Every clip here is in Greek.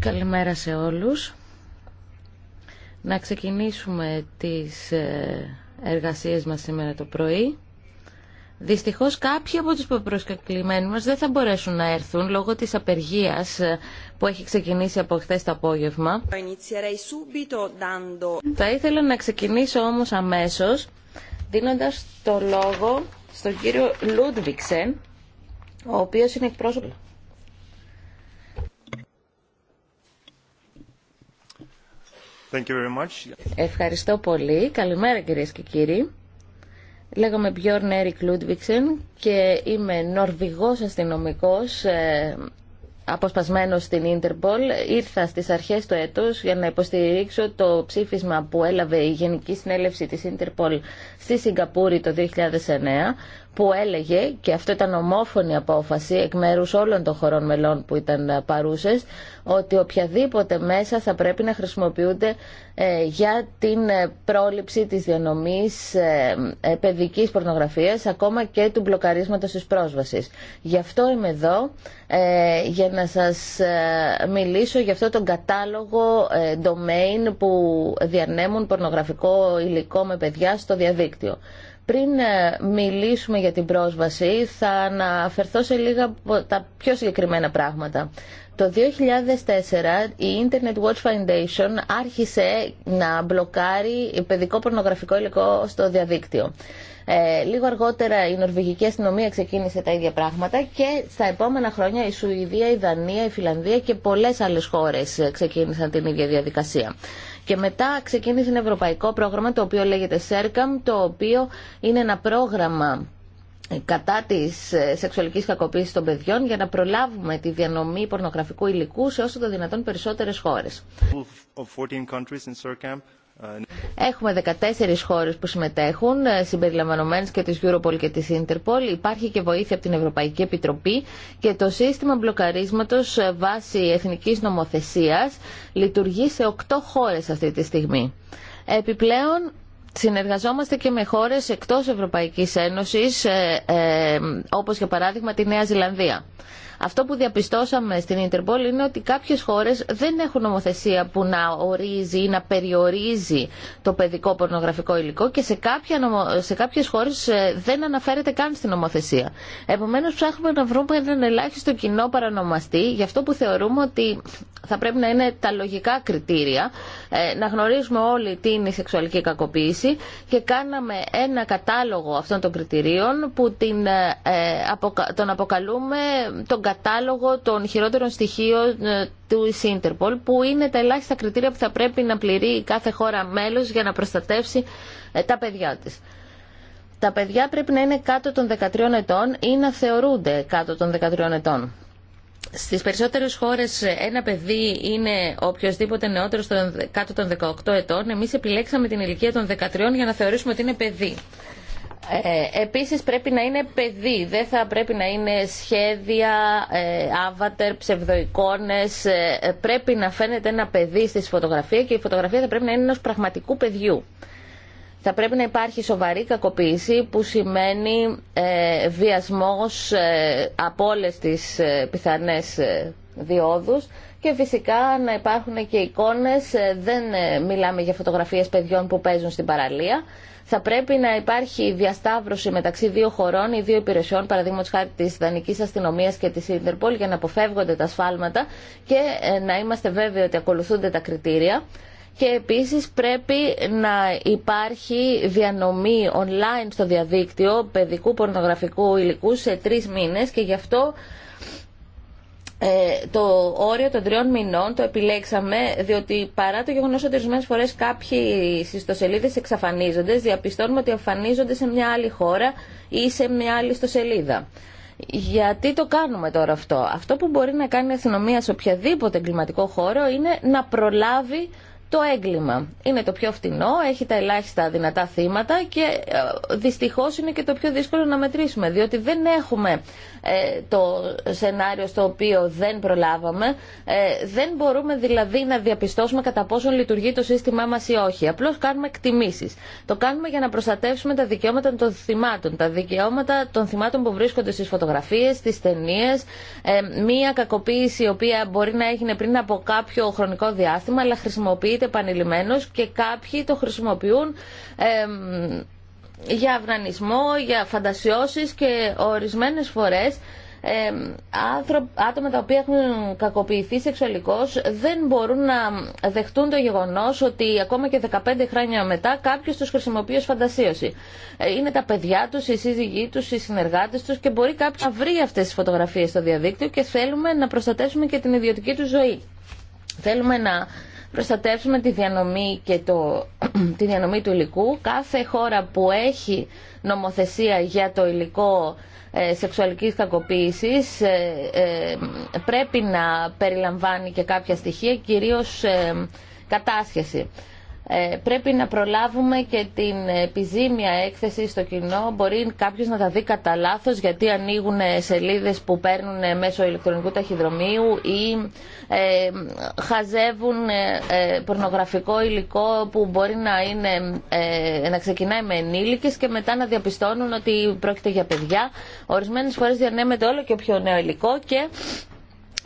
Καλημέρα σε όλους. Να ξεκινήσουμε τις ε, εργασίες μας σήμερα το πρωί. Δυστυχώς κάποιοι από τους προσκεκλημένους μας δεν θα μπορέσουν να έρθουν λόγω της απεργίας ε, που έχει ξεκινήσει από χθες το απόγευμα. Θα ήθελα να ξεκινήσω όμως αμέσως δίνοντας το λόγο στον κύριο Λούντβιξεν ο οποίος είναι εκπρόσωπο. Thank you very much. Ευχαριστώ πολύ. Καλημέρα κυρίες και κύριοι. Λέγομαι Björn Erik Ludvigsen και είμαι νορβηγός αστυνομικός ε, αποσπασμένος στην Interpol. Ήρθα στις αρχές του έτους για να υποστηρίξω το ψήφισμα που έλαβε η Γενική Συνέλευση της Interpol στη Σιγκαπούρη το 2009 που έλεγε, και αυτό ήταν ομόφωνη απόφαση εκ μέρους όλων των χωρών μελών που ήταν παρούσες, ότι οποιαδήποτε μέσα θα πρέπει να χρησιμοποιούνται ε, για την ε, πρόληψη της διανομής ε, παιδικής πορνογραφίας, ακόμα και του μπλοκαρίσματος της πρόσβασης. Γι' αυτό είμαι εδώ, για να σας μιλήσω για αυτό τον κατάλογο domain που διανέμουν πορνογραφικό υλικό με παιδιά στο διαδίκτυο. Πριν ε, μιλήσουμε για την πρόσβαση, θα αναφερθώ σε λίγα τα πιο συγκεκριμένα πράγματα. Το 2004 η Internet Watch Foundation άρχισε να μπλοκάρει παιδικό πορνογραφικό υλικό στο διαδίκτυο. Ε, λίγο αργότερα η νορβηγική αστυνομία ξεκίνησε τα ίδια πράγματα και στα επόμενα χρόνια η Σουηδία, η Δανία, η Φιλανδία και πολλές άλλες χώρες ξεκίνησαν την ίδια διαδικασία. Και μετά ξεκίνησε ένα ευρωπαϊκό πρόγραμμα το οποίο λέγεται ΣΕΡΚΑΜ, το οποίο είναι ένα πρόγραμμα ε, κατά της ε, σεξουαλικής κακοποίησης των παιδιών για να προλάβουμε τη διανομή πορνογραφικού υλικού σε όσο το δυνατόν περισσότερες χώρες. Έχουμε 14 χώρες που συμμετέχουν, ε, συμπεριλαμβανομένε και της Europol και της Interpol. Υπάρχει και βοήθεια από την Ευρωπαϊκή Επιτροπή και το σύστημα μπλοκαρίσματο ε, βάσει εθνικής νομοθεσίας λειτουργεί σε 8 χώρες αυτή τη στιγμή. Επιπλέον, συνεργαζόμαστε και με χώρες εκτός Ευρωπαϊκής Ένωσης, ε, όπω για παράδειγμα τη Νέα Ζηλανδία. Αυτό που διαπιστώσαμε στην Ιντερπολ είναι ότι κάποιες χώρες δεν έχουν νομοθεσία που να ορίζει ή να περιορίζει το παιδικό πορνογραφικό υλικό και σε, κάποια νομο... σε κάποιες χώρες ε, δεν αναφέρεται καν στην νομοθεσία. Επομένως ψάχνουμε να βρούμε έναν ελάχιστο κοινό παρανομαστή γι' αυτό που θεωρούμε ότι θα πρέπει να είναι τα λογικά κριτήρια, ε, να γνωρίζουμε όλοι τι είναι η σεξουαλική κακοποίηση και κάναμε ένα κατάλογο αυτών των κριτηρίων που την, ε, τον αποκαλούμε τον κατάλογο των χειρότερων στοιχείων ε, του Ισίντερπολ, που είναι τα ελάχιστα κριτήρια που θα πρέπει να πληρεί κάθε χώρα μέλος για να προστατεύσει ε, τα παιδιά της. Τα παιδιά πρέπει να είναι κάτω των 13 ετών ή να θεωρούνται κάτω των 13 ετών. Στις περισσότερες χώρες ε, ένα παιδί είναι οποιοδήποτε νεότερο κάτω των 18 ετών. Εμείς επιλέξαμε την ηλικία των 13 για να θεωρήσουμε ότι είναι παιδί. Ε, επίσης πρέπει να είναι παιδί, δεν θα πρέπει να είναι σχέδια, άβατερ, ψευδοεικόνες. Ε, πρέπει να φαίνεται ένα παιδί στη φωτογραφία και η φωτογραφία θα πρέπει να είναι ενός πραγματικού παιδιού. Θα πρέπει να υπάρχει σοβαρή κακοποίηση που σημαίνει ε, βιασμός ε, από όλες τις ε, πιθανές ε, διόδους και φυσικά να υπάρχουν και εικόνες. Δεν μιλάμε για φωτογραφίες παιδιών που παίζουν στην παραλία θα πρέπει να υπάρχει διασταύρωση μεταξύ δύο χωρών ή δύο υπηρεσιών, παραδείγματο χάρη τη Δανική Αστυνομία και τη Ιντερπολ, για να αποφεύγονται τα σφάλματα και ε, να είμαστε βέβαιοι ότι ακολουθούνται τα κριτήρια. Και επίσης πρέπει να υπάρχει διανομή online στο διαδίκτυο παιδικού πορνογραφικού υλικού σε τρεις μήνες και γι' αυτό ε, το όριο των τριών μηνών το επιλέξαμε διότι παρά το γεγονός ότι ορισμένε φορές κάποιοι ιστοσελίδες εξαφανίζονται, διαπιστώνουμε ότι εμφανίζονται σε μια άλλη χώρα ή σε μια άλλη ιστοσελίδα. Γιατί το κάνουμε τώρα αυτό. Αυτό που μπορεί να κάνει η αστυνομία σε οποιαδήποτε εγκληματικό χώρο είναι να προλάβει το έγκλημα. Είναι το πιο φτηνό, έχει τα ελάχιστα δυνατά θύματα και ε, δυστυχώς είναι και το πιο δύσκολο να μετρήσουμε, διότι δεν έχουμε ε, το σενάριο στο οποίο δεν προλάβαμε. Ε, δεν μπορούμε δηλαδή να διαπιστώσουμε κατά πόσο λειτουργεί το σύστημά μας ή όχι. Απλώς κάνουμε εκτιμήσεις. Το κάνουμε για να προστατεύσουμε τα δικαιώματα των θυμάτων, τα δικαιώματα των θυμάτων που βρίσκονται στις φωτογραφίες, στις ταινίε, μία κακοποίηση η οποία μπορεί να έγινε πριν από κάποιο χρονικό διάστημα, αλλά χρησιμοποιεί χρησιμοποιείται επανειλημμένως και κάποιοι το χρησιμοποιούν για αυνανισμό, για φαντασιώσεις και ορισμένες φορές ε, άτομα τα οποία έχουν κακοποιηθεί σεξουαλικώς δεν μπορούν να δεχτούν το γεγονός ότι ακόμα και 15 χρόνια μετά κάποιος τους χρησιμοποιεί ως φαντασίωση. Ε, είναι τα παιδιά τους, οι σύζυγοί τους, οι συνεργάτες τους και μπορεί κάποιος να βρει αυτές τις φωτογραφίες στο διαδίκτυο και θέλουμε να προστατεύσουμε και την ιδιωτική του ζωή. Θέλουμε να προστατεύσουμε τη διανομή, και το, τη διανομή του υλικού. Κάθε χώρα που έχει νομοθεσία για το υλικό ε, σεξουαλικής κακοποίησης ε, ε, πρέπει να περιλαμβάνει και κάποια στοιχεία, κυρίως κατάσχεση. Ε, πρέπει να προλάβουμε και την επιζήμια έκθεση στο κοινό. Μπορεί κάποιο να τα δει κατά λάθο γιατί ανοίγουν ε, σελίδε που παίρνουν ε, μέσω ηλεκτρονικού ταχυδρομείου ή χαζεύουν πορνογραφικό υλικό που μπορεί να, είναι, να ξεκινάει με ενήλικε και μετά να διαπιστώνουν ότι πρόκειται για παιδιά. Ορισμένε φορέ διανέμεται όλο και πιο νέο υλικό και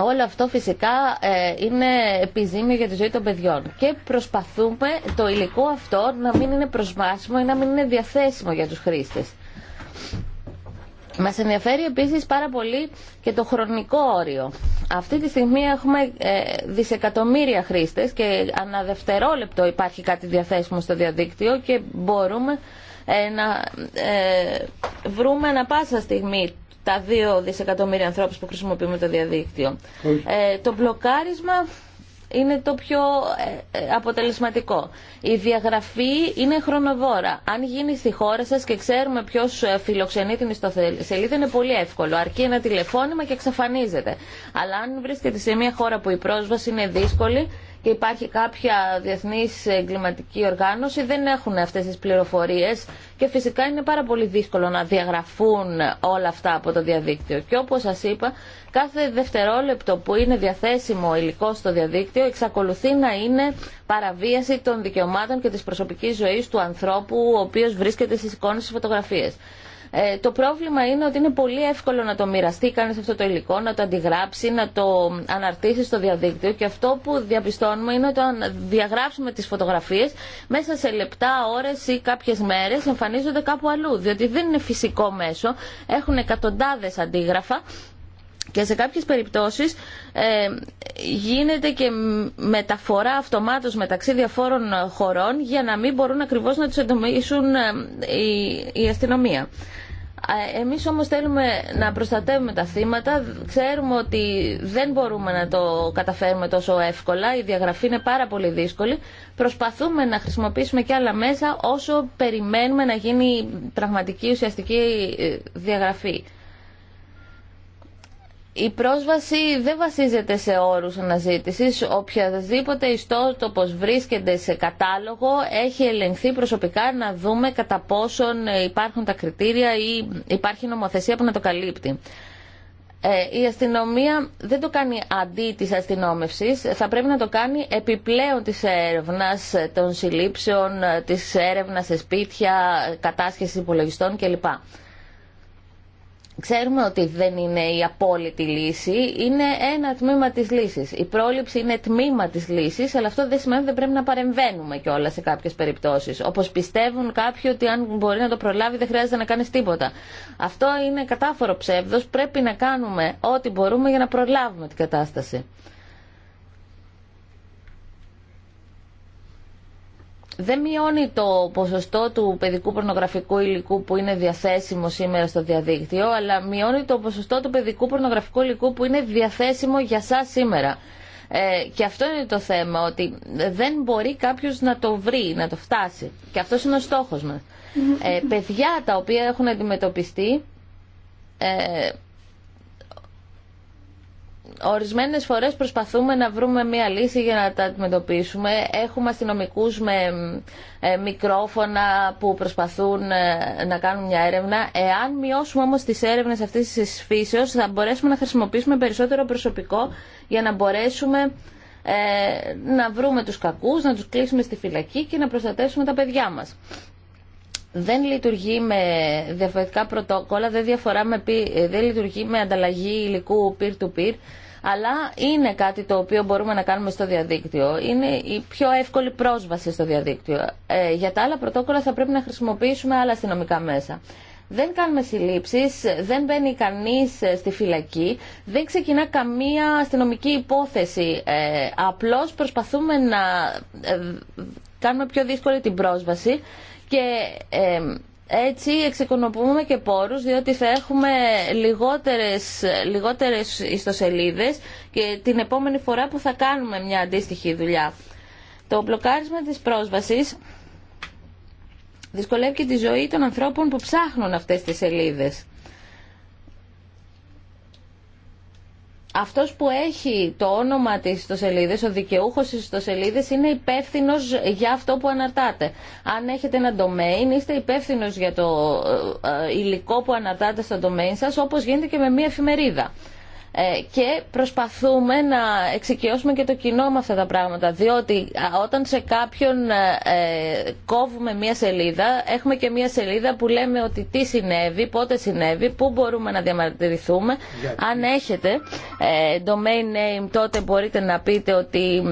Όλο αυτό φυσικά ε, είναι επιζήμιο για τη ζωή των παιδιών και προσπαθούμε το υλικό αυτό να μην είναι προσβάσιμο ή να μην είναι διαθέσιμο για τους χρήστες. Μας ενδιαφέρει επίσης πάρα πολύ και το χρονικό όριο. Αυτή τη στιγμή έχουμε ε, δισεκατομμύρια χρήστες και ανά δευτερόλεπτο υπάρχει κάτι διαθέσιμο στο διαδίκτυο και μπορούμε ε, να βρούμε ανα πάσα στιγμή τα 2 δισεκατομμύρια ανθρώπους που χρησιμοποιούμε το διαδίκτυο. Ε, το μπλοκάρισμα είναι το πιο ε, ε, αποτελεσματικό. Η διαγραφή είναι χρονοβόρα. Αν γίνει στη χώρα σας και ξέρουμε ποιος ε, φιλοξενεί την ιστοσελίδα είναι πολύ εύκολο. Αρκεί ένα τηλεφώνημα και εξαφανίζεται. Αλλά αν βρίσκεται σε μια χώρα που η πρόσβαση είναι δύσκολη και υπάρχει κάποια διεθνής εγκληματική οργάνωση, δεν έχουν αυτές τις πληροφορίες και φυσικά είναι πάρα πολύ δύσκολο να διαγραφούν όλα αυτά από το διαδίκτυο. Και όπως σας είπα, κάθε δευτερόλεπτο που είναι διαθέσιμο υλικό στο διαδίκτυο εξακολουθεί να είναι παραβίαση των δικαιωμάτων και της προσωπικής ζωής του ανθρώπου ο οποίος βρίσκεται στις εικόνες της φωτογραφίες. Ε, το πρόβλημα είναι ότι είναι πολύ εύκολο να το μοιραστεί κανείς αυτό το υλικό, να το αντιγράψει, να το αναρτήσει στο διαδίκτυο και αυτό που διαπιστώνουμε είναι ότι αν διαγράψουμε τις φωτογραφίες μέσα σε λεπτά, ώρες ή κάποιες μέρες εμφανίζονται κάπου αλλού, διότι δεν είναι φυσικό μέσο, έχουν εκατοντάδες αντίγραφα και σε κάποιες περιπτώσεις ε, γίνεται και μεταφορά αυτομάτως μεταξύ διαφόρων χωρών για να μην μπορούν ακριβώς να τους εντομήσουν ε, η, η αστυνομία. Εμείς όμως θέλουμε να προστατεύουμε τα θύματα. Ξέρουμε ότι δεν μπορούμε να το καταφέρουμε τόσο εύκολα. Η διαγραφή είναι πάρα πολύ δύσκολη. Προσπαθούμε να χρησιμοποιήσουμε και άλλα μέσα όσο περιμένουμε να γίνει πραγματική ουσιαστική ε, διαγραφή η πρόσβαση δεν βασίζεται σε όρους αναζήτησης. Οποιαδήποτε ιστότοπος βρίσκεται σε κατάλογο έχει ελεγχθεί προσωπικά να δούμε κατά πόσον υπάρχουν τα κριτήρια ή υπάρχει νομοθεσία που να το καλύπτει. Ε, η αστυνομία δεν το κάνει αντί της αστυνόμευσης, θα πρέπει να το κάνει επιπλέον της έρευνας των συλλήψεων, της έρευνας σε σπίτια, κατάσχεση υπολογιστών κλπ. Ξέρουμε ότι δεν είναι η απόλυτη λύση, είναι ένα τμήμα της λύσης. Η πρόληψη είναι τμήμα της λύσης, αλλά αυτό δεν σημαίνει ότι δεν πρέπει να παρεμβαίνουμε και όλα σε κάποιες περιπτώσεις. Όπως πιστεύουν κάποιοι ότι αν μπορεί να το προλάβει δεν χρειάζεται να κάνεις τίποτα. Αυτό είναι κατάφορο ψεύδος, πρέπει να κάνουμε ό,τι μπορούμε για να προλάβουμε την κατάσταση. δεν μειώνει το ποσοστό του παιδικού πορνογραφικού υλικού που είναι διαθέσιμο σήμερα στο διαδίκτυο, αλλά μειώνει το ποσοστό του παιδικού πορνογραφικού υλικού που είναι διαθέσιμο για σας σήμερα. Ε, και αυτό είναι το θέμα, ότι δεν μπορεί κάποιος να το βρει, να το φτάσει. Και αυτός είναι ο στόχος μας. Ε, παιδιά τα οποία έχουν αντιμετωπιστεί ε, Ορισμένες φορές προσπαθούμε να βρούμε μία λύση για να τα αντιμετωπίσουμε. Έχουμε αστυνομικού με ε, μικρόφωνα που προσπαθούν ε, να κάνουν μια έρευνα. Εάν μειώσουμε όμως τις έρευνες αυτής της φύσεως θα μπορέσουμε να χρησιμοποιήσουμε περισσότερο προσωπικό για να μπορέσουμε ε, να βρούμε τους κακούς, να τους κλείσουμε στη φυλακή και να προστατεύσουμε τα παιδιά μας δεν λειτουργεί με διαφορετικά πρωτόκολλα, δεν, διαφορά με, δεν λειτουργεί με ανταλλαγή υλικού peer-to-peer, -peer, αλλά αλλα κάτι το οποίο μπορούμε να κάνουμε στο διαδίκτυο. Είναι η πιο εύκολη πρόσβαση στο διαδίκτυο. Ε, για τα άλλα πρωτόκολλα θα πρέπει να χρησιμοποιήσουμε άλλα αστυνομικά μέσα. Δεν κάνουμε συλλήψει, δεν μπαίνει κανεί ε, στη φυλακή, δεν ξεκινά καμία αστυνομική υπόθεση. Ε, απλώς προσπαθούμε να ε, κάνουμε πιο δύσκολη την πρόσβαση και έτσι εξοικονομούμε και πόρους διότι θα έχουμε λιγότερες, λιγότερες ιστοσελίδες και την επόμενη φορά που θα κάνουμε μια αντίστοιχη δουλειά. Το μπλοκάρισμα της πρόσβασης δυσκολεύει και τη ζωή των ανθρώπων που ψάχνουν αυτές τις σελίδες. αυτός που έχει το όνομα της σελίδας, ο δικαιούχος της σελίδας είναι υπεύθυνο για αυτό που αναρτάτε. Αν έχετε ένα domain είστε υπεύθυνο για το ε, ε, υλικό που αναρτάτε στο domain σας όπως γίνεται και με μια εφημερίδα. Ε, και προσπαθούμε να εξοικειώσουμε και το κοινό με αυτά τα πράγματα διότι όταν σε κάποιον ε, ε, κόβουμε μία σελίδα έχουμε και μία σελίδα που λέμε ότι τι συνέβη, πότε συνέβη, πού μπορούμε να διαμαρτυρηθούμε αν έχετε domain name τότε μπορείτε να πείτε ότι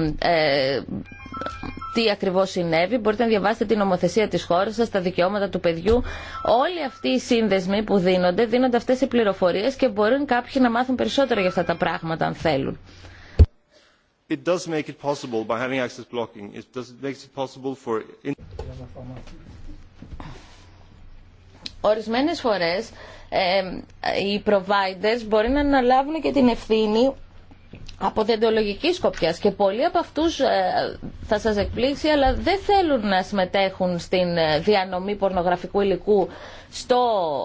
τι ακριβώς συνέβη. Μπορείτε να διαβάσετε την νομοθεσία της χώρας σα, τα δικαιώματα του παιδιού. Όλοι αυτοί οι σύνδεσμοι που δίνονται, δίνονται αυτές οι πληροφορίε και μπορούν κάποιοι να μάθουν περισσότερο για αυτά τα πράγματα αν θέλουν. It does make it possible by having access blocking. It does it possible for Ορισμένες φορές ε, ε, οι providers μπορεί να αναλάβουν και την ευθύνη από δεντολογική σκοπιά και πολλοί από αυτούς ε, θα σας εκπλήξει αλλά δεν θέλουν να συμμετέχουν στην ε, διανομή πορνογραφικού υλικού στο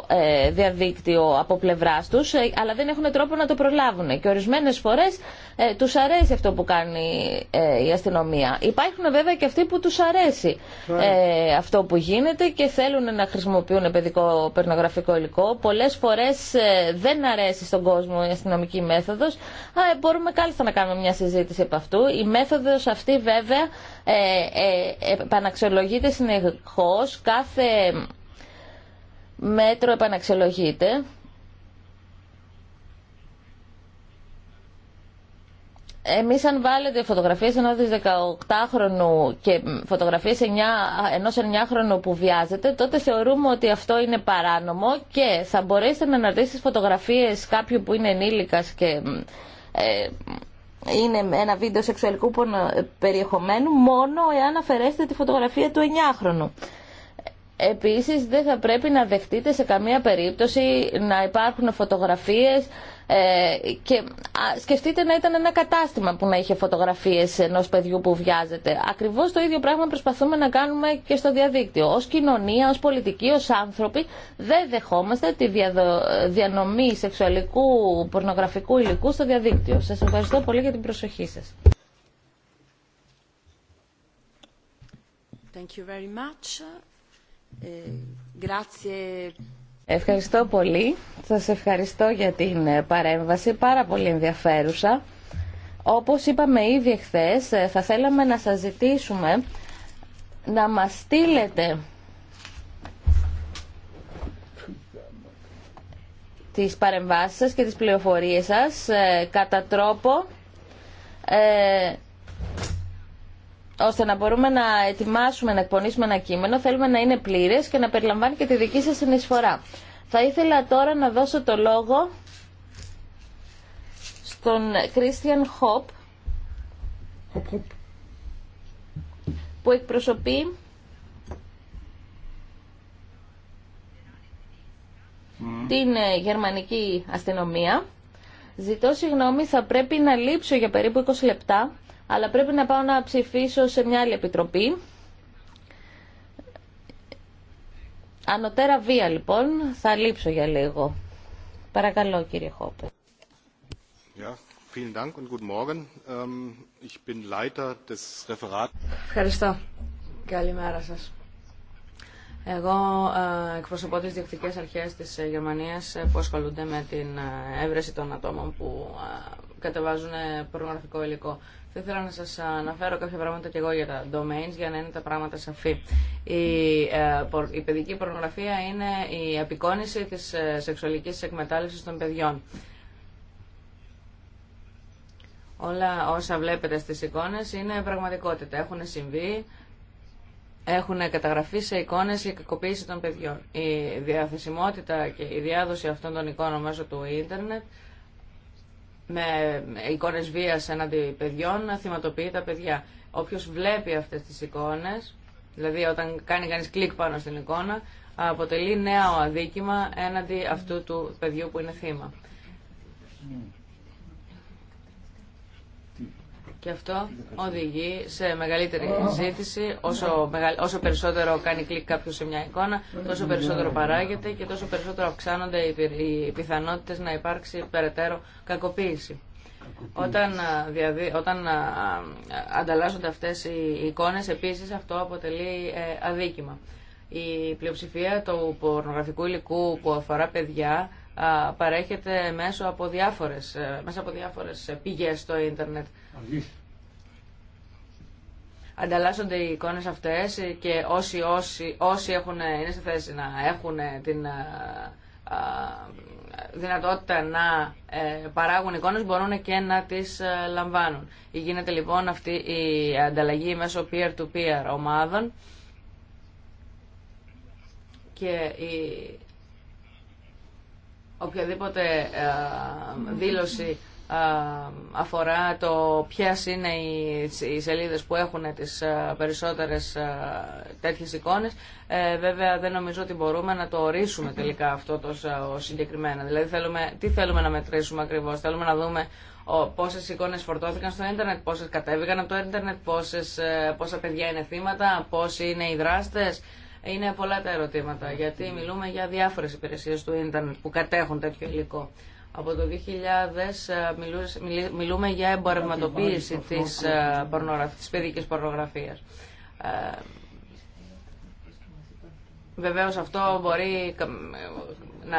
ε, διαδίκτυο από πλευρά του, ε, αλλά δεν έχουν τρόπο να το προλάβουν. Και ορισμένε φορέ ε, του αρέσει αυτό που κάνει η αστυνομία. Υπάρχουν βέβαια και αυτοί που του αρέσει αυτό που γίνεται και θέλουν να χρησιμοποιούν παιδικό περνογραφικό υλικό. Πολλέ φορέ δεν αρέσει στον κόσμο η αστυνομική μέθοδο. Μπορούμε κάλλιστα να κάνουμε μια συζήτηση από αυτού. Η μέθοδο αυτή βέβαια επαναξιολογείται συνεχώ κάθε μέτρο επαναξιολογείται. Εμείς αν βάλετε φωτογραφίες ενός 18χρονου και φωτογραφίες ενός 9χρονου που βιάζεται, τότε θεωρούμε ότι αυτό είναι παράνομο και θα μπορέσετε να αναρτήσετε φωτογραφίες κάποιου που είναι ενήλικας και ε, είναι ένα βίντεο σεξουαλικού περιεχομένου μόνο εάν αφαιρέσετε τη φωτογραφία του 9χρονου. Επίσης δεν θα πρέπει να δεχτείτε σε καμία περίπτωση να υπάρχουν φωτογραφίες ε, και σκεφτείτε να ήταν ένα κατάστημα που να είχε φωτογραφίες ενός παιδιού που βιάζεται. Ακριβώς το ίδιο πράγμα προσπαθούμε να κάνουμε και στο διαδίκτυο. Ως κοινωνία, ως πολιτικοί, ως άνθρωποι δεν δεχόμαστε τη διανομή σεξουαλικού πορνογραφικού υλικού στο διαδίκτυο. Σας ευχαριστώ πολύ για την προσοχή σας. Thank you very much. Ευχαριστώ πολύ. Σας ευχαριστώ για την ε, παρέμβαση, πάρα πολύ ενδιαφέρουσα. Όπως είπαμε ήδη εχθές, ε, θα θέλαμε να σας ζητήσουμε να μας στείλετε τις παρεμβάσεις σας και τις πληροφορίες σας ε, κατά τρόπο ώστε να μπορούμε να ετοιμάσουμε, να εκπονήσουμε ένα κείμενο, θέλουμε να είναι πλήρε και να περιλαμβάνει και τη δική σα συνεισφορά. Θα ήθελα τώρα να δώσω το λόγο στον Κρίστιαν Χόπ, που εκπροσωπεί mm. την ε, γερμανική αστυνομία. Ζητώ συγγνώμη, θα πρέπει να λείψω για περίπου 20 λεπτά αλλά πρέπει να πάω να ψηφίσω σε μια άλλη επιτροπή. Ανωτέρα βία λοιπόν, θα λείψω για λίγο. Παρακαλώ κύριε Χόπε. Ευχαριστώ. Καλημέρα σας. Εγώ ε, εκπροσωπώ τι διοκτικέ αρχές της ε, Γερμανίας ε, που ασχολούνται με την έβρεση των ατόμων που κατεβάζουν προγραφικό υλικό θα ήθελα να σας αναφέρω κάποια πράγματα και εγώ για τα domains για να είναι τα πράγματα σαφή. Η, ε, η παιδική πορνογραφία είναι η απεικόνηση της ε, σεξουαλικής εκμετάλλευσης των παιδιών. Όλα όσα βλέπετε στις εικόνες είναι πραγματικότητα. Έχουν συμβεί, έχουν καταγραφεί σε εικόνες η κακοποίηση των παιδιών. Η διαθεσιμότητα και η διάδοση αυτών των εικόνων μέσω του ίντερνετ με εικόνε βία έναντι παιδιών να θυματοποιεί τα παιδιά. Όποιο βλέπει αυτέ τι εικόνε, δηλαδή όταν κάνει κανεί κλικ πάνω στην εικόνα, αποτελεί νέο αδίκημα έναντι αυτού του παιδιού που είναι θύμα. Και αυτό οδηγεί σε μεγαλύτερη ζήτηση. Όσο, όσο περισσότερο κάνει κλικ κάποιο σε μια εικόνα, τόσο περισσότερο παράγεται και τόσο περισσότερο αυξάνονται οι πιθανότητες να υπάρξει περαιτέρω κακοποίηση. Όταν, όταν ανταλλάσσονται αυτές οι εικόνες, επίσης αυτό αποτελεί ε, αδίκημα. Η πλειοψηφία του πορνογραφικού υλικού που αφορά παιδιά παρέχεται μέσω ε, μέσα από διάφορες ε, πηγές στο ίντερνετ. Ανταλλάσσονται οι εικόνες αυτές και όσοι, όσοι, όσοι έχουν, είναι σε θέση να έχουν την ε, δυνατότητα να ε, παράγουν εικόνες μπορούν και να τις ε, λαμβάνουν. Γίνεται λοιπόν αυτή η ανταλλαγή μέσω peer-to-peer -peer to peer ομαδων και η οποιαδήποτε δήλωση αφορά το ποιε είναι οι σελίδες που έχουν τις περισσότερες τέτοιες εικόνες ε, βέβαια δεν νομίζω ότι μπορούμε να το ορίσουμε τελικά αυτό το συγκεκριμένα δηλαδή θέλουμε, τι θέλουμε να μετρήσουμε ακριβώς θέλουμε να δούμε πόσες εικόνες φορτώθηκαν στο ίντερνετ πόσες κατέβηκαν από το ίντερνετ πόσες, ε, πόσα παιδιά είναι θύματα πόσοι είναι οι δράστες είναι πολλά τα ερωτήματα γιατί μιλούμε για διάφορες υπηρεσίες του ίντερνετ που κατέχουν τέτοιο υλικό από το 2000 ε, μιλούμε για εμπορευματοποίηση της, ε, της παιδικής πορνογραφίας. Ε, βεβαίως αυτό μπορεί να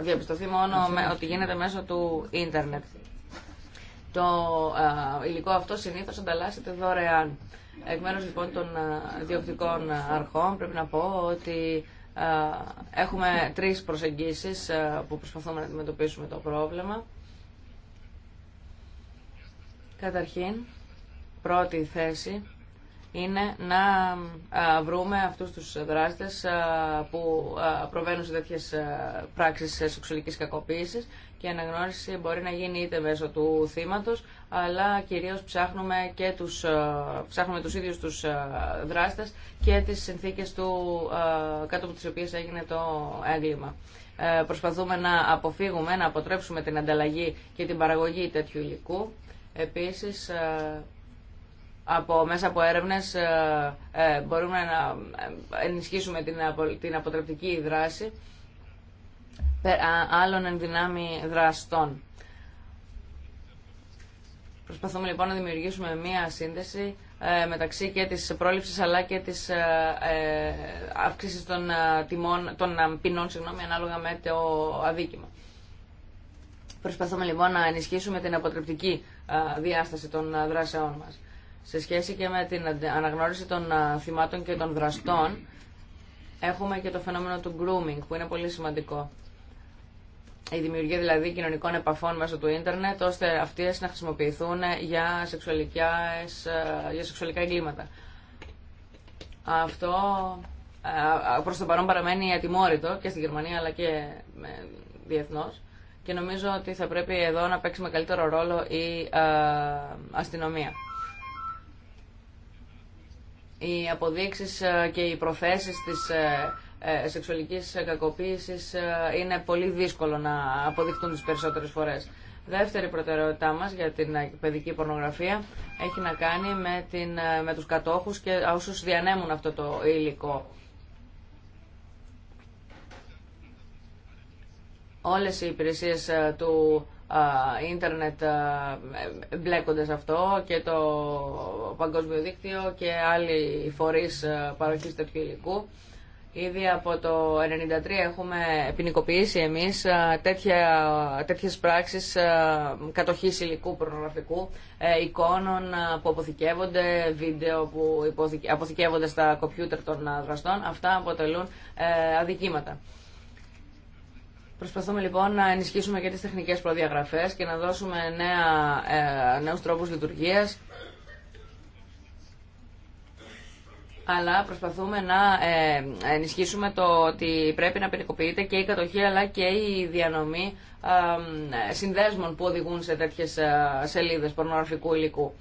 διαπιστωθεί μόνο με ότι γίνεται μέσω του ίντερνετ. Το υλικό αυτό συνήθως ανταλλάσσεται δωρεάν. Εκ μέρους λοιπόν των διοκτικών αρχών πρέπει να πω ότι ε, έχουμε τρεις προσεγγίσεις ε, που προσπαθούμε να αντιμετωπίσουμε το πρόβλημα. Καταρχήν, πρώτη θέση είναι να ε, βρούμε αυτούς τους δράστες που προβαίνουν σε τέτοιες πράξεις σεξουαλικής κακοποίησης και η αναγνώριση μπορεί να γίνει είτε μέσω του θύματος, αλλά κυρίως ψάχνουμε, και τους, ε, ψάχνουμε τους ίδιους τους ε, δράστες και τις συνθήκες του, ε, κάτω από τις οποίες έγινε το έγκλημα. Προσπαθούμε να αποφύγουμε, να αποτρέψουμε την ανταλλαγή και την παραγωγή τέτοιου υλικού. Επίσης, από, μέσα από έρευνες μπορούμε να ενισχύσουμε την αποτρεπτική δράση άλλων ενδυνάμει δραστών. Προσπαθούμε λοιπόν να δημιουργήσουμε μία σύνδεση ε, μεταξύ και της πρόληψης αλλά και της ε, ε, αύξησης των, τιμών, των ποινών συγγνώμη, ανάλογα με το αδίκημα. Προσπαθούμε λοιπόν να ενισχύσουμε την αποτρεπτική διάσταση των δράσεών μας. Σε σχέση και με την αναγνώριση των θυμάτων και των δραστών, έχουμε και το φαινόμενο του grooming, που είναι πολύ σημαντικό η δημιουργία δηλαδή κοινωνικών επαφών μέσω του ίντερνετ, ώστε αυτές να χρησιμοποιηθούν για, ε, για σεξουαλικά εγκλήματα. Αυτό ε, προς το παρόν παραμένει ατιμόρυτο και στη Γερμανία αλλά και ε, διεθνώς και νομίζω ότι θα πρέπει εδώ να παίξει με καλύτερο ρόλο η αστυνομία. Οι αποδείξεις και οι προθέσεις της ε, σεξουαλικής ε, κακοποίησης ε, είναι πολύ δύσκολο να αποδειχτούν τις περισσότερες φορές. Δεύτερη προτεραιότητά μας για την παιδική πορνογραφία έχει να κάνει με, την, με τους κατόχους και όσους διανέμουν αυτό το υλικό. Όλες οι υπηρεσίες του ίντερνετ μπλέκονται σε αυτό και το Παγκόσμιο Δίκτυο και άλλοι φορείς παροχής τέτοιου υλικού. Ήδη από το 1993 έχουμε ποινικοποιήσει εμείς τέτοια, τέτοιες πράξεις κατοχής υλικού προγραφικού, ε, εικόνων που αποθηκεύονται, βίντεο που αποθηκεύονται στα κομπιούτερ των δραστών. Αυτά αποτελούν ε, αδικήματα. Προσπαθούμε λοιπόν να ενισχύσουμε και τις τεχνικές προδιαγραφές και να δώσουμε νέα, ε, νέους τρόπους λειτουργίας αλλά προσπαθούμε να ε, ενισχύσουμε το ότι πρέπει να περικοποιείται και η κατοχή αλλά και η διανομή συνδέσμων που οδηγούν σε τέτοιες ε, σελίδες πορνογραφικού υλικού.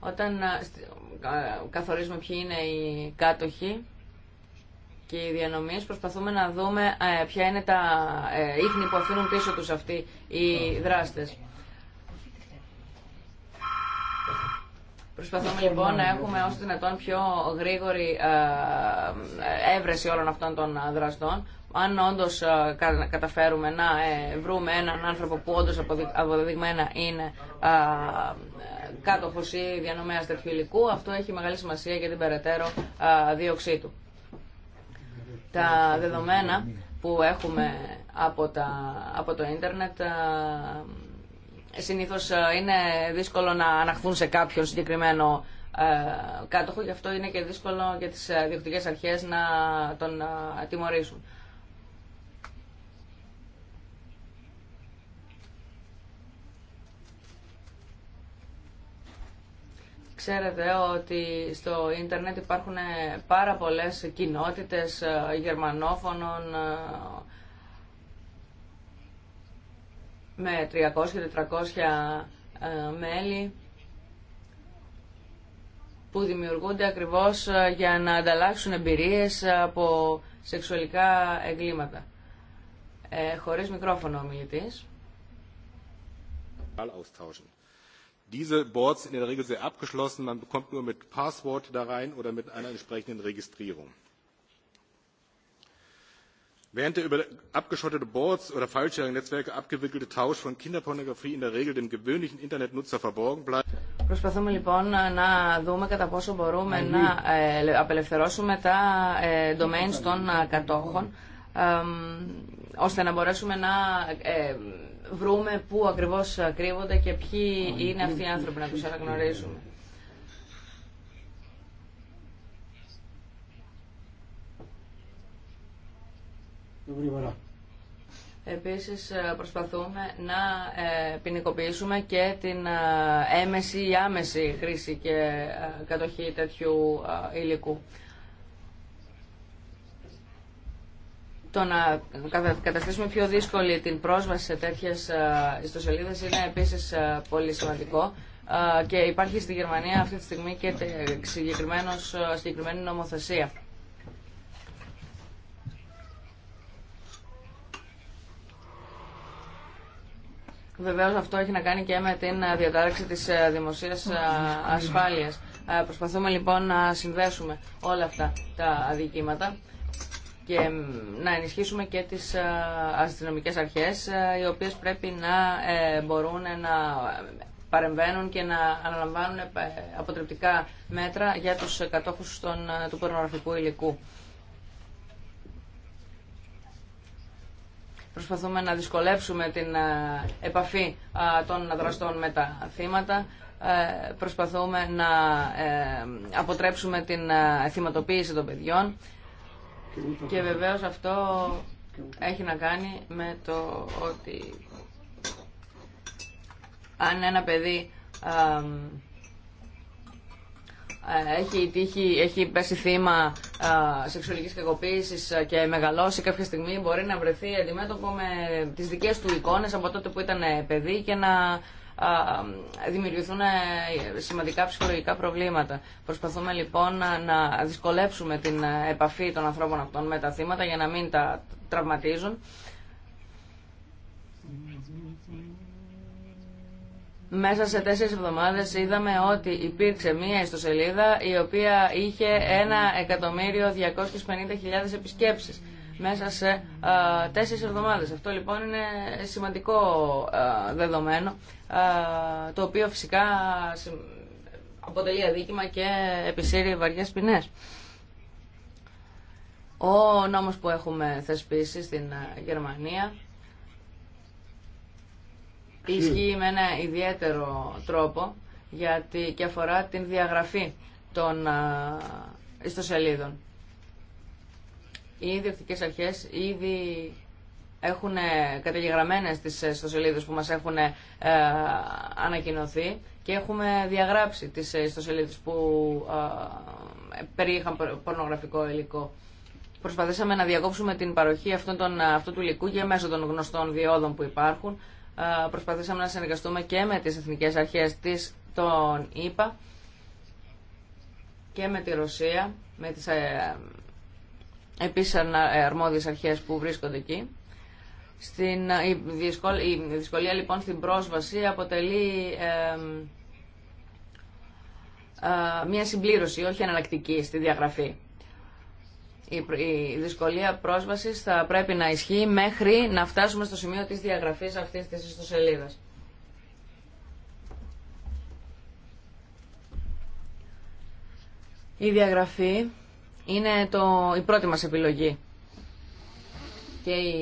Όταν ε, καθορίζουμε ποιοι είναι οι κάτοχοι και οι διανομής, προσπαθούμε να δούμε ποια είναι τα ίχνη που αφήνουν πίσω τους αυτοί οι δράστες. Προσπαθούμε λοιπόν να έχουμε όσο δυνατόν πιο γρήγορη ε, ε, έβρεση όλων αυτών των ε, δραστών. Αν όντω καταφέρουμε να βρούμε έναν άνθρωπο που όντω αποδεδειγμένα είναι κάτοχο ή διανομέα τέτοιου υλικού, αυτό έχει μεγάλη σημασία για την περαιτέρω δίωξή του. Τα δεδομένα που έχουμε από, από το ίντερνετ Συνήθω ε, είναι δύσκολο να αναχθούν σε κάποιον συγκεκριμένο ε, κάτοχο, γι' αυτό είναι και δύσκολο για τις ε, διοικητικές αρχές να τον τιμωρήσουν. Ξέρετε ότι στο ίντερνετ υπάρχουν πάρα πολλές κοινότητες γερμανόφωνων, με 300-400 μέλη που δημιουργούνται ακριβώς για να ανταλλάξουν εμπειρίες από σεξουαλικά εγκλήματα. Ε, χωρίς μικρόφωνο ο μιλητής. Diese Boards sind in der Regel sehr abgeschlossen. Man bekommt nur mit Passwort da rein oder mit einer entsprechenden Registrierung. Προσπαθούμε λοιπόν να δούμε κατά πόσο μπορούμε να ε, απελευθερώσουμε τα ε, domains των ε, κατόχων ώστε να μπορέσουμε να βρούμε πού ακριβώς κρύβονται και ποιοι είναι αυτοί οι άνθρωποι να τους αναγνωρίζουμε. γρήγορα. Επίσης ε, προσπαθούμε να ε, ποινικοποιήσουμε και την ε, έμεση ή άμεση χρήση και κατοχή τέτοιου υλικού. Το να καταστήσουμε πιο δύσκολη την πρόσβαση σε τέτοιε ιστοσελίδες είναι επίση πολύ σημαντικό και υπάρχει στη Γερμανία αυτή τη στιγμή και συγκεκριμένη νομοθεσία Βεβαίως αυτό έχει να κάνει και με την ε, διατάραξη της ε, δημοσίας ε, ασφάλειας. Προσπαθούμε λοιπόν να συνδέσουμε όλα αυτά τα αδικήματα και να ενισχύσουμε και τις αστυνομικές αρχές οι οποίες πρέπει να μπορούν να παρεμβαίνουν και να αναλαμβάνουν αποτρεπτικά μέτρα για τους κατόχους του πορνογραφικού υλικού. προσπαθούμε να δυσκολέψουμε την ε, επαφή ε, των δραστών με τα θύματα. Ε, προσπαθούμε να αποτρέψουμε την θυματοποίηση των παιδιών. Και βεβαίως αυτό έχει να κάνει με το ότι αν ένα παιδί ε, έχει, τύχει, έχει πέσει θύμα ε, σεξουαλικής κακοποίησης ε, και μεγαλώσει κάποια στιγμή μπορεί να βρεθεί αντιμέτωπο με τις δικές του εικόνες από τότε που ήταν παιδί και να δημιουργηθούν σημαντικά ψυχολογικά προβλήματα. Προσπαθούμε λοιπόν να δυσκολέψουμε την επαφή των ανθρώπων αυτών με τα θύματα για να μην τα τραυματίζουν. Μέσα σε τέσσερις εβδομάδες είδαμε ότι υπήρξε μία ιστοσελίδα η οποία είχε 1.250.000 επισκέψεις μέσα σε τέσσερις εβδομάδες. Αυτό λοιπόν είναι σημαντικό δεδομένο, το οποίο φυσικά αποτελεί αδίκημα και επισύρει βαριές ποινές. Ο νόμος που έχουμε θεσπίσει στην Γερμανία ισχύει με ένα ιδιαίτερο τρόπο γιατί και αφορά την διαγραφή των ιστοσελίδων. Οι ιδιωτικές αρχές ήδη έχουν ε, καταγεγραμμένες τις ιστοσελίδες που μας έχουν ε, ανακοινωθεί και έχουμε διαγράψει τις ιστοσελίδες που περιείχαν πορνογραφικό υλικό. Προσπαθήσαμε να διακόψουμε την παροχή αυτού του υλικού και μέσω των γνωστών διόδων που υπάρχουν, προσπαθήσαμε να συνεργαστούμε και με τις εθνικές αρχές της των ΗΠΑ και με τη Ρωσία, με τις ε, επίσης ε, αρμόδιες αρχές που βρίσκονται εκεί. Στην, ε, η, δυσκολία, λοιπόν στην πρόσβαση αποτελεί μια συμπλήρωση, όχι εναλλακτική στη διαγραφή η δυσκολία πρόσβασης θα πρέπει να ισχύει μέχρι να φτάσουμε στο σημείο της διαγραφής αυτής της ιστοσελίδας. Η διαγραφή είναι το, η πρώτη μας επιλογή και η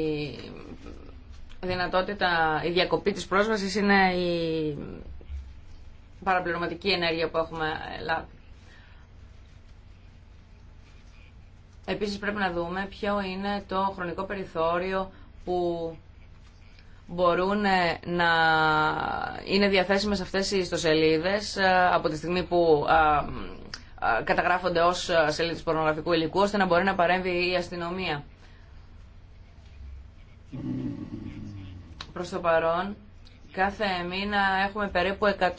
δυνατότητα, η διακοπή της πρόσβασης είναι η παραπληρωματική ενέργεια που έχουμε λάβει. Επίσης πρέπει να δούμε ποιο είναι το χρονικό περιθώριο που μπορούν ε, να είναι διαθέσιμες αυτές οι ιστοσελίδες ε, από τη στιγμή που καταγράφονται ως ε, σελίδες πορνογραφικού υλικού ώστε να μπορεί να παρέμβει η αστυνομία. Προς το παρόν, κάθε μήνα έχουμε περίπου 160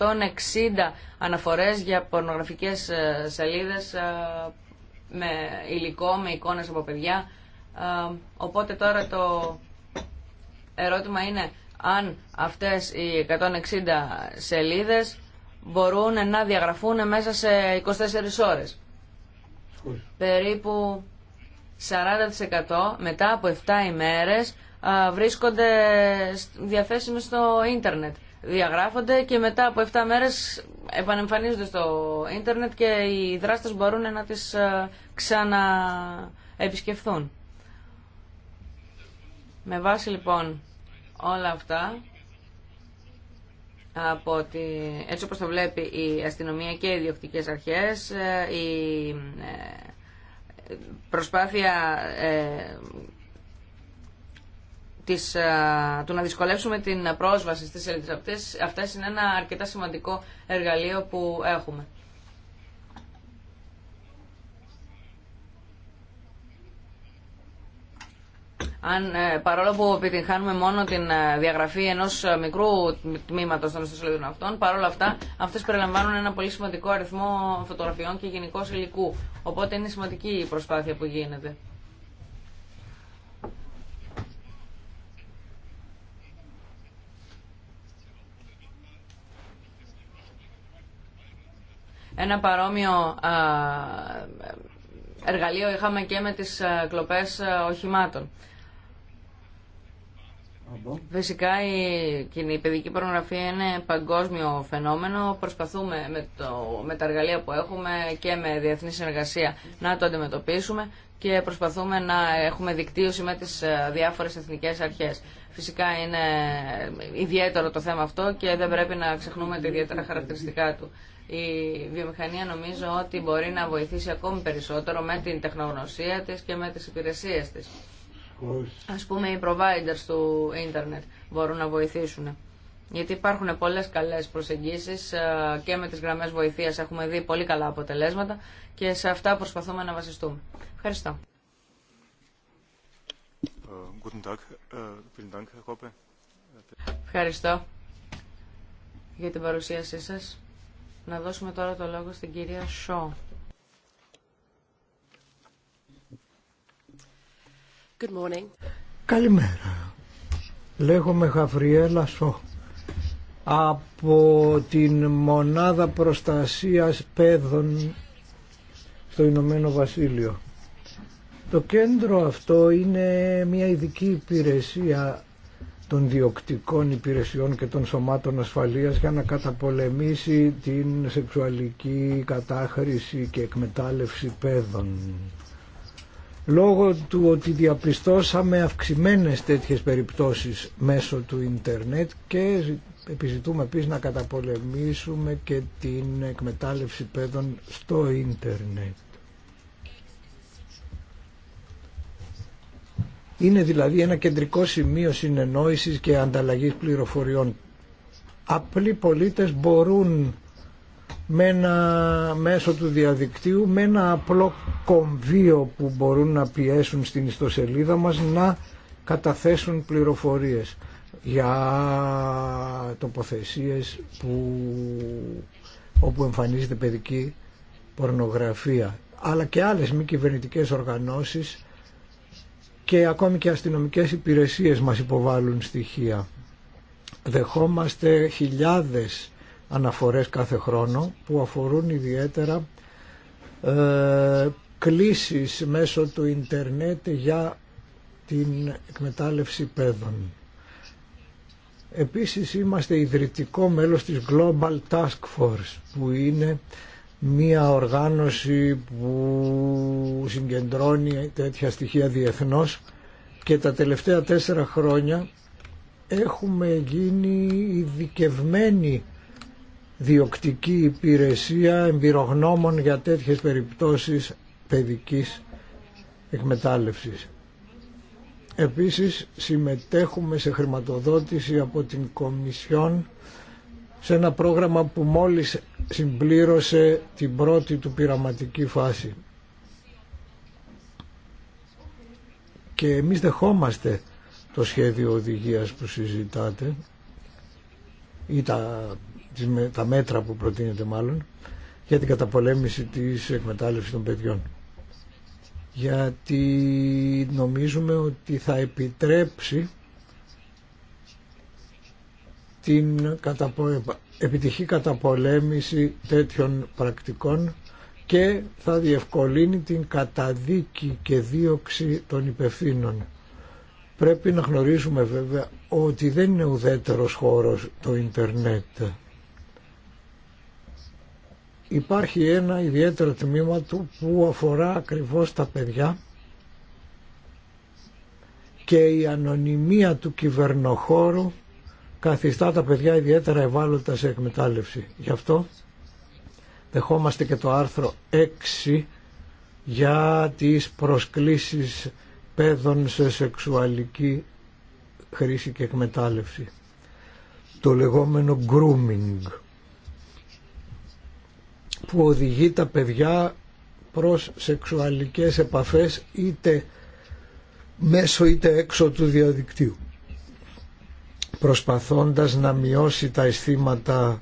αναφορές για πορνογραφικές σελίδες με υλικό, με εικόνες από παιδιά. Ε, οπότε τώρα το ερώτημα είναι αν αυτές οι 160 σελίδες μπορούν να διαγραφούν μέσα σε 24 ώρες. Περίπου 40% μετά από 7 ημέρες βρίσκονται διαθέσιμοι στο ίντερνετ. Διαγράφονται και μετά από 7 μέρες επανεμφανίζονται στο ίντερνετ και οι δράστες μπορούν να τις ε, ξαναεπισκεφθούν. Με βάση λοιπόν όλα αυτά, από τη, έτσι όπως το βλέπει η αστυνομία και οι διοκτικές αρχές, ε, η ε, προσπάθεια ε, του να δυσκολεύσουμε την πρόσβαση στις ελευθεραπτές, αυτές είναι ένα αρκετά σημαντικό εργαλείο που έχουμε. Αν, ε, παρόλο που επιτυγχάνουμε μόνο την ε, διαγραφή ενός μικρού τμήματος των ιστοσελίδων αυτών, παρόλα αυτά αυτές περιλαμβάνουν ένα πολύ σημαντικό αριθμό φωτογραφιών και γενικώ υλικού. Οπότε είναι σημαντική η προσπάθεια που γίνεται. Ένα παρόμοιο εργαλείο είχαμε και με τις κλοπές οχημάτων. Φυσικά η, η παιδική πορνογραφία είναι παγκόσμιο φαινόμενο. Προσπαθούμε με, το, με τα εργαλεία που έχουμε και με διεθνή συνεργασία να το αντιμετωπίσουμε και προσπαθούμε να έχουμε δικτύωση με τις διάφορες εθνικές αρχές. Φυσικά είναι ιδιαίτερο το θέμα αυτό και δεν πρέπει να ξεχνούμε τα ιδιαίτερα χαρακτηριστικά του η βιομηχανία νομίζω ότι μπορεί να βοηθήσει ακόμη περισσότερο με την τεχνογνωσία της και με τις υπηρεσίες της. Ας πούμε οι providers του ίντερνετ μπορούν να βοηθήσουν. Γιατί υπάρχουν πολλές καλές προσεγγίσεις ε, και με τις γραμμές βοηθείας έχουμε δει πολύ καλά αποτελέσματα και σε αυτά προσπαθούμε να βασιστούμε. Ευχαριστώ. Ε, ε, Ευχαριστώ για την παρουσίασή σας. Να δώσουμε τώρα το λόγο στην κυρία Σό. Good morning. Καλημέρα. Λέγομαι Γαβριέλα Σό από την Μονάδα Προστασίας Παιδών στο Ηνωμένο Βασίλειο. Το κέντρο αυτό είναι μια ειδική υπηρεσία των διοκτικών υπηρεσιών και των σωμάτων ασφαλείας για να καταπολεμήσει την σεξουαλική κατάχρηση και εκμετάλλευση παιδών. Λόγω του ότι διαπιστώσαμε αυξημένες τέτοιες περιπτώσεις μέσω του ίντερνετ και επιζητούμε επίσης να καταπολεμήσουμε και την εκμετάλλευση παιδών στο ίντερνετ. Είναι δηλαδή ένα κεντρικό σημείο συνεννόησης και ανταλλαγής πληροφοριών. Απλοί πολίτες μπορούν με ένα, μέσω του διαδικτύου με ένα απλό κομβίο που μπορούν να πιέσουν στην ιστοσελίδα μας να καταθέσουν πληροφορίες για τοποθεσίες που, όπου εμφανίζεται παιδική πορνογραφία αλλά και άλλες μη κυβερνητικέ οργανώσεις και ακόμη και αστυνομικές υπηρεσίες μας υποβάλλουν στοιχεία. Δεχόμαστε χιλιάδες αναφορές κάθε χρόνο που αφορούν ιδιαίτερα ε, κλήσεις μέσω του ίντερνετ για την εκμετάλλευση παιδών. Επίσης είμαστε ιδρυτικό μέλος της Global Task Force που είναι μία οργάνωση που συγκεντρώνει τέτοια στοιχεία διεθνώς και τα τελευταία τέσσερα χρόνια έχουμε γίνει ειδικευμένη διοκτική υπηρεσία εμπειρογνώμων για τέτοιες περιπτώσεις παιδικής εκμετάλλευσης. Επίσης συμμετέχουμε σε χρηματοδότηση από την Κομισιόν σε ένα πρόγραμμα που μόλις συμπλήρωσε την πρώτη του πειραματική φάση. Και εμείς δεχόμαστε το σχέδιο οδηγίας που συζητάτε ή τα, τα μέτρα που προτείνετε μάλλον για την καταπολέμηση της εκμετάλλευσης των παιδιών. Γιατί νομίζουμε ότι θα επιτρέψει την επιτυχή καταπολέμηση τέτοιων πρακτικών και θα διευκολύνει την καταδίκη και δίωξη των υπευθύνων. Πρέπει να γνωρίζουμε βέβαια ότι δεν είναι ουδέτερος χώρος το ίντερνετ. Υπάρχει ένα ιδιαίτερο τμήμα του που αφορά ακριβώς τα παιδιά και η ανωνυμία του κυβερνοχώρου καθιστά τα παιδιά ιδιαίτερα ευάλωτα σε εκμετάλλευση. Γι' αυτό δεχόμαστε και το άρθρο 6 για τις προσκλήσεις παιδών σε σεξουαλική χρήση και εκμετάλλευση. Το λεγόμενο grooming που οδηγεί τα παιδιά προς σεξουαλικές επαφές είτε μέσω είτε έξω του διαδικτύου προσπαθώντας να μειώσει τα αισθήματα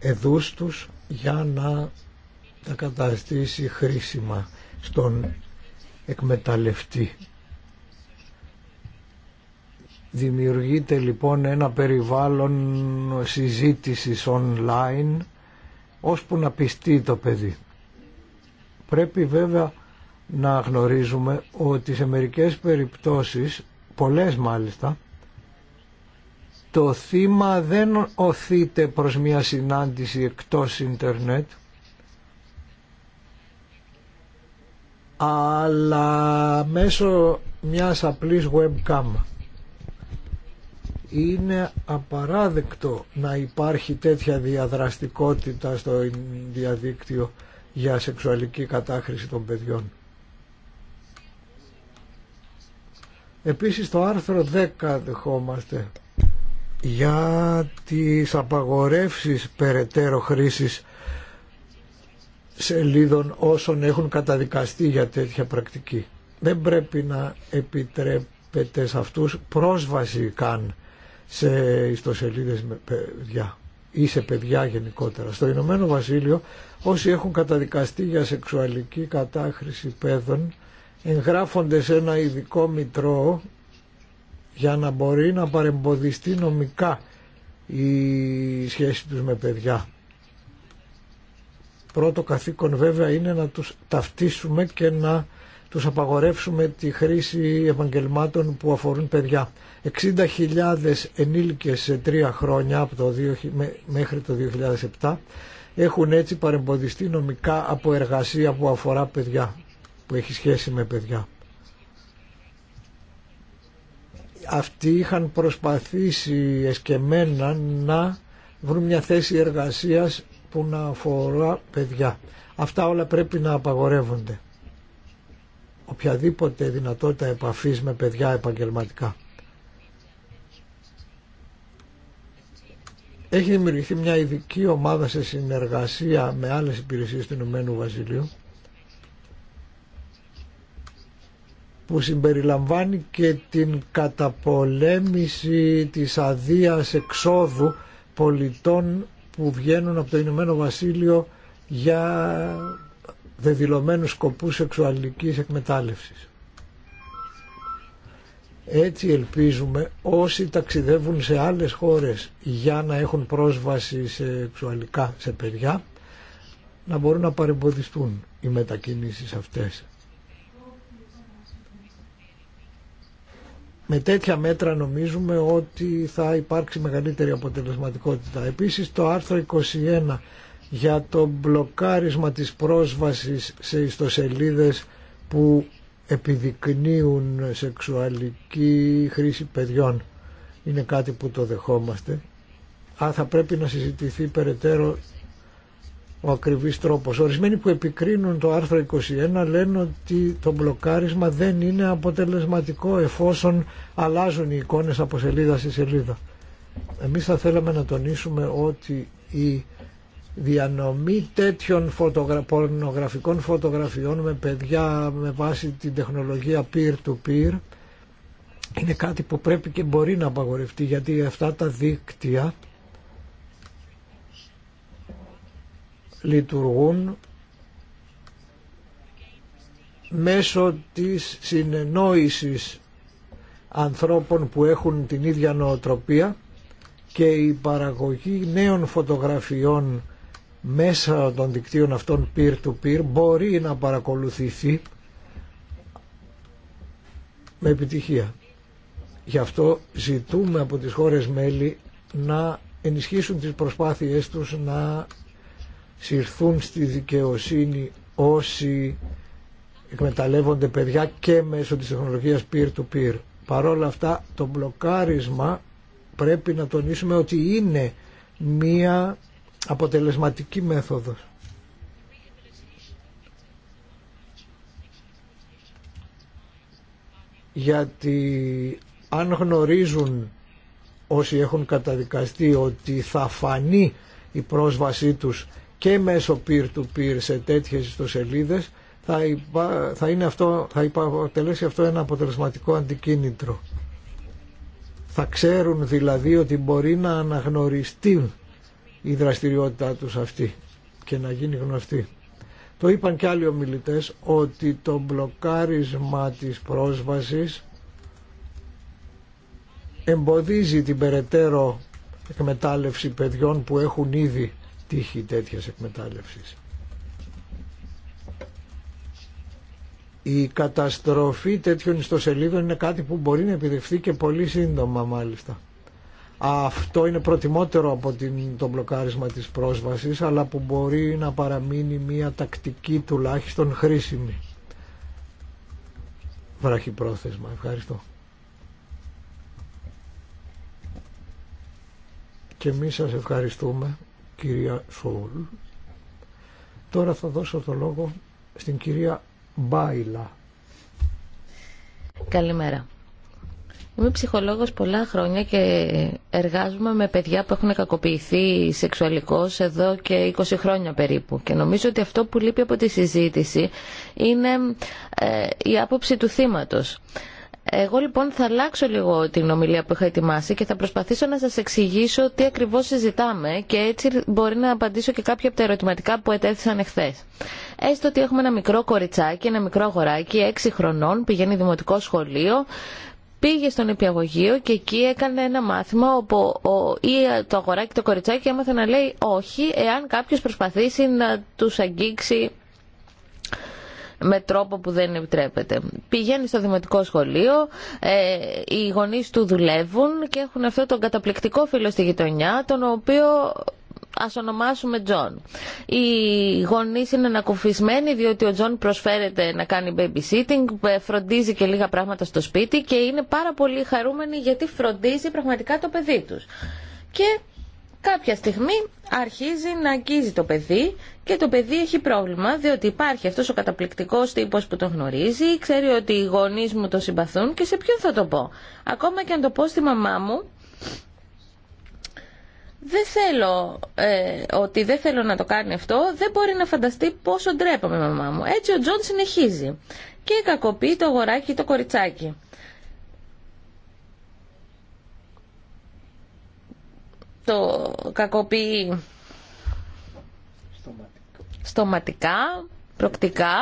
εδούς τους για να τα καταστήσει χρήσιμα στον εκμεταλλευτή. Δημιουργείται λοιπόν ένα περιβάλλον συζήτησης online ώσπου να πιστεί το παιδί. Πρέπει βέβαια να γνωρίζουμε ότι σε μερικές περιπτώσεις, πολλές μάλιστα, το θύμα δεν οθείται προς μια συνάντηση εκτός ίντερνετ αλλά μέσω μιας απλής webcam. Είναι απαράδεκτο να υπάρχει τέτοια διαδραστικότητα στο διαδίκτυο για σεξουαλική κατάχρηση των παιδιών. Επίσης το άρθρο 10 δεχόμαστε για τις απαγορεύσεις περαιτέρω χρήσης σελίδων όσων έχουν καταδικαστεί για τέτοια πρακτική. Δεν πρέπει να επιτρέπεται σε αυτούς πρόσβαση καν σε ιστοσελίδες με παιδιά ή σε παιδιά γενικότερα. Στο Ηνωμένο Βασίλειο όσοι έχουν καταδικαστεί για σεξουαλική κατάχρηση παιδών εγγράφονται σε ένα ειδικό μητρό για να μπορεί να παρεμποδιστεί νομικά η σχέση τους με παιδιά. Πρώτο καθήκον βέβαια είναι να τους ταυτίσουμε και να τους απαγορεύσουμε τη χρήση επαγγελμάτων που αφορούν παιδιά. 60.000 ενήλικες σε τρία χρόνια από το μέχρι το 2007 έχουν έτσι παρεμποδιστεί νομικά από εργασία που αφορά παιδιά, που έχει σχέση με παιδιά. αυτοί είχαν προσπαθήσει εσκεμένα να βρουν μια θέση εργασίας που να αφορά παιδιά. Αυτά όλα πρέπει να απαγορεύονται. Οποιαδήποτε δυνατότητα επαφής με παιδιά επαγγελματικά. Έχει δημιουργηθεί μια ειδική ομάδα σε συνεργασία με άλλες υπηρεσίες του Ηνωμένου Βασιλείου που συμπεριλαμβάνει και την καταπολέμηση της αδείας εξόδου πολιτών που βγαίνουν από το Ηνωμένο Βασίλειο για δεδηλωμένους σκοπούς σεξουαλικής εκμετάλλευσης. Έτσι ελπίζουμε όσοι ταξιδεύουν σε άλλες χώρες για να έχουν πρόσβαση σε σεξουαλικά σε παιδιά να μπορούν να παρεμποδιστούν οι μετακινήσεις αυτές. Με τέτοια μέτρα νομίζουμε ότι θα υπάρξει μεγαλύτερη αποτελεσματικότητα. Επίσης το άρθρο 21 για το μπλοκάρισμα της πρόσβασης σε ιστοσελίδες που επιδεικνύουν σεξουαλική χρήση παιδιών. Είναι κάτι που το δεχόμαστε. Α, θα πρέπει να συζητηθεί περαιτέρω ο ακριβής τρόπος. Ορισμένοι που επικρίνουν το άρθρο 21 λένε ότι το μπλοκάρισμα δεν είναι αποτελεσματικό εφόσον αλλάζουν οι εικόνες από σελίδα σε σελίδα. Εμείς θα θέλαμε να τονίσουμε ότι η διανομή τέτοιων φωτογρα... πορνογραφικών φωτογραφιών με παιδιά με βάση την τεχνολογία peer-to-peer -peer, είναι κάτι που πρέπει και μπορεί να απαγορευτεί γιατί αυτά τα δίκτυα λειτουργούν μέσω της συνεννόησης ανθρώπων που έχουν την ίδια νοοτροπία και η παραγωγή νέων φωτογραφιών μέσα των δικτύων αυτών peer-to-peer -peer to peer μπορει να παρακολουθηθεί με επιτυχία. Γι' αυτό ζητούμε από τις χώρες μέλη να ενισχύσουν τις προσπάθειές τους να συρθούν στη δικαιοσύνη όσοι εκμεταλλεύονται παιδιά και μέσω της τεχνολογίας peer-to-peer. -peer. to peer αυτά το μπλοκάρισμα πρέπει να τονίσουμε ότι είναι μία αποτελεσματική μέθοδος. Γιατί αν γνωρίζουν όσοι έχουν καταδικαστεί ότι θα φανεί η πρόσβασή τους και μέσω peer-to-peer σε τέτοιες ιστοσελίδες θα, υπα... αυτό... θα αποτελέσει αυτό ένα αποτελεσματικό αντικίνητρο. Θα ξέρουν δηλαδή ότι μπορεί να αναγνωριστεί η δραστηριότητά τους αυτή και να γίνει γνωστή. Το είπαν και άλλοι ομιλητές ότι το μπλοκάρισμα της πρόσβασης εμποδίζει την περαιτέρω εκμετάλλευση παιδιών που έχουν ήδη τύχη τέτοιας Η καταστροφή τέτοιων ιστοσελίδων είναι κάτι που μπορεί να επιδευτεί και πολύ σύντομα μάλιστα. Αυτό είναι προτιμότερο από την, το μπλοκάρισμα της πρόσβασης, αλλά που μπορεί να παραμείνει μια τακτική τουλάχιστον χρήσιμη. Βραχυπρόθεσμα. Ευχαριστώ. Και εμείς σας ευχαριστούμε κυρία Σόουλ. Τώρα θα δώσω το λόγο στην κυρία Μπάιλα. Καλημέρα. Είμαι ψυχολόγος πολλά χρόνια και εργάζομαι με παιδιά που έχουν κακοποιηθεί σεξουαλικώς εδώ και 20 χρόνια περίπου. Και νομίζω ότι αυτό που λείπει από τη συζήτηση είναι ε, η άποψη του θύματος. Εγώ λοιπόν θα αλλάξω λίγο την ομιλία που είχα ετοιμάσει και θα προσπαθήσω να σας εξηγήσω τι ακριβώς συζητάμε και έτσι μπορεί να απαντήσω και κάποια από τα ερωτηματικά που ετέθησαν εχθές. Έστω ότι έχουμε ένα μικρό κοριτσάκι, ένα μικρό αγοράκι, 6 χρονών, πηγαίνει δημοτικό σχολείο, πήγε στον επιαγωγείο και εκεί έκανε ένα μάθημα όπου ή το αγοράκι το κοριτσάκι έμαθε να λέει όχι εάν κάποιος προσπαθήσει να τους αγγίξει με τρόπο που δεν επιτρέπεται. Πηγαίνει στο δημοτικό σχολείο, ε, οι γονείς του δουλεύουν και έχουν αυτό τον καταπληκτικό φίλο στη γειτονιά, τον οποίο ας ονομάσουμε Τζον. Οι γονείς είναι ανακουφισμένοι διότι ο Τζον προσφέρεται να κάνει babysitting, ε, φροντίζει και λίγα πράγματα στο σπίτι και είναι πάρα πολύ χαρούμενοι γιατί φροντίζει πραγματικά το παιδί τους. Και Κάποια στιγμή αρχίζει να αγγίζει το παιδί και το παιδί έχει πρόβλημα διότι υπάρχει αυτός ο καταπληκτικός τύπος που τον γνωρίζει, ξέρει ότι οι γονείς μου το συμπαθούν και σε ποιον θα το πω. Ακόμα και αν το πω στη μαμά μου, δεν θέλω, ε, ότι δεν θέλω να το κάνει αυτό, δεν μπορεί να φανταστεί πόσο ντρέπομαι μαμά μου. Έτσι ο Τζον συνεχίζει και κακοποιεί το αγοράκι ή το κοριτσάκι. το κακοποιεί στοματικά, προκτικά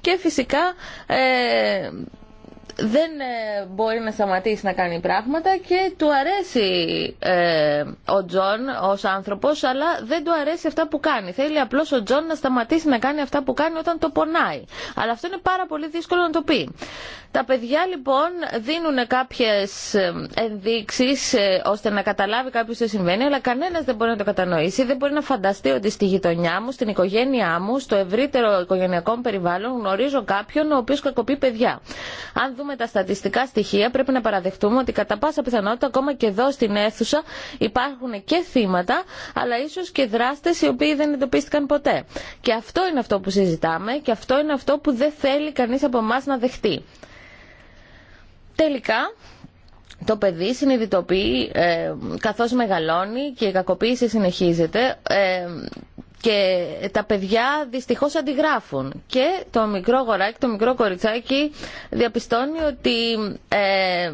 και φυσικά ε, δεν ε, μπορεί να σταματήσει να κάνει πράγματα και του αρέσει ε, ο Τζον ως άνθρωπος αλλά δεν του αρέσει αυτά που κάνει. Θέλει απλώς ο Τζον να σταματήσει να κάνει αυτά που κάνει όταν το πονάει. Αλλά αυτό είναι πάρα πολύ δύσκολο να το πει. Τα παιδιά λοιπόν δίνουν κάποιες ε, ενδείξεις ε, ώστε να καταλάβει κάποιος τι συμβαίνει αλλά κανένας δεν μπορεί να το κατανοήσει, δεν μπορεί να φανταστεί ότι στη γειτονιά μου, στην οικογένειά μου, στο ευρύτερο οικογενειακό περιβάλλον γνωρίζω κάποιον ο οποίος κακοποιεί παιδιά δούμε τα στατιστικά στοιχεία, πρέπει να παραδεχτούμε ότι κατά πάσα πιθανότητα ακόμα και εδώ στην αίθουσα υπάρχουν και θύματα, αλλά ίσω και δράστε οι οποίοι δεν εντοπίστηκαν ποτέ. Και αυτό είναι αυτό που συζητάμε και αυτό είναι αυτό που δεν θέλει κανεί από εμά να δεχτεί. Τελικά, το παιδί συνειδητοποιεί ε, καθώς μεγαλώνει και η κακοποίηση συνεχίζεται ε, και τα παιδιά δυστυχώς αντιγράφουν. Και το μικρό γοράκι, το μικρό κοριτσάκι διαπιστώνει ότι ε, ε,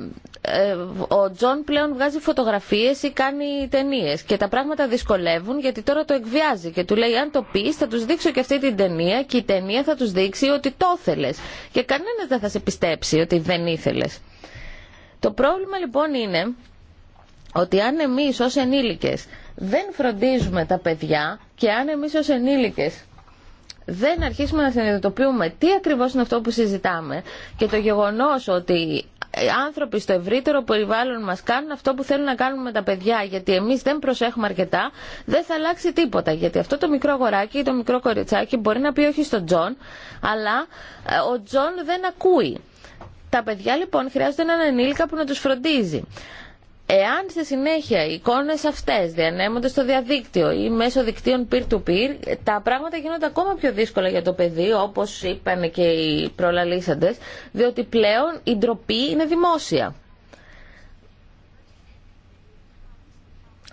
ο Τζον πλέον βγάζει φωτογραφίες ή κάνει ταινίες και τα πράγματα δυσκολεύουν γιατί τώρα το εκβιάζει και του λέει αν το πεις θα τους δείξω και αυτή την ταινία και η ταινία θα τους δείξει ότι το ήθελες και κανένας δεν θα σε πιστέψει ότι δεν ήθελες. Το πρόβλημα λοιπόν είναι ότι αν εμείς ως ενήλικες δεν φροντίζουμε τα παιδιά και αν εμείς ως ενήλικες δεν αρχίσουμε να συνειδητοποιούμε τι ακριβώς είναι αυτό που συζητάμε και το γεγονός ότι οι άνθρωποι στο ευρύτερο περιβάλλον μας κάνουν αυτό που θέλουν να κάνουν με τα παιδιά γιατί εμείς δεν προσέχουμε αρκετά, δεν θα αλλάξει τίποτα γιατί αυτό το μικρό αγοράκι ή το μικρό κοριτσάκι μπορεί να πει όχι στον Τζον αλλά ε, ο Τζον δεν ακούει. Τα παιδιά λοιπόν χρειάζονται έναν ενήλικα που να τους φροντίζει. Εάν στη συνέχεια οι εικόνε αυτές διανέμονται στο διαδίκτυο ή μέσω δικτύων peer-to-peer, τα πράγματα γίνονται ακόμα πιο δύσκολα για το παιδί, όπως είπαν και οι προλαλήσαντες, διότι πλέον η ντροπή είναι δημόσια.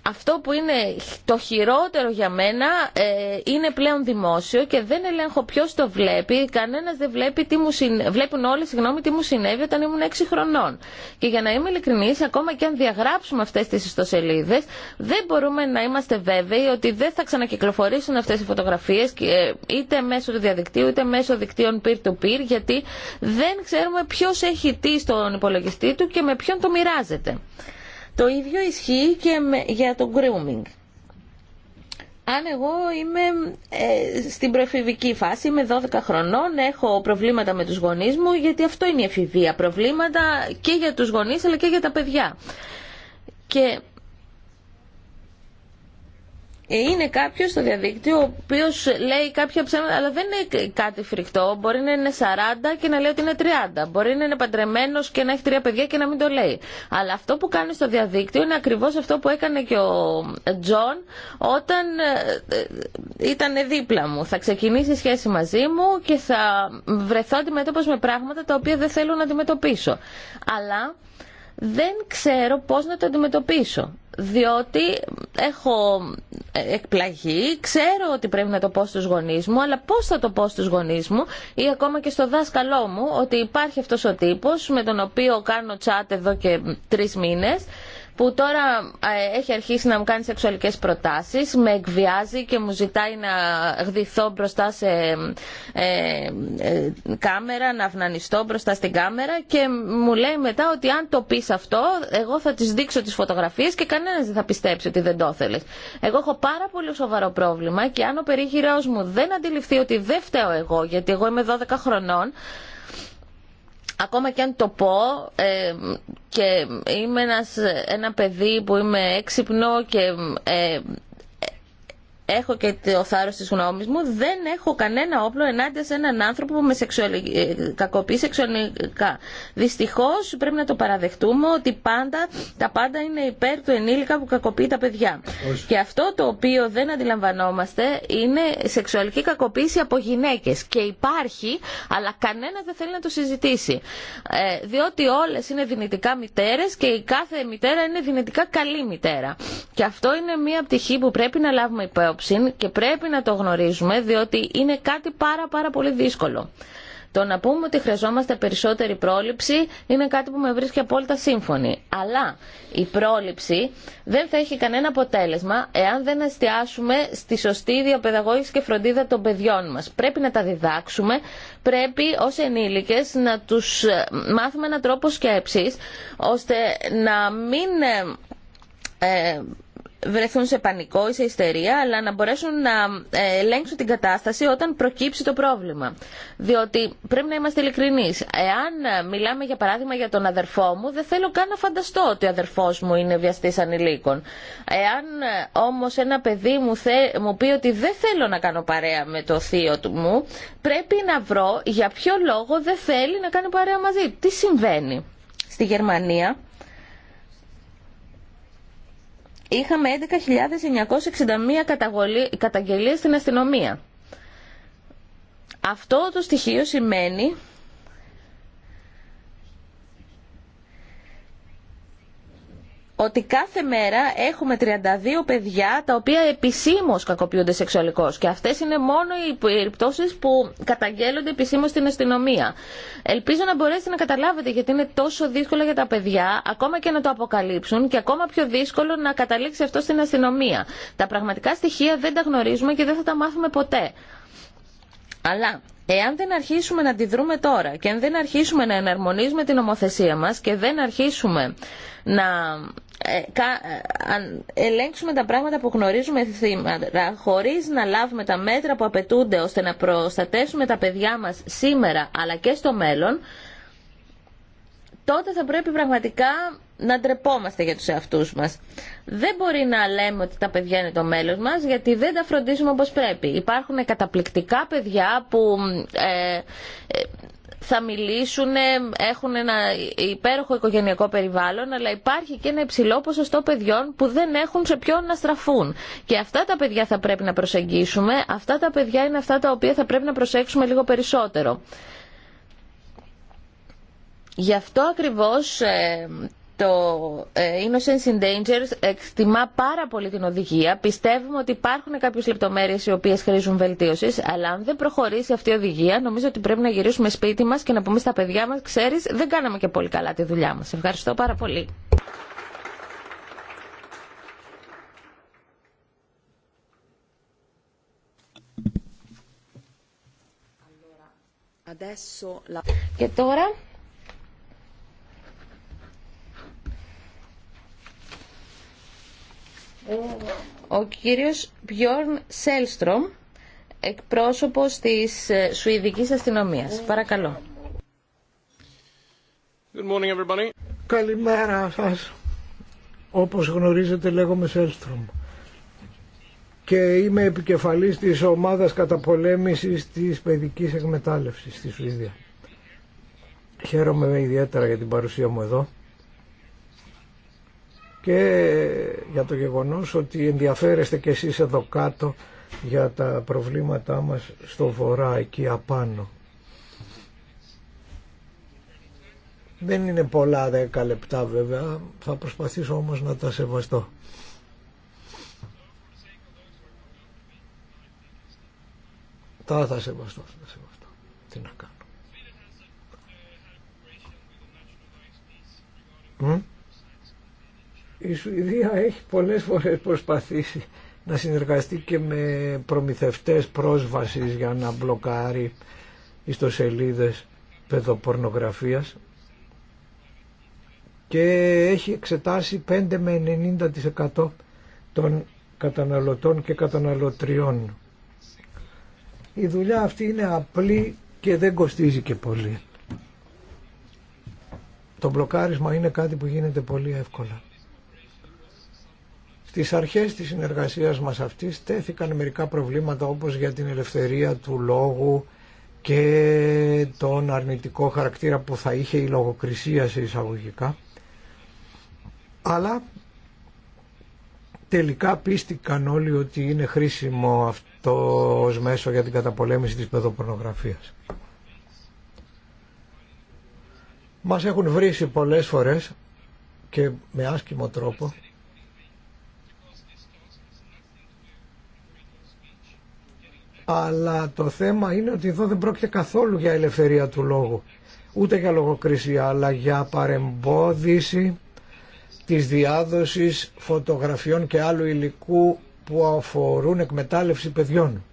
αυτό που είναι το χειρότερο για μένα ε, είναι πλέον δημόσιο και δεν ελέγχω ποιο το βλέπει. Κανένα δεν βλέπει τι μου Βλέπουν όλοι συγγνώμη, τι μου συνέβη όταν ήμουν 6 χρονών. Και για να είμαι ειλικρινή, ακόμα και αν διαγράψουμε αυτέ τι ιστοσελίδε, δεν μπορούμε να είμαστε βέβαιοι ότι δεν θα ξανακυκλοφορήσουν αυτέ οι φωτογραφίε ε, είτε μέσω του διαδικτύου είτε μέσω δικτύων peer-to-peer, γιατί δεν ξέρουμε ποιο έχει τι στον υπολογιστή του και με ποιον το μοιράζεται. Το ίδιο ισχύει και για το grooming. Αν εγώ είμαι ε, στην προεφηβική φάση, είμαι 12 χρονών, έχω προβλήματα με τους γονείς μου, γιατί αυτό είναι η εφηβεία, προβλήματα και για τους γονείς αλλά και για τα παιδιά. Και ε, είναι κάποιο στο διαδίκτυο ο οποίο λέει κάποια ψέματα, αλλά δεν είναι κάτι φρικτό. Μπορεί να είναι 40 και να λέει ότι είναι 30. Μπορεί να είναι παντρεμένο και να έχει τρία παιδιά και να μην το λέει. Αλλά αυτό που κάνει στο διαδίκτυο είναι ακριβώ αυτό που έκανε και ο ε, Τζον όταν ε, ήταν δίπλα μου. Θα ξεκινήσει η σχέση μαζί μου και θα βρεθώ αντιμέτωπο με πράγματα τα οποία δεν θέλω να αντιμετωπίσω. Αλλά δεν ξέρω πώς να το αντιμετωπίσω. Διότι έχω ε, εκπλαγεί, ξέρω ότι πρέπει να το πω στους γονείς μου, αλλά πώς θα το πω στους γονείς μου ή ακόμα και στο δάσκαλό μου ότι υπάρχει αυτός ο τύπος με τον οποίο κάνω τσάτ εδώ και τρεις μήνες που τώρα ε, έχει αρχίσει να μου κάνει σεξουαλικές προτάσεις, με εκβιάζει και μου ζητάει να γδυθώ μπροστά σε ε, ε, κάμερα, να αυνανιστώ μπροστά στην κάμερα και μου λέει μετά ότι αν το πεις αυτό, εγώ θα της δείξω τις φωτογραφίες και κανένας δεν θα πιστέψει ότι δεν το θέλεις. Εγώ έχω πάρα πολύ σοβαρό πρόβλημα και αν ο περίγυρός μου δεν αντιληφθεί ότι δεν φταίω εγώ, γιατί εγώ είμαι 12 χρονών, Ακόμα και αν το πω ε, και είμαι ένα παιδί που είμαι έξυπνο και ε, έχω και το θάρρος τη γνώμη μου, δεν έχω κανένα όπλο ενάντια σε έναν άνθρωπο που με σεξουαλι... Ε, κακοποιεί σεξουαλικά. Δυστυχώ πρέπει να το παραδεχτούμε ότι πάντα, τα πάντα είναι υπέρ του ενήλικα που κακοποιεί τα παιδιά. Και αυτό το οποίο δεν αντιλαμβανόμαστε είναι σεξουαλική κακοποίηση από γυναίκε. Και υπάρχει, αλλά κανένα δεν θέλει να το συζητήσει. Ε, διότι όλε είναι δυνητικά μητέρε και η κάθε μητέρα είναι δυνητικά καλή μητέρα. Και αυτό είναι μια πτυχή που πρέπει να λάβουμε υπόψη και πρέπει να το γνωρίζουμε διότι είναι κάτι πάρα πάρα πολύ δύσκολο. Το να πούμε ότι χρειαζόμαστε περισσότερη πρόληψη είναι κάτι που με βρίσκει απόλυτα σύμφωνη. Αλλά η πρόληψη δεν θα έχει κανένα αποτέλεσμα εάν δεν εστιάσουμε στη σωστή διαπαιδαγώγηση και φροντίδα των παιδιών μας. Πρέπει να τα διδάξουμε, πρέπει ως ενήλικες να τους ε, μάθουμε έναν τρόπο σκέψης ώστε να μην... Ε, ε, βρεθούν σε πανικό ή σε ιστερία, αλλά να μπορέσουν να ε, ελέγξουν την κατάσταση όταν προκύψει το πρόβλημα. Διότι πρέπει να είμαστε ειλικρινεί. Εάν μιλάμε για παράδειγμα για τον αδερφό μου, δεν θέλω καν να φανταστώ ότι ο αδερφό μου είναι βιαστή ανηλίκων. Εάν ε, όμω ένα παιδί μου, θε, μου πει ότι δεν θέλω να κάνω παρέα με το θείο του μου, πρέπει να βρω για ποιο λόγο δεν θέλει να κάνει παρέα μαζί. Τι συμβαίνει. Στη Γερμανία είχαμε 11.961 καταγγελίες στην αστυνομία. Αυτό το στοιχείο σημαίνει ότι κάθε μέρα έχουμε 32 παιδιά τα οποία επισήμω κακοποιούνται σεξουαλικώ. και αυτέ είναι μόνο οι περιπτώσει που καταγγέλλονται επισήμω στην αστυνομία. Ελπίζω να μπορέσετε να καταλάβετε γιατί είναι τόσο δύσκολο για τα παιδιά ακόμα και να το αποκαλύψουν και ακόμα πιο δύσκολο να καταλήξει αυτό στην αστυνομία. Τα πραγματικά στοιχεία δεν τα γνωρίζουμε και δεν θα τα μάθουμε ποτέ. Αλλά Εάν δεν αρχίσουμε να αντιδρούμε τώρα και αν δεν αρχίσουμε να εναρμονίζουμε την ομοθεσία μας και δεν αρχίσουμε να ε, ε, ελέγξουμε τα πράγματα που γνωρίζουμε σήμερα χωρίς να λάβουμε τα μέτρα που απαιτούνται ώστε να προστατεύσουμε τα παιδιά μας σήμερα αλλά και στο μέλλον τότε θα πρέπει πραγματικά να ντρεπόμαστε για τους εαυτούς μας. Δεν μπορεί να λέμε ότι τα παιδιά είναι το μέλλον μας γιατί δεν τα φροντίζουμε όπως πρέπει. Υπάρχουν καταπληκτικά παιδιά που ε, θα μιλήσουν, ε, έχουν ένα υπέροχο οικογενειακό περιβάλλον, αλλά υπάρχει και ένα υψηλό ποσοστό παιδιών που δεν έχουν σε ποιον να στραφούν. Και αυτά τα παιδιά θα πρέπει να προσεγγίσουμε, αυτά τα παιδιά είναι αυτά τα οποία θα πρέπει να προσέξουμε λίγο περισσότερο. Γι' αυτό ακριβώς ε, το ε, Innocence in Danger εκτιμά πάρα πολύ την οδηγία. Πιστεύουμε ότι υπάρχουν κάποιε λεπτομέρειε οι οποίε χρήζουν βελτίωση, αλλά αν δεν προχωρήσει αυτή η οδηγία, νομίζω ότι πρέπει να γυρίσουμε σπίτι μα και να πούμε στα παιδιά μα, ξέρει, δεν κάναμε και πολύ καλά τη δουλειά μα. Ευχαριστώ πάρα πολύ. Και τώρα Ο κύριος Πιόρν Σέλστρομ, εκπρόσωπος της ε, Σουηδικής Αστυνομίας. Παρακαλώ. Good morning everybody. Καλημέρα σας. Όπως γνωρίζετε λέγομαι Σέλστρομ και είμαι επικεφαλής της ομάδας καταπολέμησης της παιδικής εκμετάλλευσης στη Σουηδία. Χαίρομαι ιδιαίτερα για την παρουσία μου εδώ και για το γεγονός ότι ενδιαφέρεστε και εσείς εδώ κάτω για τα προβλήματά μας στο βορρά εκεί απάνω. Δεν είναι πολλά δέκα λεπτά βέβαια, θα προσπαθήσω όμως να τα σεβαστώ. Τα θα σεβαστώ, θα σεβαστώ. Τι να κάνω. Η Σουηδία έχει πολλές φορές προσπαθήσει να συνεργαστεί και με προμηθευτές πρόσβασης για να μπλοκάρει ιστοσελίδες παιδοπορνογραφίας και έχει εξετάσει 5 με 90% των καταναλωτών και καταναλωτριών. Η δουλειά αυτή είναι απλή και δεν κοστίζει και πολύ. Το μπλοκάρισμα είναι κάτι που γίνεται πολύ εύκολα. Στις αρχές της συνεργασίας μας αυτής τέθηκαν μερικά προβλήματα όπως για την ελευθερία του λόγου και τον αρνητικό χαρακτήρα που θα είχε η λογοκρισία σε εισαγωγικά. Αλλά τελικά πίστηκαν όλοι ότι είναι χρήσιμο αυτό ως μέσο για την καταπολέμηση της παιδοπορνογραφίας. Μας έχουν βρήσει πολλές φορές και με άσκημο τρόπο Αλλά το θέμα είναι ότι εδώ δεν πρόκειται καθόλου για ελευθερία του λόγου, ούτε για λογοκρισία, αλλά για παρεμπόδιση της διάδοσης φωτογραφιών και άλλου υλικού που αφορούν εκμετάλλευση παιδιών.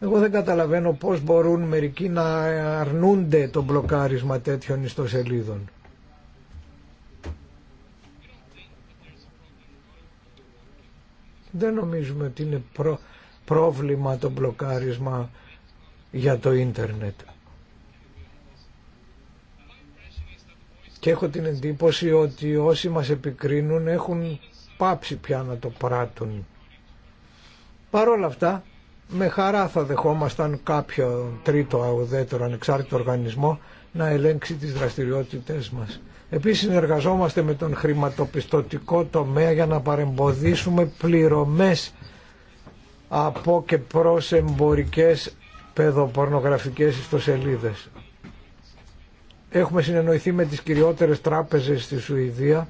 Εγώ δεν καταλαβαίνω πώς μπορούν μερικοί να αρνούνται το μπλοκάρισμα τέτοιων ιστοσελίδων. Δεν νομίζουμε ότι είναι πρόβλημα το μπλοκάρισμα για το ίντερνετ. Και έχω την εντύπωση ότι όσοι μας επικρίνουν έχουν πάψει πια να το πράττουν. Παρ' όλα αυτά, με χαρά θα δεχόμασταν κάποιο τρίτο αουδέτερο ανεξάρτητο οργανισμό να ελέγξει τις δραστηριότητες μας. Επίσης συνεργαζόμαστε με τον χρηματοπιστωτικό τομέα για να παρεμποδίσουμε πληρωμές από και προς εμπορικές παιδοπορνογραφικές ιστοσελίδες. Έχουμε συνεννοηθεί με τις κυριότερες τράπεζες στη Σουηδία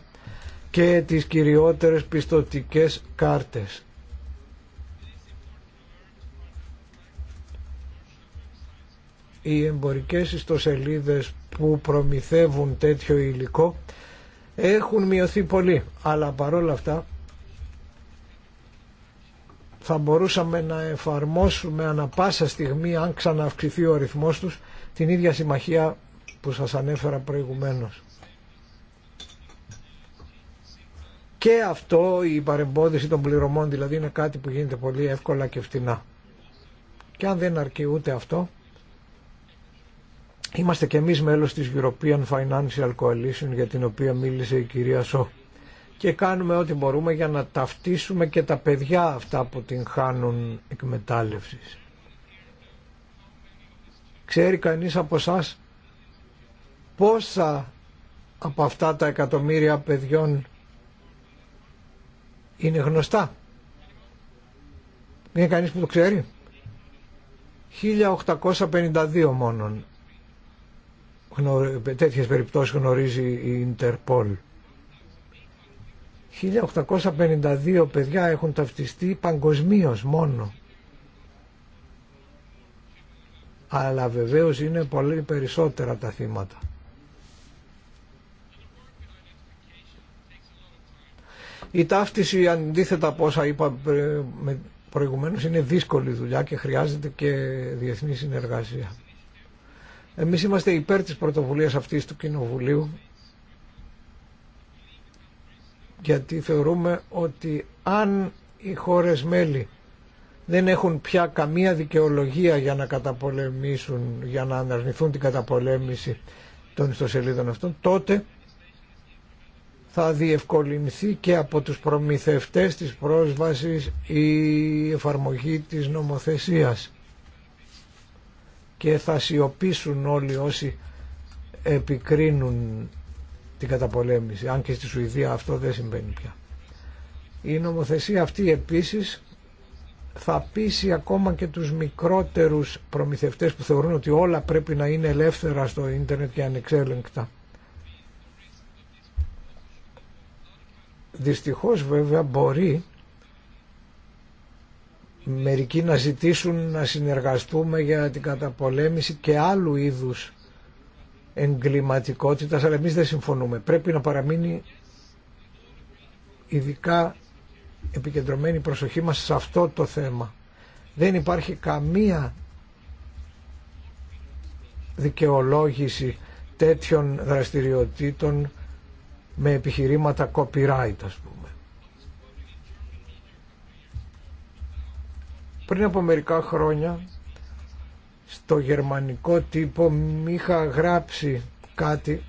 και τις κυριότερες πιστωτικές κάρτες. οι εμπορικές ιστοσελίδες που προμηθεύουν τέτοιο υλικό έχουν μειωθεί πολύ αλλά παρόλα αυτά θα μπορούσαμε να εφαρμόσουμε ανα πάσα στιγμή αν ξανααυξηθεί ο ρυθμός τους την ίδια συμμαχία που σας ανέφερα προηγουμένως. Και αυτό η παρεμπόδιση των πληρωμών δηλαδή είναι κάτι που γίνεται πολύ εύκολα και φτηνά. Και αν δεν αρκεί ούτε αυτό Είμαστε και εμείς μέλος της European Financial Coalition για την οποία μίλησε η κυρία Σο και κάνουμε ό,τι μπορούμε για να ταυτίσουμε και τα παιδιά αυτά που την χάνουν εκμετάλλευσης. Ξέρει κανείς από εσά πόσα από αυτά τα εκατομμύρια παιδιών είναι γνωστά. Είναι κανείς που το ξέρει. 1852 μόνον τέτοιες περιπτώσεις γνωρίζει η Ιντερπόλ. 1852 παιδιά έχουν ταυτιστεί παγκοσμίω μόνο. Αλλά βεβαίως είναι πολύ περισσότερα τα θύματα. Η ταύτιση αντίθετα από όσα είπα προηγουμένως είναι δύσκολη δουλειά και χρειάζεται και διεθνή συνεργασία. Εμείς είμαστε υπέρ της πρωτοβουλίας αυτής του Κοινοβουλίου γιατί θεωρούμε ότι αν οι χώρες μέλη δεν έχουν πια καμία δικαιολογία για να καταπολεμήσουν, για να αναρνηθούν την καταπολέμηση των ιστοσελίδων αυτών, τότε θα διευκολυνθεί και από τους προμηθευτές της πρόσβασης η εφαρμογή της νομοθεσίας και θα σιωπήσουν όλοι όσοι επικρίνουν την καταπολέμηση, αν και στη Σουηδία αυτό δεν συμβαίνει πια. Η νομοθεσία αυτή επίσης θα πείσει ακόμα και τους μικρότερους προμηθευτές που θεωρούν ότι όλα πρέπει να είναι ελεύθερα στο ίντερνετ και ανεξέλεγκτα. Δυστυχώς βέβαια μπορεί μερικοί να ζητήσουν να συνεργαστούμε για την καταπολέμηση και άλλου είδους εγκληματικότητας, αλλά εμείς δεν συμφωνούμε. Πρέπει να παραμείνει ειδικά επικεντρωμένη προσοχή μας σε αυτό το θέμα. Δεν υπάρχει καμία δικαιολόγηση τέτοιων δραστηριοτήτων με επιχειρήματα copyright ας πούμε. Πριν από μερικά χρόνια στο γερμανικό τύπο μου είχα γράψει κάτι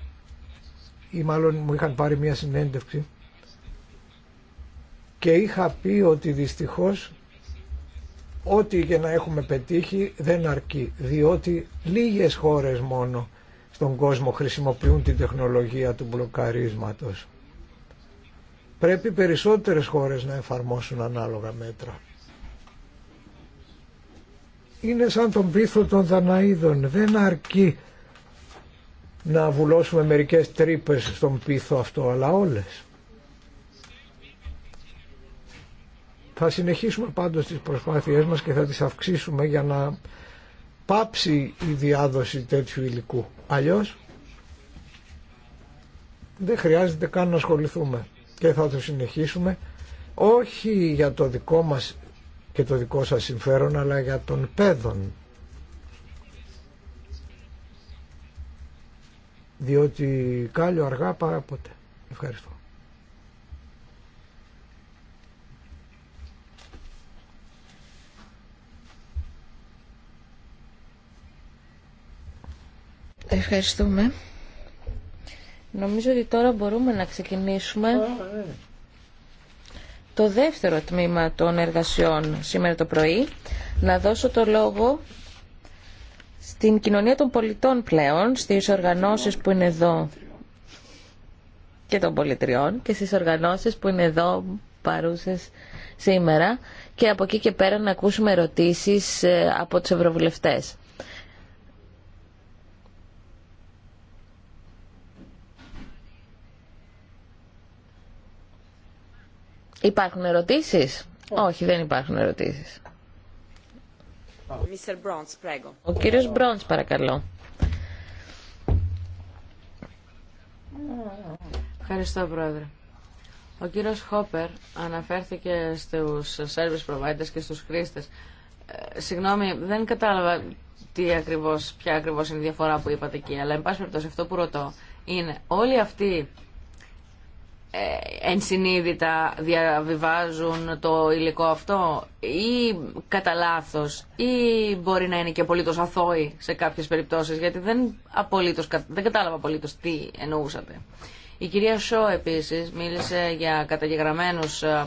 ή μάλλον μου είχαν πάρει μια συνέντευξη και είχα πει ότι δυστυχώς ό,τι για να έχουμε πετύχει δεν αρκεί διότι λίγες χώρες μόνο στον κόσμο χρησιμοποιούν την τεχνολογία του μπλοκαρίσματος. Πρέπει περισσότερες χώρες να εφαρμόσουν ανάλογα μέτρα είναι σαν τον πίθο των Δαναίδων. Δεν αρκεί να βουλώσουμε μερικές τρύπες στον πίθο αυτό, αλλά όλες. Θα συνεχίσουμε πάντως τις προσπάθειές μας και θα τις αυξήσουμε για να πάψει η διάδοση τέτοιου υλικού. Αλλιώς δεν χρειάζεται καν να ασχοληθούμε και θα το συνεχίσουμε όχι για το δικό μας και το δικό σας συμφέρον αλλά για τον παιδόν διότι κάλιο αργά παρά ποτέ. Ευχαριστώ. Ευχαριστούμε. Νομίζω ότι τώρα μπορούμε να ξεκινήσουμε το δεύτερο τμήμα των εργασιών σήμερα το πρωί, να δώσω το λόγο στην κοινωνία των πολιτών πλέον, στις οργανώσεις που είναι εδώ και των πολιτριών και στις οργανώσεις που είναι εδώ παρούσες σήμερα και από εκεί και πέρα να ακούσουμε ερωτήσεις ε, από τους ευρωβουλευτές. Υπάρχουν ερωτήσεις? Όχι, δεν υπάρχουν ερωτήσεις. Ο κύριος Μπρόντς, παρακαλώ. Ευχαριστώ, Πρόεδρε. Ο κύριος Χόπερ αναφέρθηκε στους service providers και στους χρήστες. Ε, συγγνώμη, δεν κατάλαβα τι ακριβώς, ποια ακριβώς είναι η διαφορά που είπατε εκεί, αλλά εν πάση περιπτώσει αυτό που ρωτώ είναι όλοι αυτοί ε, ενσυνείδητα διαβιβάζουν το υλικό αυτό ή κατά λάθο ή μπορεί να είναι και απολύτω αθώοι σε κάποιες περιπτώσεις γιατί δεν, απολύτως, δεν κατάλαβα απολύτως τι εννοούσατε. Η κυρία Σό επίσης μίλησε για καταγεγραμμένους ε,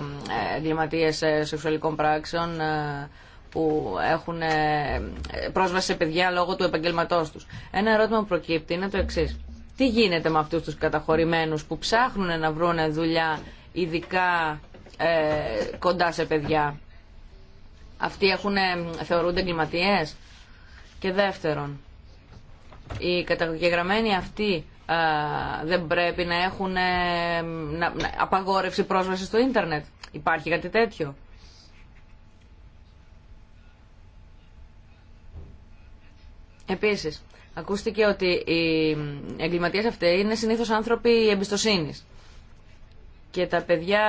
εγκληματίες ε, σεξουαλικών πράξεων που έχουν πρόσβαση σε παιδιά λόγω καταλαβα απολυτω τι επαγγελματός τους. για καταγεγραμμενους εγκληματιε ερώτημα που εχουν προσβαση σε παιδια λογω του επαγγελματό του. ενα ερωτημα που προκυπτει ειναι το εξή. Τι γίνεται με αυτούς τους καταχωρημένους που ψάχνουν να βρουν δουλειά ειδικά ε, κοντά σε παιδιά. Αυτοί έχουν, ε, θεωρούνται εγκληματιές. Και δεύτερον, οι καταγεγραμμένοι αυτοί ε, δεν πρέπει να έχουν ε, να, απαγόρευση πρόσβαση στο ίντερνετ. Υπάρχει κάτι τέτοιο. Επίσης, Ακούστηκε ότι οι εγκληματίες αυτοί είναι συνήθως άνθρωποι εμπιστοσύνη. Και τα παιδιά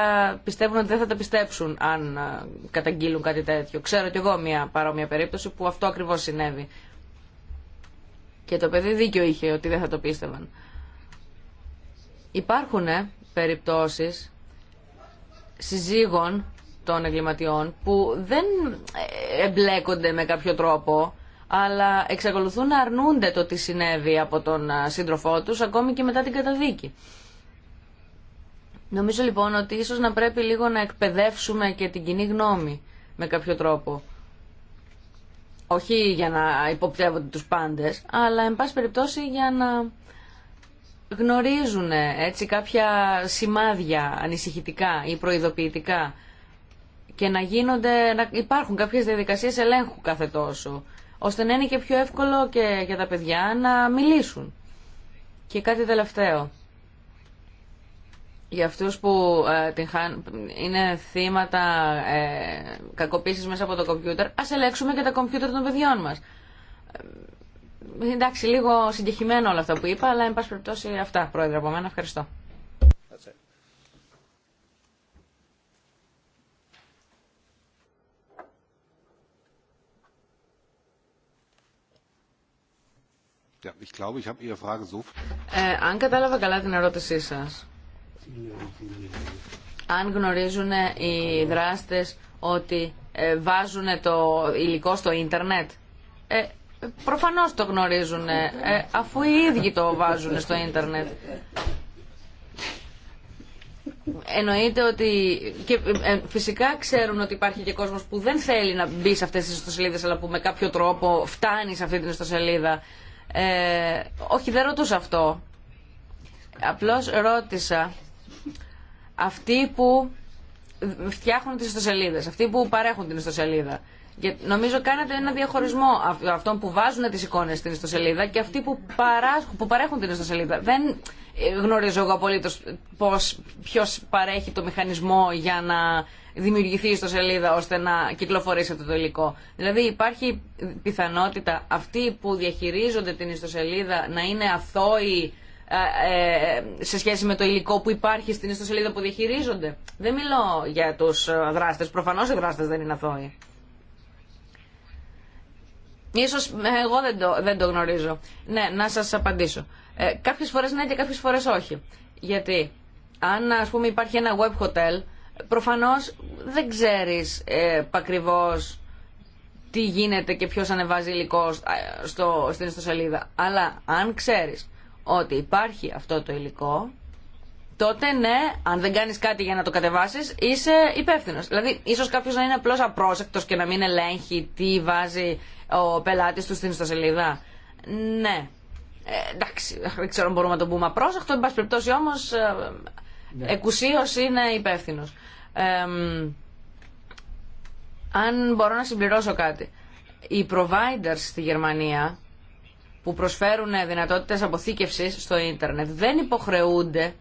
πιστεύουν ότι δεν θα τα πιστέψουν αν ε, καταγγείλουν κάτι τέτοιο. Ξέρω κι εγώ μια παρόμοια περίπτωση που αυτό ακριβώς συνέβη. Και το παιδί δίκιο είχε ότι δεν θα το πίστευαν. Υπάρχουν ε, περιπτώσεις συζύγων των εγκληματιών που δεν ε, εμπλέκονται με κάποιο τρόπο αλλά εξακολουθούν να αρνούνται το τι συνέβη από τον σύντροφό τους ακόμη και μετά την καταδίκη. Νομίζω λοιπόν ότι ίσως να πρέπει λίγο να εκπαιδεύσουμε και την κοινή γνώμη με κάποιο τρόπο. Όχι για να υποπτεύονται τους πάντες, αλλά εν πάση περιπτώσει για να γνωρίζουν ε, έτσι κάποια σημάδια ανησυχητικά ή προειδοποιητικά και να, γίνονται, να υπάρχουν κάποιες διαδικασίες ελέγχου κάθε τόσο ώστε να είναι και πιο εύκολο και για τα παιδιά να μιλήσουν. Και κάτι τελευταίο. Για αυτούς που ε, είναι θύματα ε, κακοποίησης μέσα από το κομπιούτερ, ας ελέξουμε και τα κομπιούτερ των παιδιών μας. Ε, εντάξει, λίγο συγκεχημένο όλα αυτά που είπα, αλλά εν πάση περιπτώσει αυτά, πρόεδρε, από μένα. Ευχαριστώ. αν κατάλαβα καλά την ερώτησή σας, αν γνωρίζουν οι δράστες ότι ε, βάζουν το υλικό στο ίντερνετ, ε, προφανώς το γνωρίζουν, ε, ε, αφού οι ίδιοι το βάζουν στο ίντερνετ. Εννοείται ότι και, φυσικά ξέρουν ότι υπάρχει και κόσμος που δεν θέλει να μπει σε αυτές τις ιστοσελίδες αλλά που με κάποιο τρόπο φτάνει σε αυτή την ιστοσελίδα ε, όχι, δεν ρωτούσα αυτό. Απλώς ρώτησα αυτοί που φτιάχνουν τις ιστοσελίδες, αυτοί που παρέχουν την ιστοσελίδα. Και νομίζω κάνατε ένα διαχωρισμό αυτών που βάζουν τις εικόνες στην ιστοσελίδα και αυτοί που, παράσχουν, που παρέχουν την ιστοσελίδα. Δεν ε, γνωρίζω εγώ απολύτως πώς, ποιος παρέχει το μηχανισμό για να δημιουργηθεί στο ιστοσελίδα ώστε να κυκλοφορήσετε το υλικό. Δηλαδή υπάρχει πιθανότητα αυτοί που διαχειρίζονται την ιστοσελίδα να είναι αθώοι ε, ε, σε σχέση με το υλικό που υπάρχει στην ιστοσελίδα που διαχειρίζονται. Δεν μιλώ για τους δράστες. Προφανώς οι δράστες δεν είναι αθώοι. Ίσως ε, εγώ δεν το, δεν το γνωρίζω. Ναι, να σας απαντήσω. Ε, κάποιες φορές ναι και κάποιες φορές όχι. Γιατί αν ας πούμε υπάρχει ένα web hotel προφανώς δεν ξέρεις ε, ακριβώς τι γίνεται και ποιος ανεβάζει υλικό ε, στο, στην ιστοσελίδα. Αλλά αν ξέρεις ότι υπάρχει αυτό το υλικό, τότε ναι, αν δεν κάνεις κάτι για να το κατεβάσεις, είσαι υπεύθυνος. Δηλαδή, ίσως κάποιος να είναι απλώς απρόσεκτος και να μην ελέγχει τι βάζει ο πελάτης του στην ιστοσελίδα. Ναι. Ε, εντάξει, δεν ξέρω αν μπορούμε να το πούμε απρόσεκτο, εν πάση περιπτώσει όμως, ε, ναι. εκουσίως είναι υπεύθυνο αν μπορώ να συμπληρώσω κάτι. Οι providers στη Γερμανία που προσφέρουν δυνατότητες αποθήκευσης στο ίντερνετ δεν υποχρεούνται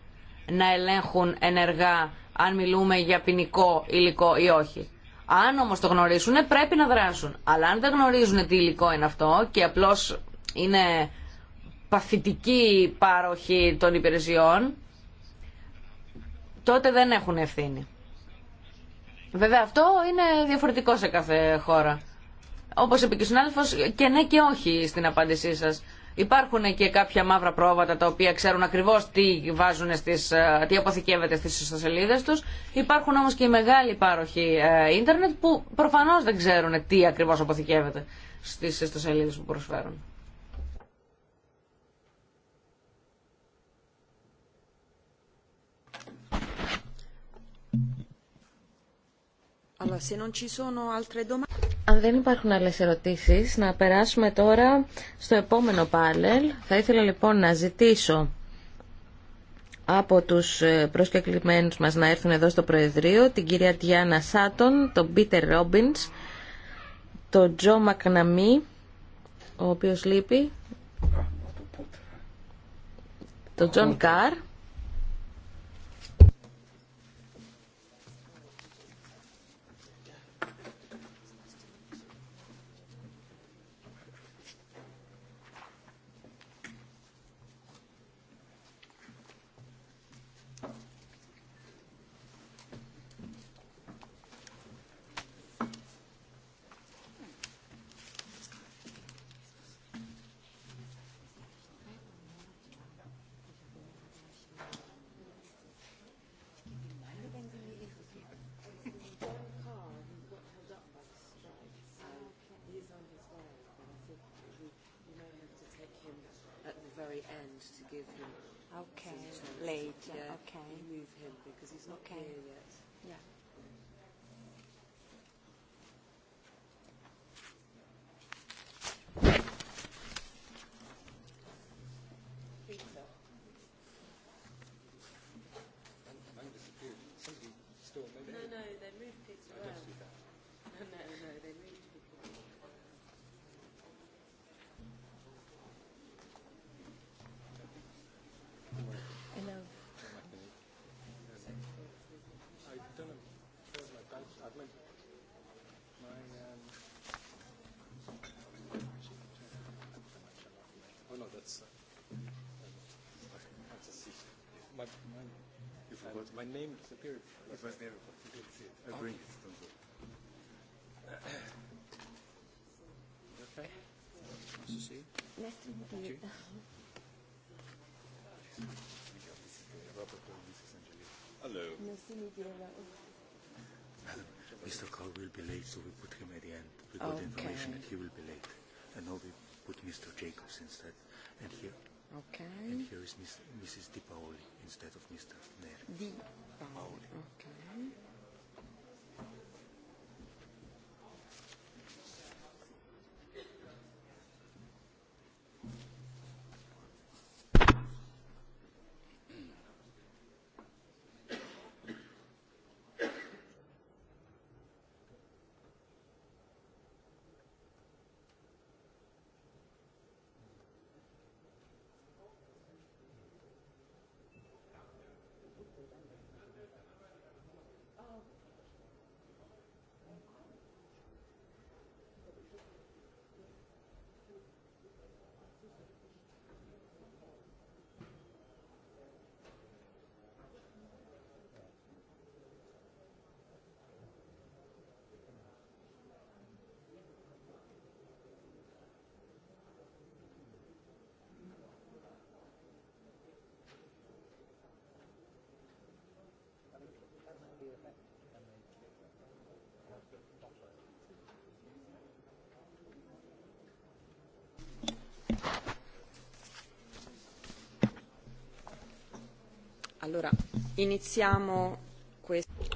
να ελέγχουν ενεργά αν μιλούμε για ποινικό υλικό ή όχι. Αν όμως το γνωρίσουν πρέπει να δράσουν. Αλλά αν δεν γνωρίζουν τι υλικό είναι αυτό και απλώς είναι παθητική πάροχη των υπηρεσιών, τότε δεν έχουν ευθύνη. Βέβαια αυτό είναι διαφορετικό σε κάθε χώρα. Όπως είπε και ο συνάδελφο, και ναι και όχι στην απάντησή σας. Υπάρχουν και κάποια μαύρα πρόβατα τα οποία ξέρουν ακριβώς τι, βάζουν στις, ε, τι αποθηκεύεται στις ιστοσελίδε τους. Υπάρχουν όμως και οι μεγάλοι πάροχοι ε, ίντερνετ που προφανώς δεν ξέρουν τι ακριβώς αποθηκεύεται στι ιστοσελίδε που προσφέρουν. Αν δεν υπάρχουν άλλες ερωτήσεις, να περάσουμε τώρα στο επόμενο πάνελ. Θα ήθελα λοιπόν να ζητήσω από τους ε, προσκεκλημένους μας να έρθουν εδώ στο Προεδρείο, την κυρία Τιάννα Σάτον, τον Πίτερ Ρόμπινς, τον Τζο Μακναμί, ο οποίος λείπει, τον Τζον Καρ, end to give him. Okay. Later. Okay. Move him because he's not here yet. Yeah. Okay. Hello. Mr. Carr will be late, so we put him at the end. We got information that he will be late. I put Mr. Jacobs instead. And here, okay. and here is Mrs. Di Paoli instead of Mr. Neri. Di Paoli. Okay.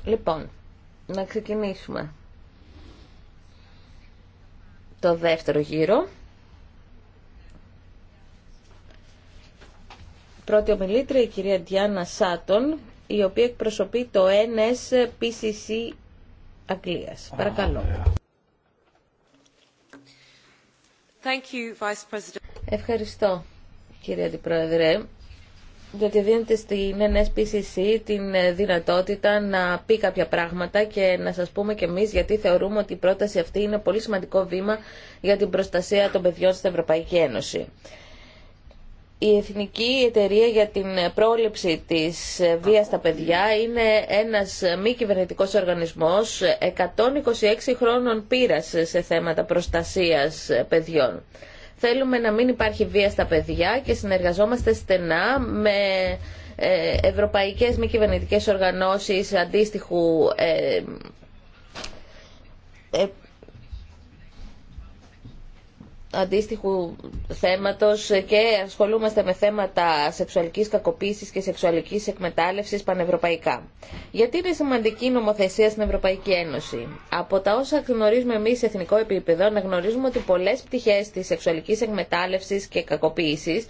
Λοιπόν, να ξεκινήσουμε το δεύτερο γύρο. Πρώτη ομιλήτρια η κυρία Διάννα Σάτον, η οποία εκπροσωπεί το NSPCC Αγγλίας. Παρακαλώ. Ευχαριστώ, κύριε Αντιπρόεδρε διότι δίνεται στην NSPCC την ε, δυνατότητα να πει κάποια πράγματα και να σας πούμε και εμείς γιατί θεωρούμε ότι η πρόταση αυτή είναι πολύ σημαντικό βήμα για την προστασία των παιδιών στην Ευρωπαϊκή Ένωση. Η Εθνική Εταιρεία για την Πρόληψη της Βίας στα Παιδιά είναι ένας μη κυβερνητικός οργανισμός 126 χρόνων πείρας σε θέματα προστασίας παιδιών. Θέλουμε να μην υπάρχει βία στα παιδιά και συνεργαζόμαστε στενά με ε, ευρωπαϊκές μη κυβερνητικές οργανώσεις αντίστοιχου ε, ε, αντίστοιχου θέματος και ασχολούμαστε με θέματα σεξουαλικής κακοποίησης και σεξουαλικής εκμετάλλευσης πανευρωπαϊκά. Γιατί είναι σημαντική η νομοθεσία στην Ευρωπαϊκή Ένωση. Από τα όσα γνωρίζουμε εμείς σε εθνικό επίπεδο, να γνωρίζουμε ότι πολλές πτυχές της σεξουαλικής εκμετάλλευσης και κακοποίησης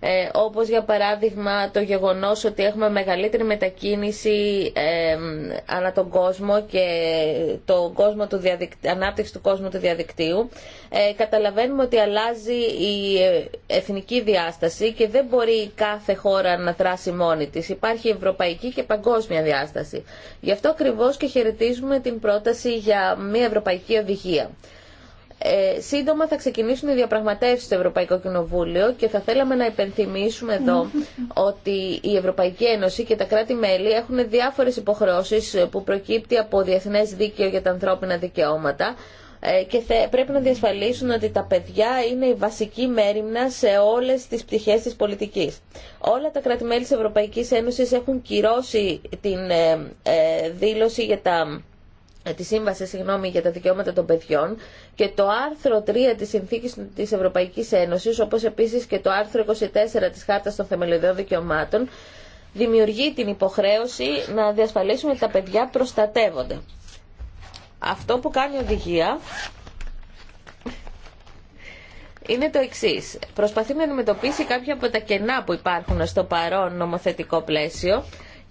ε, όπως για παράδειγμα το γεγονός ότι έχουμε μεγαλύτερη μετακίνηση ε, ανά τον κόσμο και το κόσμο του ανάπτυξη του κόσμου του διαδικτύου ε, καταλαβαίνουμε ότι αλλάζει η ε, εθνική διάσταση και δεν μπορεί κάθε χώρα να δράσει μόνη της. Υπάρχει ευρωπαϊκή και παγκόσμια διάσταση. Γι' αυτό ακριβώς και χαιρετίζουμε την πρόταση για μια ευρωπαϊκή οδηγία. Ε, σύντομα θα ξεκινήσουν οι διαπραγματεύσεις στο Ευρωπαϊκό Κοινοβούλιο και θα θέλαμε να υπενθυμίσουμε εδώ ότι η Ευρωπαϊκή Ένωση και τα κράτη-μέλη έχουν διάφορες υποχρεώσεις που προκύπτει από διεθνές δίκαιο για τα ανθρώπινα δικαιώματα ε, και πρέπει να διασφαλίσουν ότι τα παιδιά είναι η βασική μέρημνα σε όλες τις πτυχές της πολιτικής. Όλα τα κράτη-μέλη της Ευρωπαϊκής Ένωσης έχουν κυρώσει την ε, ε, δήλωση για τα ε, τη Σύμβαση συγγνώμη, για τα Δικαιώματα των Παιδιών και το άρθρο 3 της Συνθήκης της Ευρωπαϊκής Ένωσης, όπως επίσης και το άρθρο 24 της Χάρτας των Θεμελιωδών Δικαιωμάτων, δημιουργεί την υποχρέωση να διασφαλίσουμε ότι τα παιδιά προστατεύονται. Αυτό που κάνει οδηγία είναι το εξή. Προσπαθεί να αντιμετωπίσει κάποια από τα κενά που υπάρχουν στο παρόν νομοθετικό πλαίσιο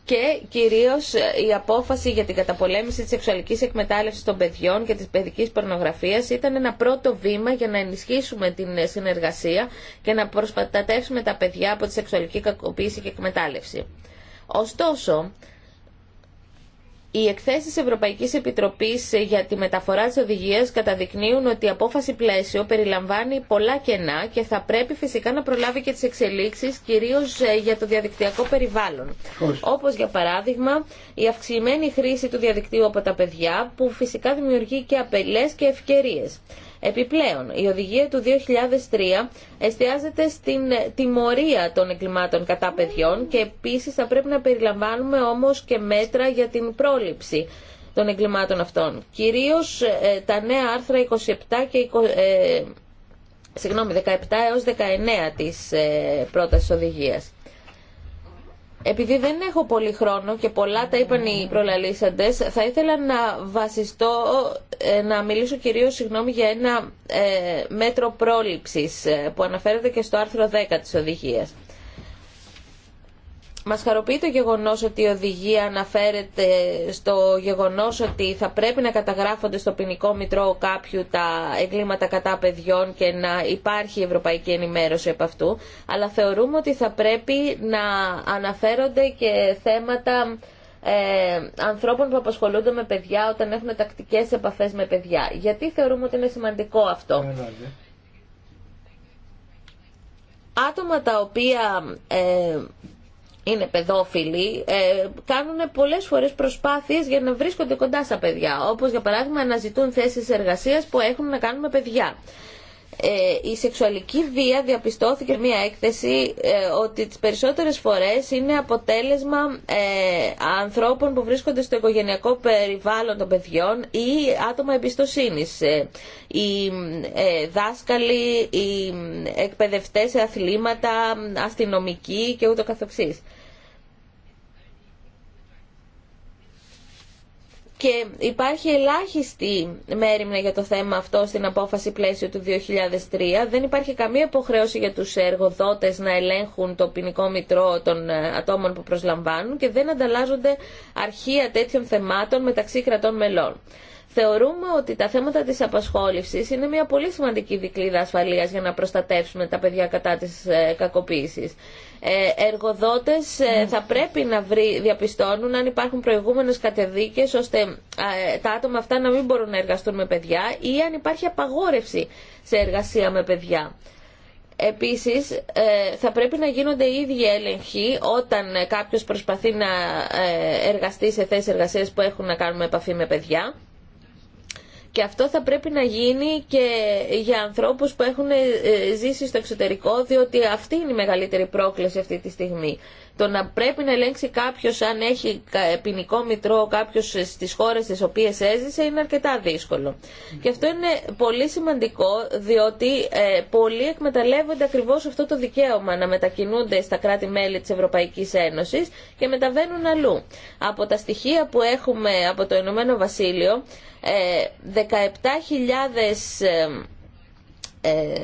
και κυρίως ε, η απόφαση για την καταπολέμηση της σεξουαλική εκμετάλλευση των παιδιών και τη παιδική πορνογραφία ήταν ένα πρώτο βήμα για να ενισχύσουμε την ε, συνεργασία και να προσπατατεύσουμε τα παιδιά από τη σεξουαλική κακοποίηση και εκμετάλλευση. Ωστόσο, οι εκθέσει Ευρωπαϊκή Επιτροπή για τη μεταφορά τη οδηγία καταδεικνύουν ότι η απόφαση πλαίσιο περιλαμβάνει πολλά κενά και θα πρέπει φυσικά να προλάβει και τι εξελίξει, κυρίω ε, για το διαδικτυακό περιβάλλον. Όπω για παράδειγμα η αυξημένη χρήση του διαδικτύου από τα παιδιά, που φυσικά δημιουργεί και απελέ και ευκαιρίε. Επιπλέον, η οδηγία του 2003 εστιάζεται στην ε, τιμωρία των εγκλημάτων κατά παιδιών και επίσης θα πρέπει να περιλαμβάνουμε όμως και μέτρα για την πρόληψη των εγκλημάτων αυτών. Κυρίως ε, τα νέα άρθρα 27 και ε, συγγνώμη, 17 έως 19 της ε, πρότασης οδηγίας επειδή δεν έχω πολύ χρόνο και πολλά τα είπαν οι προλαλήσαντες, θα ήθελα να βασιστώ, ε, να μιλήσω κυρίως συγγνώμη για ένα ε, μέτρο πρόληψης ε, που αναφέρεται και στο άρθρο 10 της οδηγίας. Μας χαροποιεί το γεγονός ότι η οδηγία αναφέρεται στο γεγονός ότι θα πρέπει να καταγράφονται στο ποινικό μητρό κάποιου τα εγκλήματα κατά παιδιών και να υπάρχει ευρωπαϊκή ενημέρωση από αυτού, αλλά θεωρούμε ότι θα πρέπει να αναφέρονται και θέματα ε, ανθρώπων που απασχολούνται με παιδιά όταν έχουν τακτικές επαφές με παιδιά. Γιατί θεωρούμε ότι είναι σημαντικό αυτό. τα οποία ε, είναι παιδόφιλοι, ε, κάνουν πολλές φορές προσπάθειες για να βρίσκονται κοντά στα παιδιά. Όπως για παράδειγμα να ζητούν θέσεις εργασίας που έχουν να κάνουν με παιδιά. Ε, η σεξουαλική βία διαπιστώθηκε μια έκθεση ε, ότι τις περισσότερες φορές είναι αποτέλεσμα ε, ανθρώπων που βρίσκονται στο οικογενειακό περιβάλλον των παιδιών ή άτομα εμπιστοσύνης. Ε, οι δάσκαλοι, οι εκπαιδευτές σε αθλήματα, αστυνομικοί και ούτω καθεξής. και υπάρχει ελάχιστη μέρημνα για το θέμα αυτό στην απόφαση πλαίσιο του 2003. Δεν υπάρχει καμία υποχρέωση για τους εργοδότες να ελέγχουν το ποινικό μητρό των ε, ατόμων που προσλαμβάνουν και δεν ανταλλάζονται αρχεία τέτοιων θεμάτων μεταξύ κρατών μελών. Θεωρούμε ότι τα θέματα της απασχόλησης είναι μια πολύ σημαντική δικλίδα ασφαλείας για να προστατεύσουμε τα παιδιά κατά της ε, κακοποίησης. Ε, εργοδότες ε, θα πρέπει να διαπιστώνουν αν υπάρχουν προηγούμενες κατεδίκες ώστε ε, τα άτομα αυτά να μην μπορούν να εργαστούν με παιδιά ή αν υπάρχει απαγόρευση σε εργασία με παιδιά. Επίσης, θα πρέπει να γίνονται οι ίδιοι έλεγχοι όταν κάποιος προσπαθεί να εργαστεί σε θέσεις εργασίας που έχουν να κάνουν με επαφή με παιδιά. Και αυτό θα πρέπει να γίνει και για ανθρώπους που έχουν ε, ζήσει στο εξωτερικό, διότι αυτή είναι η μεγαλύτερη πρόκληση αυτή τη στιγμή. Το να πρέπει να ελέγξει κάποιο αν έχει ποινικό μητρό κάποιο στι χώρε τι οποίε έζησε είναι αρκετά δύσκολο. Και αυτό είναι πολύ σημαντικό διότι ε, πολλοί εκμεταλλεύονται ακριβώ αυτό το δικαίωμα να μετακινούνται στα κράτη-μέλη τη Ευρωπαϊκή Ένωση και μεταβαίνουν αλλού. Από τα στοιχεία που έχουμε από το Ηνωμένο Βασίλειο, 17.000. Ε,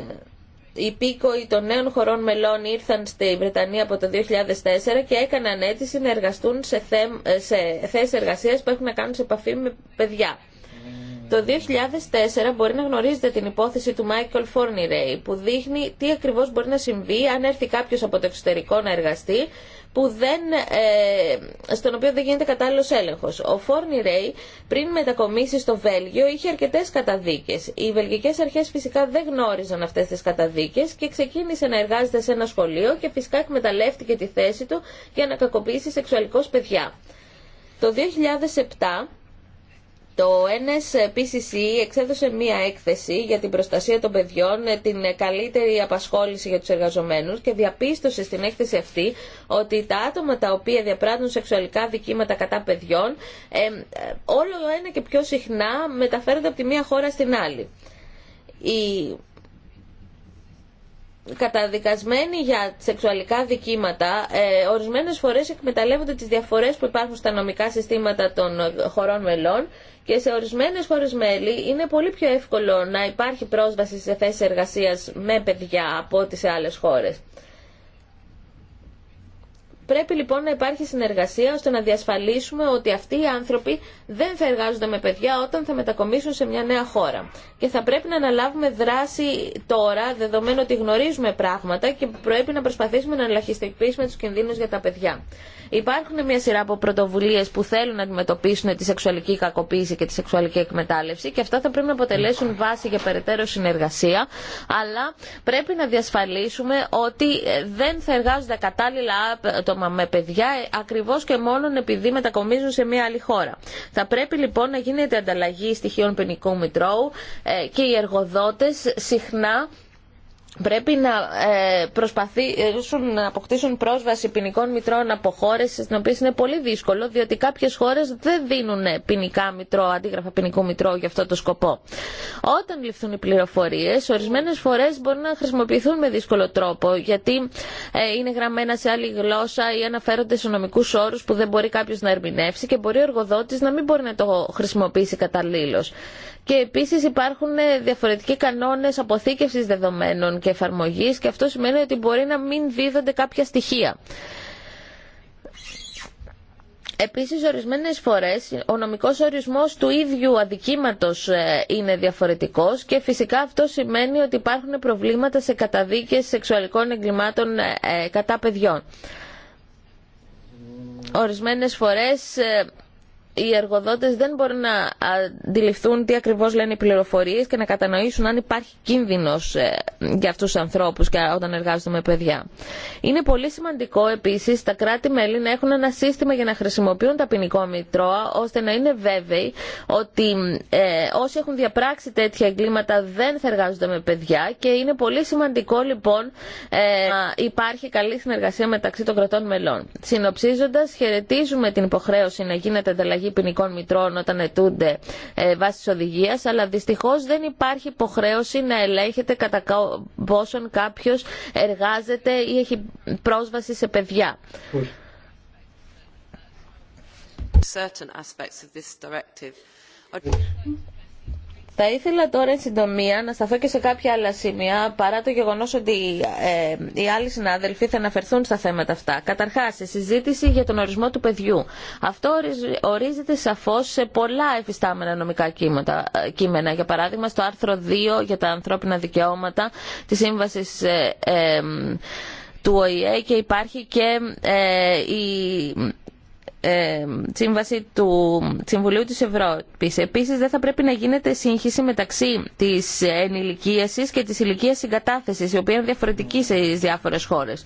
οι πίκοοι των νέων χωρών μελών ήρθαν στη Βρετανία από το 2004 και έκαναν αίτηση να εργαστούν σε, θέ, ε, σε θέσεις εργασίας που έχουν να κάνουν σε επαφή με παιδιά. Το 2004 μπορεί να γνωρίζετε την υπόθεση του Michael Forney που δείχνει τι ακριβώς μπορεί να συμβεί αν έρθει κάποιος από το εξωτερικό να εργαστεί που δεν, ε, στον οποίο δεν γίνεται κατάλληλος έλεγχος. Ο Φόρνι Ρέι πριν μετακομίσει στο Βέλγιο είχε αρκετές καταδίκες. Οι βελγικές αρχές φυσικά δεν γνώριζαν αυτές τις καταδίκες και ξεκίνησε να εργάζεται σε ένα σχολείο και φυσικά εκμεταλλεύτηκε τη θέση του για να κακοποιήσει σεξουαλικώς παιδιά. Το 2007 το NSPCC εξέδωσε μία έκθεση για την προστασία των παιδιών, την καλύτερη απασχόληση για τους εργαζομένους και διαπίστωσε στην έκθεση αυτή ότι τα άτομα τα οποία διαπράττουν σεξουαλικά δικήματα κατά παιδιών όλο ένα και πιο συχνά μεταφέρονται από τη μία χώρα στην άλλη καταδικασμένοι για σεξουαλικά δικήματα ε, ορισμένες φορές εκμεταλλεύονται τις διαφορές που υπάρχουν στα νομικά συστήματα των χωρών μελών και σε ορισμένες χώρες μέλη είναι πολύ πιο εύκολο να υπάρχει πρόσβαση σε θέσεις εργασίας με παιδιά από ό,τι σε άλλες χώρες. Πρέπει λοιπόν να υπάρχει συνεργασία ώστε να διασφαλίσουμε ότι αυτοί οι άνθρωποι δεν θα εργάζονται με παιδιά όταν θα μετακομίσουν σε μια νέα χώρα. Και θα πρέπει να αναλάβουμε δράση τώρα, δεδομένου ότι γνωρίζουμε πράγματα και πρέπει να προσπαθήσουμε να ελαχιστοποιήσουμε του κινδύνου για τα παιδιά. Υπάρχουν μια σειρά από πρωτοβουλίε που θέλουν να αντιμετωπίσουν τη σεξουαλική κακοποίηση και τη σεξουαλική εκμετάλλευση και αυτά θα πρέπει να αποτελέσουν βάση για περαιτέρω συνεργασία, αλλά πρέπει να διασφαλίσουμε ότι ε, δεν θα εργάζονται κατάλληλα άτομα με παιδιά ε, ακριβώς και μόνον επειδή μετακομίζουν σε μια άλλη χώρα. Θα πρέπει λοιπόν να γίνεται ανταλλαγή στοιχείων ποινικού μητρώου ε, και οι εργοδότες συχνά πρέπει να ε, προσπαθήσουν να αποκτήσουν πρόσβαση ποινικών μητρών από χώρε στι οποίε είναι πολύ δύσκολο, διότι κάποιε χώρε δεν δίνουν ποινικά μητρό, αντίγραφα ποινικού μητρό για αυτό το σκοπό. Όταν ληφθούν οι πληροφορίε, ορισμένε φορέ μπορούν να χρησιμοποιηθούν με δύσκολο τρόπο, γιατί ε, είναι γραμμένα σε άλλη γλώσσα ή αναφέρονται σε νομικού όρου που δεν μπορεί κάποιο να ερμηνεύσει και μπορεί ο εργοδότη να μην μπορεί να το χρησιμοποιήσει καταλήλω. Και επίση υπάρχουν ε, διαφορετικοί κανόνες αποθήκευση δεδομένων και εφαρμογή και αυτό σημαίνει ότι μπορεί να μην δίδονται κάποια στοιχεία. Επίσης, ορισμένες φορές ο νομικός ορισμός του ίδιου αδικήματος ε, είναι διαφορετικός και φυσικά αυτό σημαίνει ότι υπάρχουν προβλήματα σε καταδίκες σεξουαλικών εγκλημάτων ε, κατά παιδιών. Ορισμένες φορές οι εργοδότε δεν μπορούν να αντιληφθούν τι ακριβώ λένε οι πληροφορίε και να κατανοήσουν αν υπάρχει κίνδυνο ε, για αυτού του ανθρώπου όταν εργάζονται με παιδιά. Είναι πολύ σημαντικό επίση τα κράτη-μέλη να έχουν ένα σύστημα για να χρησιμοποιούν τα ποινικό μητρώα ώστε να είναι βέβαιοι ότι ε, όσοι έχουν διαπράξει τέτοια εγκλήματα δεν θα εργάζονται με παιδιά και είναι πολύ σημαντικό λοιπόν ε, να υπάρχει καλή συνεργασία μεταξύ των κρατών μελών. Συνοψίζοντα χαιρετίζουμε την υποχρέωση να γίνεται ανταλλαγή ή ποινικών μητρών όταν ετούνται ε, βάσει τη οδηγία, αλλά δυστυχώ δεν υπάρχει υποχρέωση να ελέγχεται κατά πόσον κάποιο εργάζεται ή έχει πρόσβαση σε παιδιά. Θα ήθελα τώρα εν συντομία να σταθώ και σε κάποια άλλα σημεία παρά το γεγονός ότι ε, οι άλλοι συνάδελφοι θα αναφερθούν στα θέματα αυτά. Καταρχάς, η συζήτηση για τον ορισμό του παιδιού. Αυτό ορίζεται σαφώς σε πολλά εφιστάμενα νομικά ε, κείμενα. Για παράδειγμα, στο άρθρο 2 για τα ανθρώπινα δικαιώματα της Σύμβασης ε, ε, του ΟΗΕ και υπάρχει και η ε, σύμβαση του Συμβουλίου της Ευρώπης. Επίσης δεν θα πρέπει να γίνεται σύγχυση μεταξύ της ενηλικίασης και της ηλικίας συγκατάθεσης, η οποία είναι διαφορετική σε διάφορες χώρες.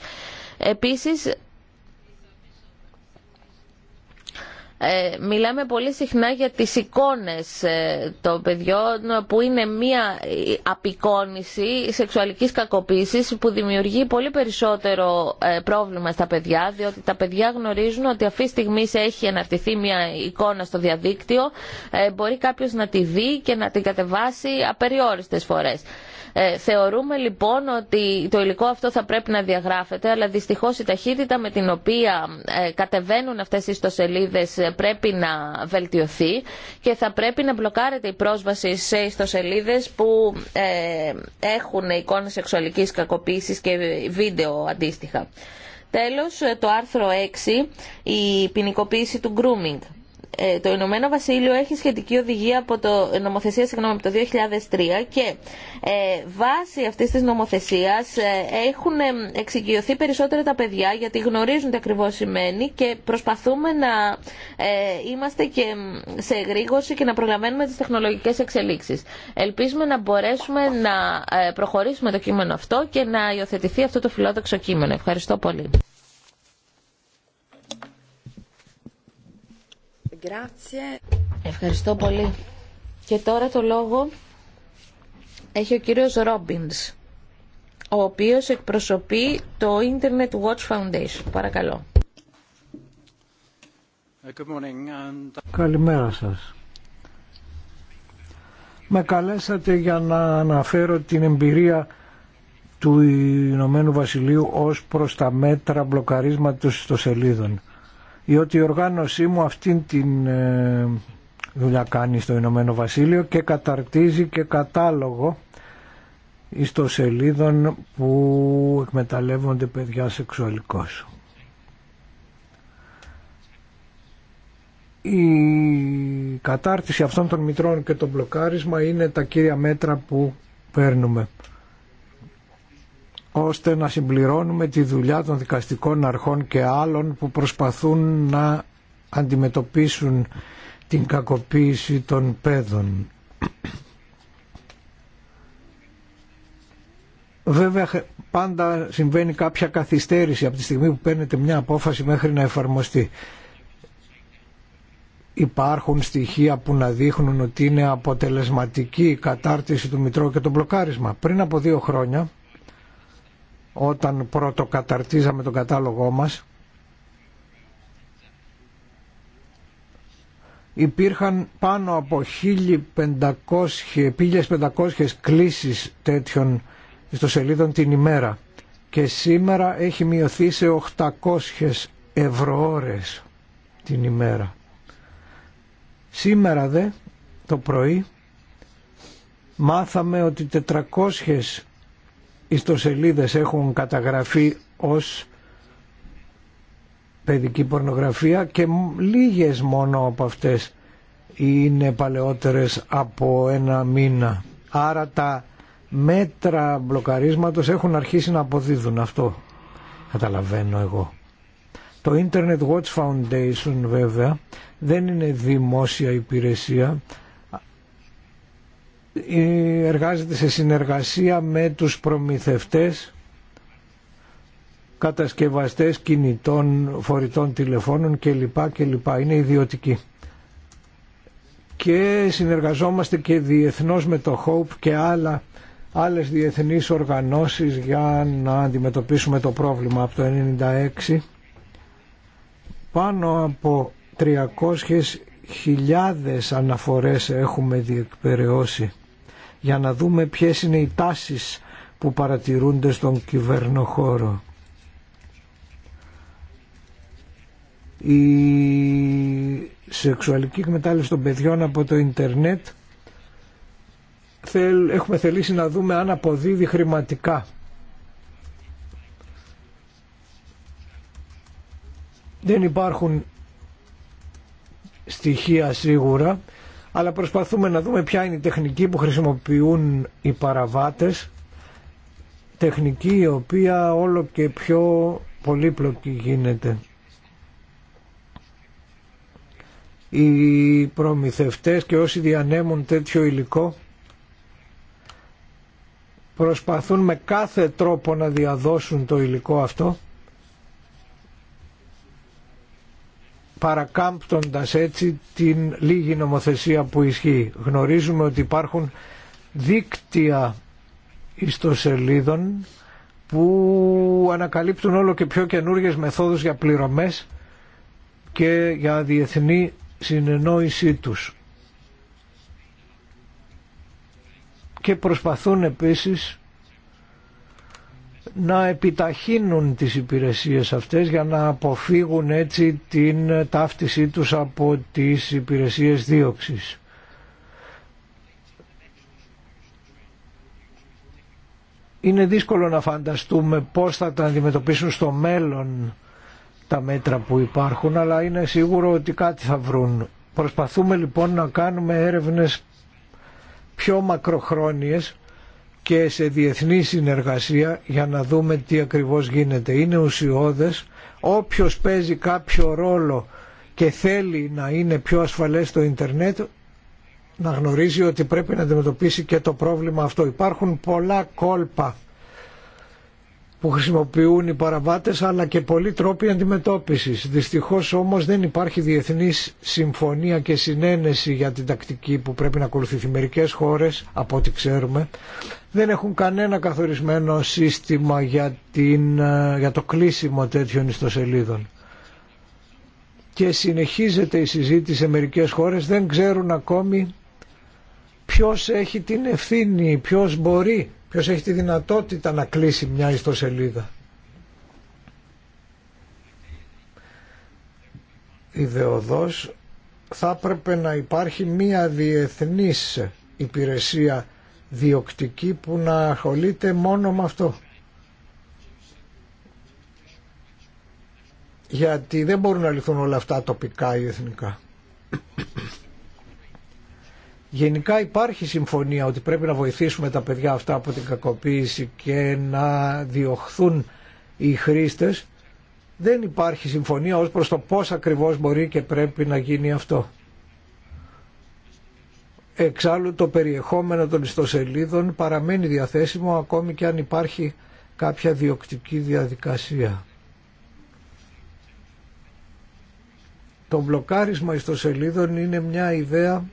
Επίσης Ε, μιλάμε πολύ συχνά για τις εικόνες ε, των παιδιών που είναι μία ε, απεικόνηση σεξουαλικής κακοποίησης που δημιουργεί πολύ περισσότερο πρόβλημα στα παιδιά διότι τα παιδιά γνωρίζουν ότι αυτή τη στιγμή έχει αναρτηθεί μία εικόνα στο διαδίκτυο μπορεί κάποιος να τη δει και να την κατεβάσει απεριόριστες φορές. Ε, θεωρούμε λοιπόν ότι το υλικό αυτό θα πρέπει να διαγράφεται, αλλά δυστυχώς η ταχύτητα με την οποία ε, κατεβαίνουν αυτές οι ιστοσελίδες ε, πρέπει να βελτιωθεί και θα πρέπει να μπλοκάρεται η πρόσβαση σε ιστοσελίδε που έχουν εικόνε σεξουαλικής κακοποίηση και βίντεο αντίστοιχα. Τέλος, το άρθρο 6, η ποινικοποίηση του grooming. Ε, το Ηνωμένο Βασίλειο έχει σχετική οδηγία από το νομοθεσία συγγνώμη, από το 2003 και ε, βάσει αυτής της νομοθεσίας ε, έχουν εξοικειωθεί περισσότερα τα παιδιά γιατί γνωρίζουν τι ακριβώς σημαίνει και προσπαθούμε να ε, είμαστε και σε εγρήγορση και να προλαβαίνουμε τι τεχνολογικές εξελίξεις. Ελπίζουμε να μπορέσουμε να ε, προχωρήσουμε το κείμενο αυτό και να υιοθετηθεί αυτό το φιλόδοξο κείμενο. Ευχαριστώ πολύ. Ευχαριστώ πολύ. Και τώρα το λόγο έχει ο κύριος Ρόμπινς, ο οποίος εκπροσωπεί το Internet Watch Foundation. Παρακαλώ. Καλημέρα σας. Με καλέσατε για να αναφέρω την εμπειρία του Ηνωμένου Βασιλείου ως προς τα μέτρα μπλοκαρίσματος των σελίδων διότι η οργάνωσή μου αυτήν την ε, δουλειά κάνει στο Ηνωμένο Βασίλειο και καταρτίζει και κατάλογο ιστοσελίδων που εκμεταλλεύονται παιδιά σεξουαλικώς. Η κατάρτιση αυτών των μητρών και το μπλοκάρισμα είναι τα κύρια μέτρα που παίρνουμε ώστε να συμπληρώνουμε τη δουλειά των δικαστικών αρχών και άλλων που προσπαθούν να αντιμετωπίσουν την κακοποίηση των παιδών. Βέβαια πάντα συμβαίνει κάποια καθυστέρηση από τη στιγμή που παίρνετε μια απόφαση μέχρι να εφαρμοστεί. Υπάρχουν στοιχεία που να δείχνουν ότι είναι αποτελεσματική η κατάρτιση του Μητρώου και το μπλοκάρισμα. Πριν από δύο χρόνια όταν πρωτοκαταρτίζαμε τον κατάλογό μας υπήρχαν πάνω από 1500, 1500 κλήσεις τέτοιων σελίδων την ημέρα και σήμερα έχει μειωθεί σε 800 ευρωώρες την ημέρα. Σήμερα δε το πρωί μάθαμε ότι 400 ιστοσελίδες έχουν καταγραφεί ως παιδική πορνογραφία και λίγες μόνο από αυτές είναι παλαιότερες από ένα μήνα. Άρα τα μέτρα μπλοκαρίσματος έχουν αρχίσει να αποδίδουν αυτό. Καταλαβαίνω εγώ. Το Internet Watch Foundation βέβαια δεν είναι δημόσια υπηρεσία ε, εργάζεται σε συνεργασία με τους προμηθευτές κατασκευαστές κινητών, φορητών τηλεφώνων κλπ. κλπ. Είναι ιδιωτική. Και συνεργαζόμαστε και διεθνώς με το HOPE και άλλα, άλλες διεθνείς οργανώσεις για να αντιμετωπίσουμε το πρόβλημα από το 1996. Πάνω από 300.000 αναφορές έχουμε διεκπαιρεώσει για να δούμε ποιες είναι οι τάσεις που παρατηρούνται στον κυβερνοχώρο. Η σεξουαλική εκμετάλλευση των παιδιών από το ίντερνετ έχουμε θελήσει να δούμε αν αποδίδει χρηματικά. Δεν υπάρχουν στοιχεία σίγουρα αλλά προσπαθούμε να δούμε ποια είναι η τεχνική που χρησιμοποιούν οι παραβάτες τεχνική η οποία όλο και πιο πολύπλοκη γίνεται. Οι προμηθευτές και όσοι διανέμουν τέτοιο υλικό προσπαθούν με κάθε τρόπο να διαδώσουν το υλικό αυτό παρακάμπτοντας έτσι την λίγη νομοθεσία που ισχύει. Γνωρίζουμε ότι υπάρχουν δίκτυα ιστοσελίδων που ανακαλύπτουν όλο και πιο καινούργιες μεθόδους για πληρωμές και για διεθνή συνεννόησή τους. Και προσπαθούν επίσης να επιταχύνουν τις υπηρεσίες αυτές για να αποφύγουν έτσι την ταύτισή τους από τις υπηρεσίες δίωξης. Είναι δύσκολο να φανταστούμε πώς θα τα αντιμετωπίσουν στο μέλλον τα μέτρα που υπάρχουν, αλλά είναι σίγουρο ότι κάτι θα βρουν. Προσπαθούμε λοιπόν να κάνουμε έρευνες πιο μακροχρόνιες και σε διεθνή συνεργασία για να δούμε τι ακριβώς γίνεται. Είναι ουσιώδες, όποιος παίζει κάποιο ρόλο και θέλει να είναι πιο ασφαλές στο ίντερνετ να γνωρίζει ότι πρέπει να αντιμετωπίσει και το πρόβλημα αυτό. Υπάρχουν πολλά κόλπα που χρησιμοποιούν οι παραβάτες αλλά και πολλοί τρόποι αντιμετώπισης. Δυστυχώς όμως δεν υπάρχει διεθνής συμφωνία και συνένεση για την τακτική που πρέπει να ακολουθηθεί. Μερικές χώρες, από ό,τι ξέρουμε, δεν έχουν κανένα καθορισμένο σύστημα για, την, για το κλείσιμο τέτοιων ιστοσελίδων. Και συνεχίζεται η συζήτηση σε μερικές χώρες, δεν ξέρουν ακόμη ποιος έχει την ευθύνη, ποιος μπορεί Ποιος έχει τη δυνατότητα να κλείσει μια ιστοσελίδα. Ιδεοδός θα έπρεπε να υπάρχει μία διεθνής υπηρεσία διοκτική που να ασχολείται μόνο με αυτό. Γιατί δεν μπορούν να λυθούν όλα αυτά τοπικά ή εθνικά. Γενικά υπάρχει συμφωνία ότι πρέπει να βοηθήσουμε τα παιδιά αυτά από την κακοποίηση και να διωχθούν οι χρήστες. Δεν υπάρχει συμφωνία ως προς το πώς ακριβώς μπορεί και πρέπει να γίνει αυτό. Εξάλλου το περιεχόμενο των ιστοσελίδων παραμένει διαθέσιμο ακόμη και αν υπάρχει κάποια διοκτική διαδικασία. Το μπλοκάρισμα ιστοσελίδων είναι μια ιδέα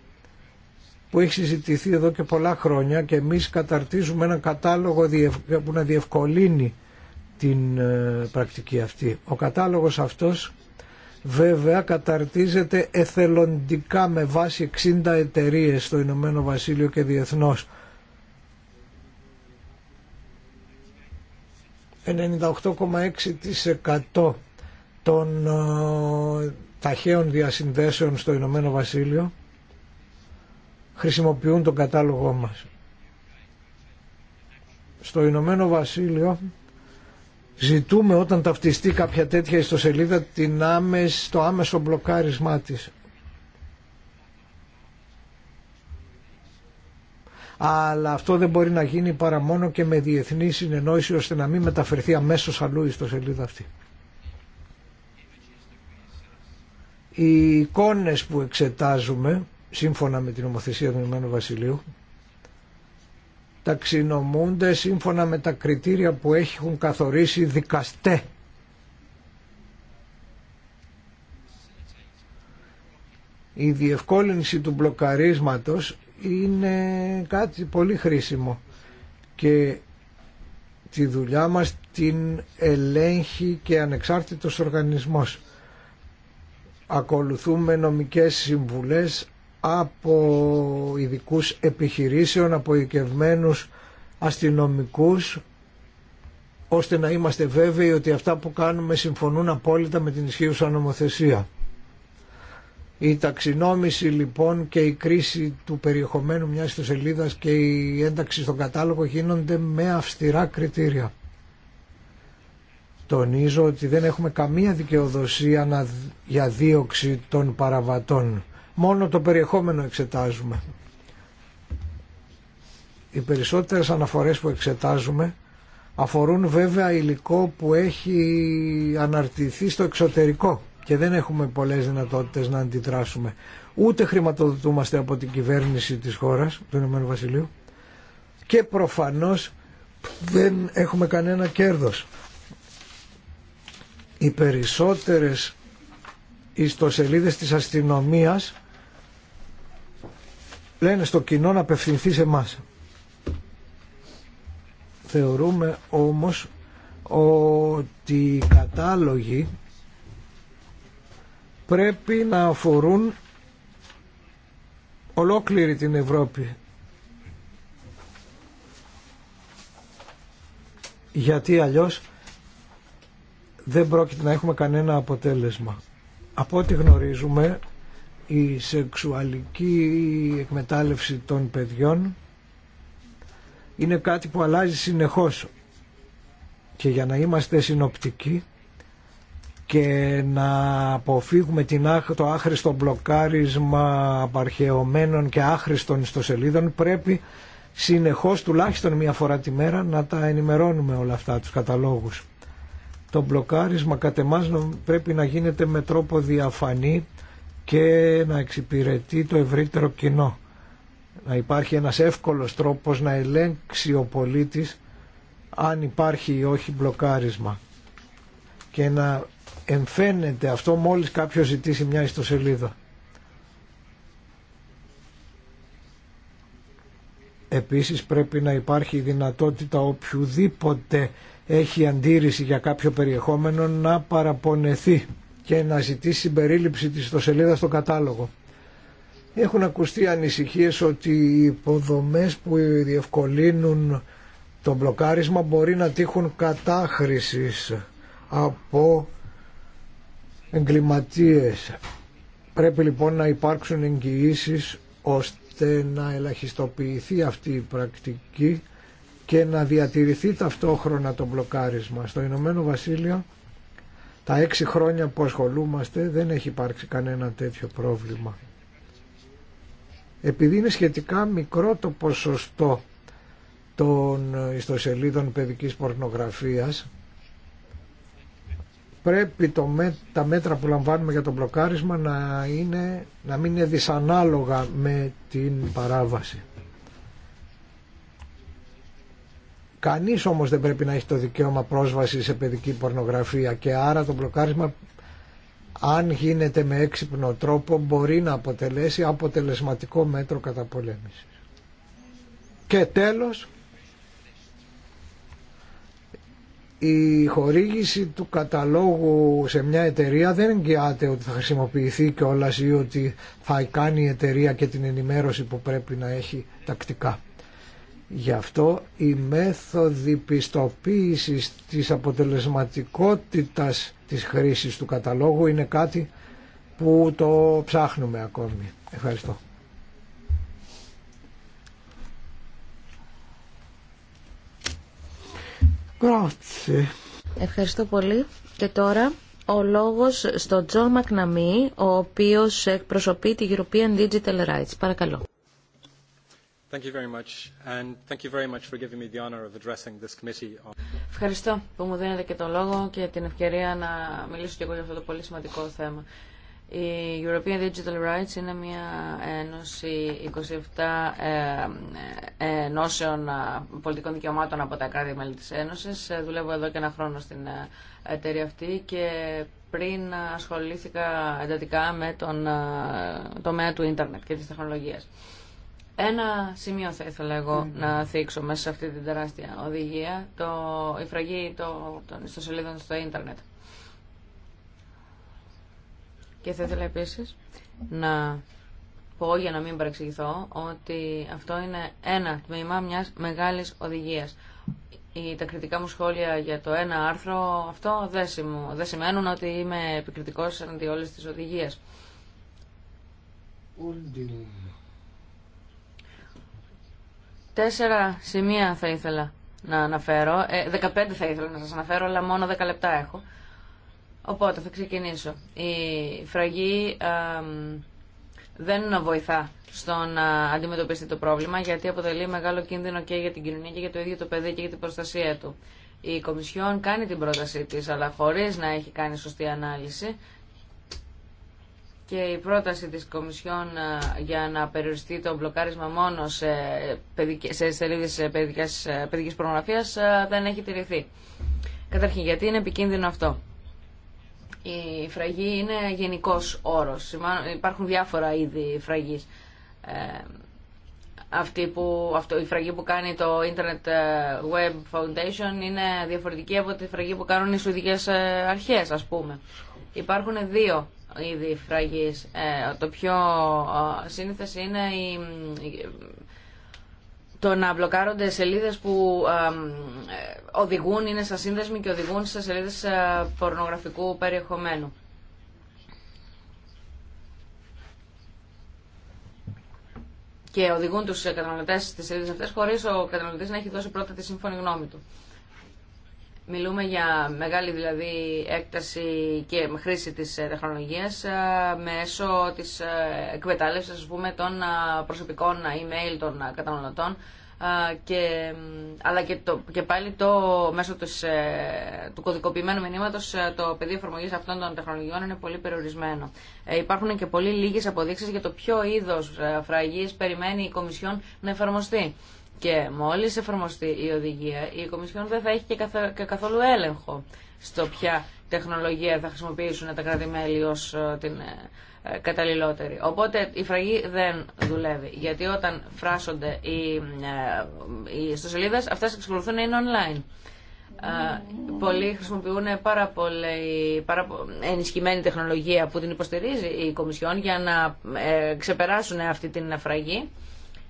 που έχει συζητηθεί εδώ και πολλά χρόνια και εμείς καταρτίζουμε ένα κατάλογο που να διευκολύνει την ε, πρακτική αυτή. Ο κατάλογος αυτός βέβαια καταρτίζεται εθελοντικά με βάση 60 εταιρείε στο Ηνωμένο Βασίλειο και διεθνώς. 98,6% των ε, ταχαίων διασυνδέσεων στο Ηνωμένο Βασίλειο χρησιμοποιούν τον κατάλογό μας. Στο Ηνωμένο Βασίλειο ζητούμε όταν ταυτιστεί κάποια τέτοια ιστοσελίδα την άμεση, το άμεσο μπλοκάρισμά της. αλλά αυτό δεν μπορεί να γίνει παρά μόνο και με διεθνή συνεννόηση ώστε να μην μεταφερθεί αμέσως αλλού η ιστοσελίδα αυτή. Οι εικόνες που εξετάζουμε σύμφωνα με την ομοθεσία του Ηνωμένου Βασιλείου ταξινομούνται σύμφωνα με τα κριτήρια που έχουν καθορίσει δικαστέ. Η διευκόλυνση του μπλοκαρίσματος είναι κάτι πολύ χρήσιμο και τη δουλειά μας την ελέγχει και ανεξάρτητος οργανισμός. Ακολουθούμε νομικές συμβουλές από ειδικού επιχειρήσεων, από οικευμένους αστυνομικούς, ώστε να είμαστε βέβαιοι ότι αυτά που κάνουμε συμφωνούν απόλυτα με την ισχύουσα νομοθεσία. Η ταξινόμηση λοιπόν και η κρίση του περιεχομένου μιας ιστοσελίδα και η ένταξη στον κατάλογο γίνονται με αυστηρά κριτήρια. Τονίζω ότι δεν έχουμε καμία δικαιοδοσία για δίωξη των παραβατών μόνο το περιεχόμενο εξετάζουμε. Οι περισσότερες αναφορές που εξετάζουμε αφορούν βέβαια υλικό που έχει αναρτηθεί στο εξωτερικό και δεν έχουμε πολλές δυνατότητες να αντιδράσουμε. Ούτε χρηματοδοτούμαστε από την κυβέρνηση της χώρας, του Ηνωμένου Βασιλείου, και προφανώς δεν έχουμε κανένα κέρδος. Οι περισσότερες ιστοσελίδες της αστυνομίας λένε στο κοινό να απευθυνθεί σε Θεωρούμε όμως ότι οι κατάλογοι πρέπει να αφορούν ολόκληρη την Ευρώπη. Γιατί αλλιώς δεν πρόκειται να έχουμε κανένα αποτέλεσμα. Από ό,τι γνωρίζουμε η σεξουαλική εκμετάλλευση των παιδιών είναι κάτι που αλλάζει συνεχώς και για να είμαστε συνοπτικοί και να αποφύγουμε την, το άχρηστο μπλοκάρισμα απαρχαιωμένων και άχρηστων ιστοσελίδων πρέπει συνεχώς τουλάχιστον μία φορά τη μέρα να τα ενημερώνουμε όλα αυτά τους καταλόγους. Το μπλοκάρισμα κατ' εμάς πρέπει να γίνεται με τρόπο διαφανή και να εξυπηρετεί το ευρύτερο κοινό. Να υπάρχει ένας εύκολος τρόπος να ελέγξει ο πολίτης αν υπάρχει ή όχι μπλοκάρισμα και να εμφαίνεται αυτό μόλις κάποιος ζητήσει μια ιστοσελίδα. Επίσης πρέπει να υπάρχει η δυνατότητα οποιοδήποτε έχει αντίρρηση για κάποιο περιεχόμενο να παραπονεθεί και να ζητήσει περίληψη της στο σελίδα στο κατάλογο. Έχουν ακουστεί ανησυχίες ότι οι υποδομές που διευκολύνουν το μπλοκάρισμα μπορεί να τύχουν κατάχρησης από εγκληματίες. Πρέπει λοιπόν να υπάρξουν εγγυήσει ώστε να ελαχιστοποιηθεί αυτή η πρακτική και να διατηρηθεί ταυτόχρονα το μπλοκάρισμα. Στο Ηνωμένο Βασίλειο τα έξι χρόνια που ασχολούμαστε δεν έχει υπάρξει κανένα τέτοιο πρόβλημα. Επειδή είναι σχετικά μικρό το ποσοστό των ιστοσελίδων παιδικής πορνογραφίας, πρέπει το τα μέτρα που λαμβάνουμε για το μπλοκάρισμα να, είναι, να μην είναι δυσανάλογα με την παράβαση. Κανείς όμως δεν πρέπει να έχει το δικαίωμα πρόσβαση σε παιδική πορνογραφία και άρα το μπλοκάρισμα αν γίνεται με έξυπνο τρόπο μπορεί να αποτελέσει αποτελεσματικό μέτρο καταπολέμησης. Και τέλος, η χορήγηση του καταλόγου σε μια εταιρεία δεν εγγυάται ότι θα χρησιμοποιηθεί και η εταιρεία και την ενημέρωση που πρέπει να έχει τακτικά. Γι' αυτό η μέθοδη πιστοποίησης της αποτελεσματικότητας της χρήσης του καταλόγου είναι κάτι που το ψάχνουμε ακόμη. Ευχαριστώ. Ευχαριστώ πολύ. Και τώρα ο λόγος στον Τζον Μακναμή, ο οποίος εκπροσωπεί τη European Digital Rights. Παρακαλώ. Ευχαριστώ που μου δίνετε και τον λόγο και την ευκαιρία να μιλήσω και εγώ για αυτό το πολύ σημαντικό θέμα. Η European Digital Rights είναι μια ένωση 27 ε, ε, ενώσεων ε, πολιτικών δικαιωμάτων από τα κράτη μέλη της Ένωσης. Δουλεύω εδώ και ένα χρόνο στην εταιρεία αυτή και πριν ασχολήθηκα εντατικά με τον τομέα του ίντερνετ και της τεχνολογίας. Ένα σημείο θα ήθελα εγώ να θίξω μέσα σε αυτή την τεράστια οδηγία, το, η φραγή το, των ιστοσελίδων στο ίντερνετ. Και θα ήθελα επίσης να πω για να μην παρεξηγηθώ ότι αυτό είναι ένα τμήμα μιας μεγάλης οδηγίας. Η, τα κριτικά μου σχόλια για το ένα άρθρο αυτό δεν, σημαίνουν, σημαίνουν ότι είμαι επικριτικός αντί όλες τις οδηγίες. Τέσσερα σημεία θα ήθελα να αναφέρω. Ε, δεκαπέντε θα ήθελα να σας αναφέρω, αλλά μόνο δέκα λεπτά έχω. Οπότε θα ξεκινήσω. Η φραγή δεν βοηθά στο να αντιμετωπίσετε το πρόβλημα, γιατί αποτελεί μεγάλο κίνδυνο και για την κοινωνία και για το ίδιο το παιδί και για την προστασία του. Η Κομισιόν κάνει την πρότασή της, αλλά χωρίς να έχει κάνει σωστή ανάλυση και η πρόταση της Κομισιόν ε, για να περιοριστεί το μπλοκάρισμα μόνο σε, σε σελίδες ε, ε, παιδικής, παιδικής προγραφίας δεν έχει τηρηθεί. Καταρχήν, γιατί είναι επικίνδυνο αυτό. Η φραγή είναι γενικός όρος. Υπάρχουν διάφορα είδη φραγής. αυτή που, αυτό, η φραγή που κάνει το Internet Web Foundation είναι διαφορετική από τη φραγή που κάνουν οι Σουηδικές Αρχές, ας πούμε. Υπάρχουν δύο είδη φραγής. Ε, το πιο ε, σύνηθες είναι η, το να μπλοκάρονται σελίδες που ε, οδηγούν, είναι σαν σύνδεσμοι και οδηγούν σε σελίδες πορνογραφικού περιεχομένου. Και οδηγούν τους καταναλωτές στις σελίδες αυτές χωρίς ο καταναλωτής να έχει δώσει πρώτα τη σύμφωνη γνώμη του. Μιλούμε για μεγάλη δηλαδή έκταση και χρήση της ε, τεχνολογίας ε, μέσω της ε, εκμετάλλευσης ας των προσωπικών email των καταναλωτών αλλά και, πάλι το, μέσω της, του κωδικοποιημένου μηνύματος το πεδίο εφαρμογής αυτών των τεχνολογιών είναι πολύ περιορισμένο. υπάρχουν και πολύ λίγες αποδείξεις για το ποιο είδος φραγής περιμένει η Κομισιόν να εφαρμοστεί. Και μόλι εφαρμοστεί η οδηγία, η Κομισιόν δεν θα έχει και καθόλου έλεγχο στο ποια τεχνολογία θα χρησιμοποιήσουν τα κράτη-μέλη ω ε, την ε, καταλληλότερη. Οπότε η φραγή δεν δουλεύει. Γιατί όταν φράσονται οι, ε, οι ιστοσελίδε, αυτέ εξακολουθούν να είναι online. Πολλοί χρησιμοποιούν πάρα πολύ πάρα ενισχυμένη τεχνολογία που την υποστηρίζει η Κομισιόν για να ξεπεράσουν αυτή την φραγή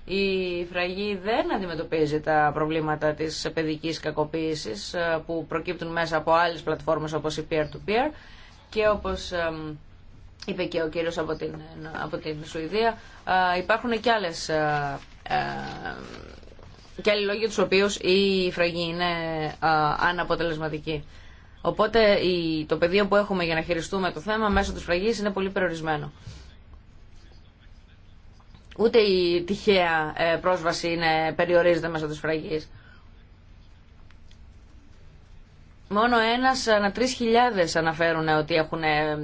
η φραγή δεν αντιμετωπίζει τα προβλήματα της παιδικής κακοποίησης ε, που προκύπτουν μέσα από άλλες πλατφόρμες όπως η peer-to-peer και όπως είπε και ο κύριος από την, από την Σουηδία ε, υπάρχουν και άλλες ε, και άλλοι λόγοι τους οποίους η φραγή είναι αναποτελεσματική. Οπότε το πεδίο που έχουμε για να χειριστούμε το θέμα μέσω της φραγής είναι πολύ περιορισμένο. Ούτε η τυχαία ε, πρόσβαση είναι, περιορίζεται μέσα τη φραγή. Μόνο ένας ανά τρεις χιλιάδες αναφέρουν ότι έχουν ε, ε,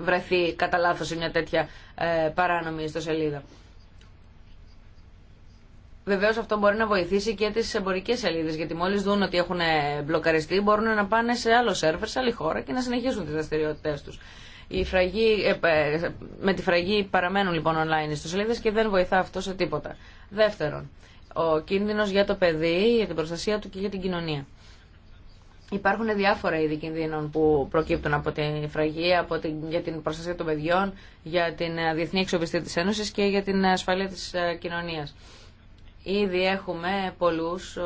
βρεθεί κατά λάθο σε μια τέτοια παράνομη ιστοσελίδα. Βεβαίω αυτό μπορεί να βοηθήσει και τι εμπορικέ σελίδε, γιατί μόλι δουν ότι έχουν μπλοκαριστεί, μπορούν να πάνε σε άλλο σερβερ, σε άλλη χώρα και να συνεχίσουν τι δραστηριότητέ του η ε, ε, με τη φραγή παραμένουν λοιπόν online στους σελίδες και δεν βοηθά αυτό σε τίποτα. Δεύτερον, ο κίνδυνος για το παιδί, για την προστασία του και για την κοινωνία. Υπάρχουν διάφορα είδη κινδύνων που προκύπτουν από τη φραγή, από την, για την προστασία των παιδιών, για την ε, διεθνή εξοπιστία της Ένωσης και για την ασφαλεία της κοινωνίας. Ήδη έχουμε πολλούς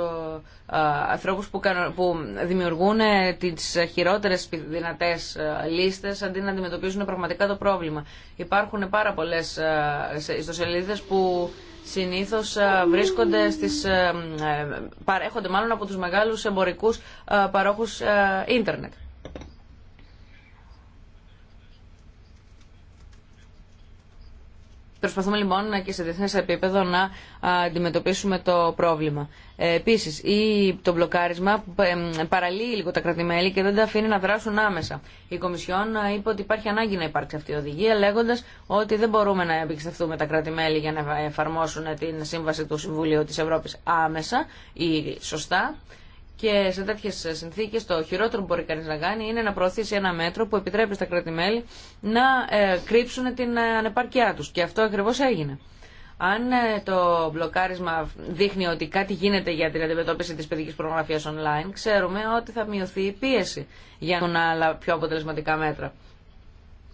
ανθρώπους που, που δημιουργούν ε, τις χειρότερες δυνατές ε, λίστες αντί να αντιμετωπίζουν πραγματικά το πρόβλημα. Υπάρχουν πάρα πολλές ε, ιστοσελίδες που συνήθως βρίσκονται στις, παρέχονται μάλλον από τους μεγάλους εμπορικούς παρόχους ίντερνετ. Προσπαθούμε λοιπόν και σε διεθνέ επίπεδο να αντιμετωπίσουμε το πρόβλημα. Ε, Επίση, το μπλοκάρισμα ε, παραλύει λίγο τα κρατημέλη και δεν τα αφήνει να δράσουν άμεσα. Η Κομισιόν ε, είπε ότι υπάρχει ανάγκη να υπάρξει αυτή η οδηγία, λέγοντα ότι δεν μπορούμε να επικιστευτούμε τα κρατημέλη για να εφαρμόσουν την σύμβαση του Συμβουλίου τη Ευρώπη άμεσα ή σωστά. Και σε τέτοιε συνθήκε το χειρότερο που μπορεί κανεί να κάνει είναι να προωθήσει ένα μέτρο που επιτρέπει στα κρατη να ε, κρύψουν την ε, ανεπάρκειά του. Και αυτό ακριβώ έγινε. Αν ε, το μπλοκάρισμα δείχνει ότι κάτι γίνεται για την αντιμετώπιση τη παιδική προγραφία online, ξέρουμε ότι θα μειωθεί η πίεση για να άλλα πιο αποτελεσματικά μέτρα.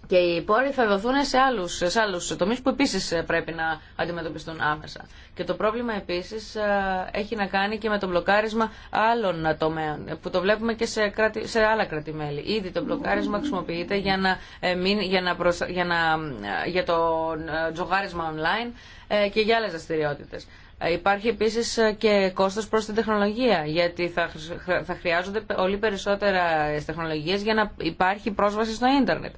Και οι πόροι θα δοθούν σε άλλους, σε άλλους τομείς που επίσης πρέπει να αντιμετωπιστούν άμεσα. Και το πρόβλημα επίσης ε, έχει να κάνει και με το μπλοκάρισμα άλλων τομέων, ε, που το βλέπουμε και σε, κράτη, σε άλλα κρατημέλη. Ήδη το μπλοκάρισμα χρησιμοποιείται για, να, ε, για, να για, να, για το τζογάρισμα online και για άλλες δραστηριότητε. Υπάρχει επίσης και κόστος προς την τεχνολογία, γιατί θα χρειάζονται πολύ περισσότερα τεχνολογίες για να υπάρχει πρόσβαση στο ίντερνετ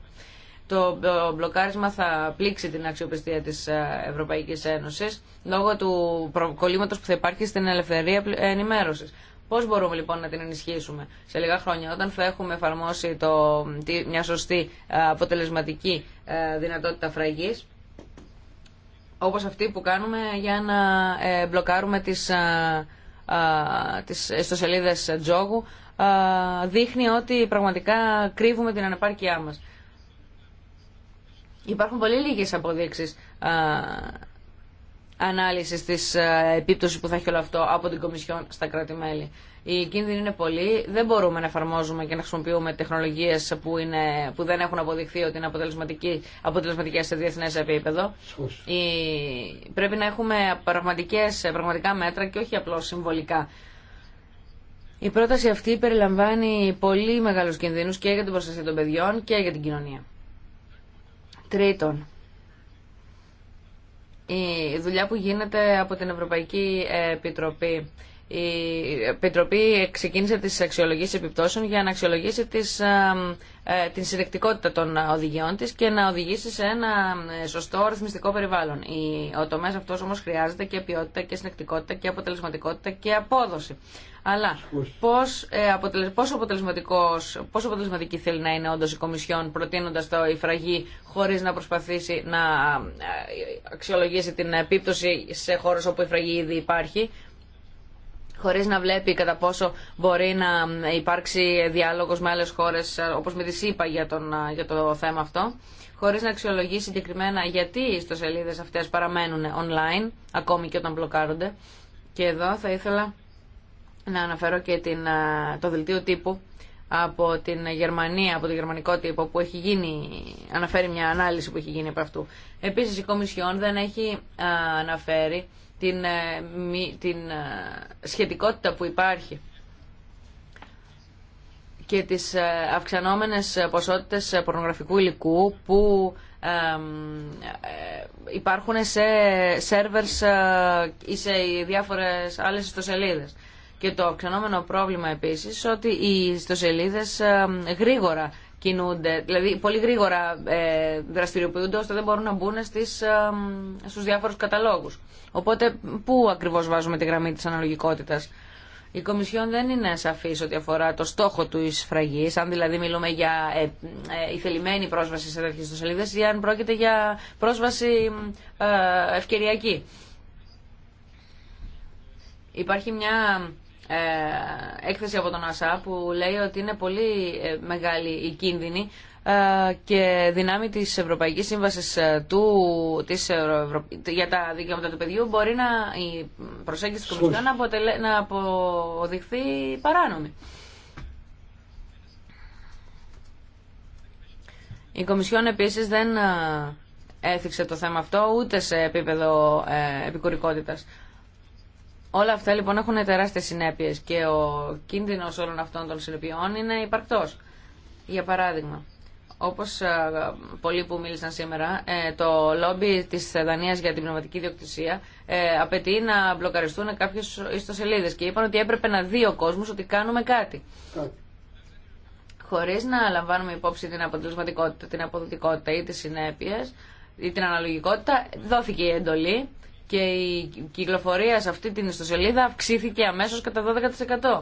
το μπλοκάρισμα θα πλήξει την αξιοπιστία της ε, Ευρωπαϊκής Ένωσης λόγω του κολλήματος που θα υπάρχει στην ελευθερία ε, ενημέρωσης. Πώς μπορούμε λοιπόν να την ενισχύσουμε σε λίγα χρόνια, όταν θα έχουμε εφαρμόσει το, μια σωστή ε, αποτελεσματική δυνατότητα φραγής... ...όπως αυτή που κάνουμε για να μπλοκάρουμε τι τις ιστοσελίδε τζόγου, δείχνει ότι πραγματικά κρύβουμε την ανεπάρκειά μας. Υπάρχουν πολύ λίγε αποδείξει ανάλυση τη της που θα έχει όλο αυτό από την Κομισιόν στα κράτη-μέλη. Οι κίνδυνοι είναι πολλοί. Δεν μπορούμε να εφαρμόζουμε και να χρησιμοποιούμε τεχνολογίε που, που δεν έχουν αποδειχθεί ότι είναι αποτελεσματικέ σε διεθνέ επίπεδο. Η, πρέπει να έχουμε πραγματικές, πραγματικά μέτρα και όχι απλώ συμβολικά. Η πρόταση αυτή περιλαμβάνει πολύ μεγάλου κινδύνου και για την προστασία των παιδιών και για την κοινωνία. Τρίτον, η δουλειά που γίνεται από την Ευρωπαϊκή Επιτροπή. Η Επιτροπή ξεκίνησε τις αξιολογήσεις επιπτώσεων για να αξιολογήσει τις, ε, ε, την συνεκτικότητα των οδηγιών της και να οδηγήσει σε ένα ε, σωστό ρυθμιστικό περιβάλλον. Η, ο τομέας αυτός όμως χρειάζεται και ποιότητα και συνεκτικότητα και αποτελεσματικότητα και απόδοση. Αλλά πώς, ε, αποτελε, πόσο, αποτελεσματικός, πόσο αποτελεσματική θέλει να είναι όντω η Κομισιόν προτείνοντας το υφραγή χωρίς να προσπαθήσει να ε, αξιολογήσει την επίπτωση σε χώρε όπου η υφραγή ήδη υπάρχει χωρίς να βλέπει κατά πόσο μπορεί να ε, υπάρξει διάλογος με άλλες χώρες, ε, όπως με τη ΣΥΠΑ για, τον, για το θέμα αυτό, χωρίς να αξιολογήσει συγκεκριμένα γιατί οι ιστοσελίδες αυτές παραμένουν online, ακόμη και όταν μπλοκάρονται. Και εδώ θα ήθελα να αναφέρω και την, το δελτίο τύπου από την Γερμανία, από το γερμανικό τύπο που έχει γίνει, αναφέρει μια ανάλυση που έχει γίνει από αυτού. Επίσης η Κομισιόν δεν έχει αναφέρει την, ε, σχετικότητα που υπάρχει και τις ε, αυξανόμενες ποσότητες πορνογραφικού υλικού που ε, υπάρχουν σε σερβερς ή σε διάφορες άλλες ιστοσελίδες. Και το ξενόμενο πρόβλημα επίσης ότι οι ιστοσελίδες ε, γρήγορα κινούνται, δηλαδή πολύ γρήγορα ε, δραστηριοποιούνται ώστε δεν μπορούν να μπουν στις, ε, στους διάφορους καταλόγους. Οπότε πού ακριβώς βάζουμε τη γραμμή της αναλογικότητας. Η Κομισιόν δεν είναι σαφή ό,τι αφορά το στόχο του εισφραγή, αν δηλαδή μιλούμε για ε, ε, πρόσβαση σε τέτοιε ιστοσελίδε ή αν πρόκειται για πρόσβαση ευκαιριακή. Υπάρχει μια ε, έκθεση από τον ΑΣΑ που λέει ότι είναι πολύ ε, μεγάλη η κίνδυνη ε, και δυνάμει της Ευρωπαϊκής Σύμβασης του, της για τα δικαιώματα του παιδιού μπορεί να, η προσέγγιση του Κομισιόν να, να αποδειχθεί παράνομη. Η Κομισιόν επίσης δεν έθιξε το θέμα αυτό ούτε σε επίπεδο επικουρικότητας. Όλα αυτά λοιπόν έχουν τεράστιες συνέπειες και ο κίνδυνος όλων αυτών των συνεπειών είναι υπαρκτός. Για παράδειγμα, όπως πολλοί που μίλησαν σήμερα, ε, το λόμπι της Δανίας για την πνευματική διοκτησία ε, απαιτεί να μπλοκαριστούν κάποιες ιστοσελίδες και είπαν ότι έπρεπε να δει ο κόσμος ότι κάνουμε κάτι. Χωρίς να λαμβάνουμε υπόψη την αποτελεσματικότητα, την αποδοτικότητα ή τις συνέπειες ή την αναλογικότητα, δόθηκε η εντολή και η κυκλοφορία σε αυτή την ιστοσελίδα αυξήθηκε αμέσως κατά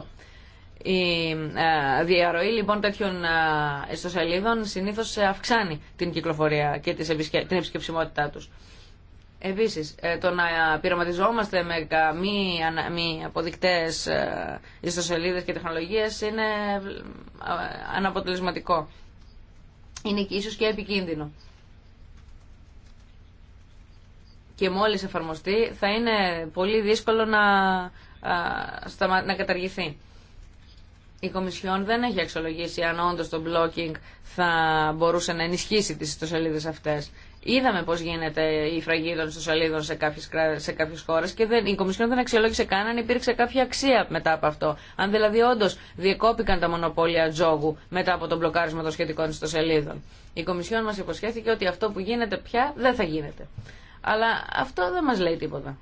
12%. Η ε, διαρροή λοιπόν τέτοιων ε, ιστοσελίδων συνήθως αυξάνει την κυκλοφορία και την επισκεψιμότητά τους. Επίσης, ε, το να πειραματιζόμαστε με μη, μη αποδεικτές ιστοσελίδες και τεχνολογίες είναι αναποτελεσματικό. Είναι ίσως και επικίνδυνο. και μόλις εφαρμοστεί θα είναι πολύ δύσκολο να, να καταργηθεί. Η Κομισιόν δεν έχει αξιολογήσει αν όντω το blocking θα μπορούσε να ενισχύσει τις ιστοσελίδες αυτές. Είδαμε πώ γίνεται η φραγή των ιστοσελίδων σε κάποιε κάποιες χώρε και δεν, η Κομισιόν δεν αξιολόγησε καν αν υπήρξε κάποια αξία μετά από αυτό. Αν δηλαδή όντω διεκόπηκαν τα μονοπόλια τζόγου μετά από τον μπλοκάρισμα των σχετικών ιστοσελίδων. Η Κομισιόν μα υποσχέθηκε ότι αυτό που γίνεται πια δεν θα γίνεται. Αλλά αυτό δεν μας λέει τίποτα.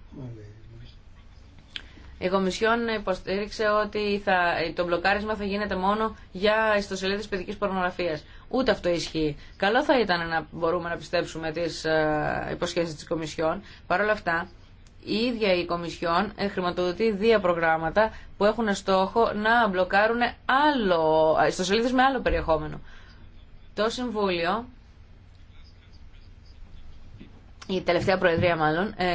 Η Κομισιόν υποστήριξε ότι θα, το μπλοκάρισμα θα γίνεται μόνο για ιστοσελίδε παιδική πορνογραφία. Ούτε αυτό ισχύει. Καλό θα ήταν να μπορούμε να πιστέψουμε τι ε, υποσχέσει τη Κομισιόν. Παρ' όλα αυτά, η ίδια η Κομισιόν ε, χρηματοδοτεί δύο προγράμματα που έχουν στόχο να μπλοκάρουν άλλο, ε, ιστοσελίδε με άλλο περιεχόμενο. Το Συμβούλιο η τελευταία προεδρία μάλλον, ε,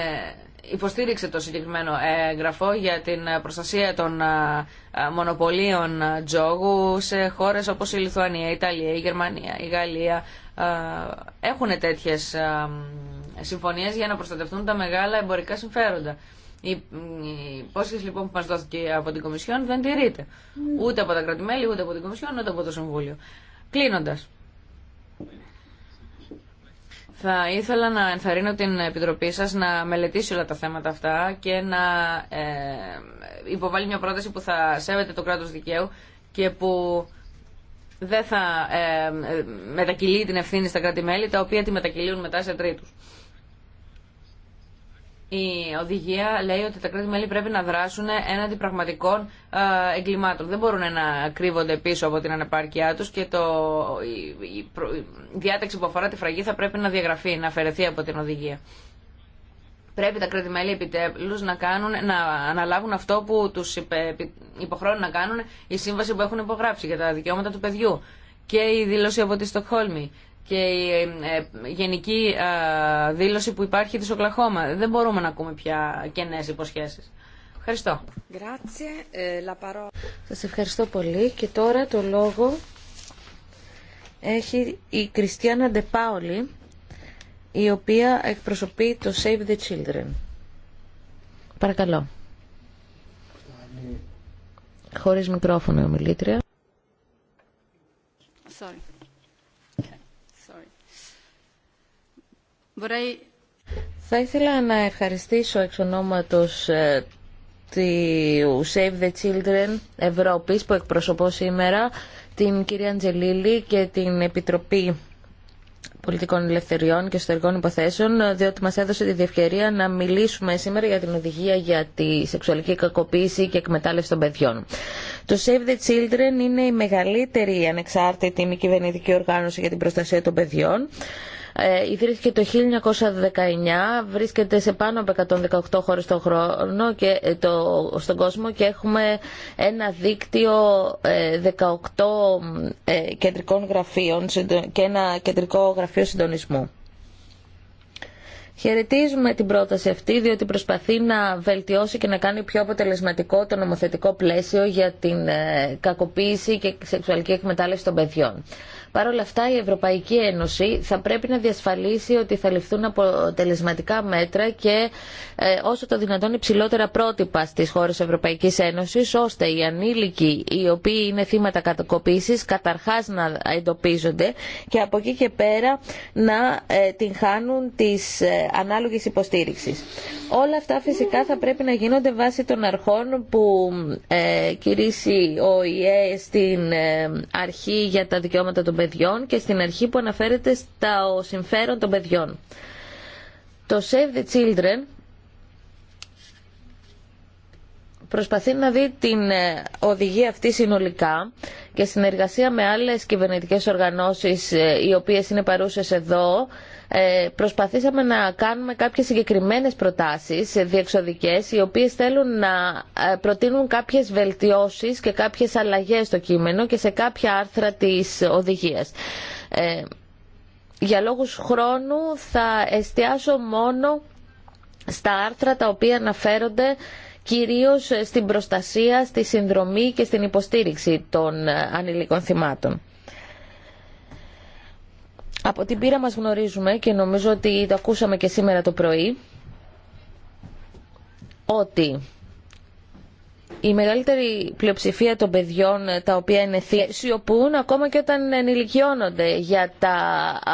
υποστήριξε το συγκεκριμένο έγγραφο για την προστασία των ε, μονοπωλίων τζόγου σε χώρες όπως η Λιθουανία, η Ιταλία, η Γερμανία, η Γαλλία. Ε, έχουν τέτοιες συμφωνίες για να προστατευτούν τα μεγάλα εμπορικά συμφέροντα. Η υπόσχεση λοιπόν που μα δόθηκε από την Κομισιόν δεν τηρείται. Ναι. Ούτε από τα κρατημέλη, ούτε από την Κομισιόν, ούτε από το Συμβούλιο. Κλείνοντα, θα ήθελα να ενθαρρύνω την Επιτροπή σας να μελετήσει όλα τα θέματα αυτά και να ε, υποβάλει μια πρόταση που θα σέβεται το κράτος δικαίου και που δεν θα ε, ε, μετακυλεί την ευθύνη στα κράτη-μέλη, τα οποία τη μετακυλούν μετά σε τρίτους η οδηγία λέει ότι τα κράτη-μέλη πρέπει να δράσουν έναντι πραγματικών ε, εγκλημάτων. Δεν μπορούν να κρύβονται πίσω από την ανεπάρκειά τους και το, η, διάταξη που αφορά τη φραγή θα πρέπει να διαγραφεί, να αφαιρεθεί από την οδηγία. Πρέπει τα κράτη-μέλη επιτέλου να, κάνουν, να αναλάβουν αυτό που τους υποχρώνουν να κάνουν η σύμβαση που έχουν υπογράψει για τα δικαιώματα του παιδιού και η δήλωση από τη Στοκχόλμη και η ε, γενική ε, δήλωση που υπάρχει της Οκλαχώμα. Δεν μπορούμε να ακούμε πια κενές υποσχέσεις. Ευχαριστώ. Ε, Σας ευχαριστώ πολύ και τώρα το λόγο έχει η Κριστιάνα Ντεπάολη η οποία εκπροσωπεί το Save the Children. Παρακαλώ. Χωρίς μικρόφωνο η ομιλήτρια. Sorry. Θα ήθελα να ευχαριστήσω εξ ονόματος ε, του Save the Children Ευρώπης που εκπροσωπώ σήμερα την κυρία Αντζελίλη και την Επιτροπή Πολιτικών Ελευθεριών και Εσωτερικών Υποθέσεων, διότι μα έδωσε τη διευκαιρία να μιλήσουμε σήμερα για την οδηγία για τη σεξουαλική κακοποίηση και εκμετάλλευση των παιδιών. Το Save the Children είναι η μεγαλύτερη ανεξάρτητη μη κυβερνητική οργάνωση για την προστασία των παιδιών ε, ιδρύθηκε το 1919, βρίσκεται σε πάνω από 118 χώρες στον, χρόνο και, ε, το, στον κόσμο και έχουμε ένα δίκτυο 18 ε, κεντρικών γραφείων και ένα κεντρικό γραφείο συντονισμού. Χαιρετίζουμε την πρόταση αυτή διότι προσπαθεί να βελτιώσει και να κάνει πιο αποτελεσματικό το νομοθετικό πλαίσιο για την κακοποίηση και σεξουαλική εκμετάλλευση των παιδιών. Παρ' όλα αυτά η Ευρωπαϊκή Ένωση θα πρέπει να διασφαλίσει ότι θα ληφθούν αποτελεσματικά μέτρα και ε, όσο το δυνατόν υψηλότερα πρότυπα στι χώρε Ευρωπαϊκή Ένωση, ώστε οι ανήλικοι οι οποίοι είναι θύματα κατοικοποίηση, καταρχά να εντοπίζονται και από εκεί και πέρα να ε, την χάνουν τη ε, υποστήριξη. Όλα αυτά φυσικά θα πρέπει να γίνονται βάσει των αρχών που ε, κηρύσσει ο ΙΕ στην ε, αρχή για τα δικαιώματα των παιδιών και στην αρχή που αναφέρεται στα συμφέρον των παιδιών. Το Save the Children προσπαθεί να δει την ε, οδηγία αυτή συνολικά και συνεργασία με άλλες κυβερνητικές οργανώσεις ε, οι οποίες είναι παρούσες εδώ ε, προσπαθήσαμε να κάνουμε κάποιες συγκεκριμένες προτάσεις ε, διεξοδικές οι οποίες θέλουν να ε, προτείνουν κάποιες βελτιώσεις και κάποιες αλλαγές στο κείμενο και σε κάποια άρθρα της οδηγίας. Για λόγους χρόνου θα εστιάσω μόνο στα άρθρα τα οποία αναφέρονται κυρίως στην προστασία, στη συνδρομή και στην υποστήριξη των ανηλίκων θυμάτων από την πείρα μας γνωρίζουμε και νομίζω ότι το ακούσαμε και σήμερα το πρωί ότι η μεγαλύτερη πλειοψηφία των παιδιών ε, τα οποία είναι θύματα σιωπούν ακόμα και όταν ενηλικιώνονται για τα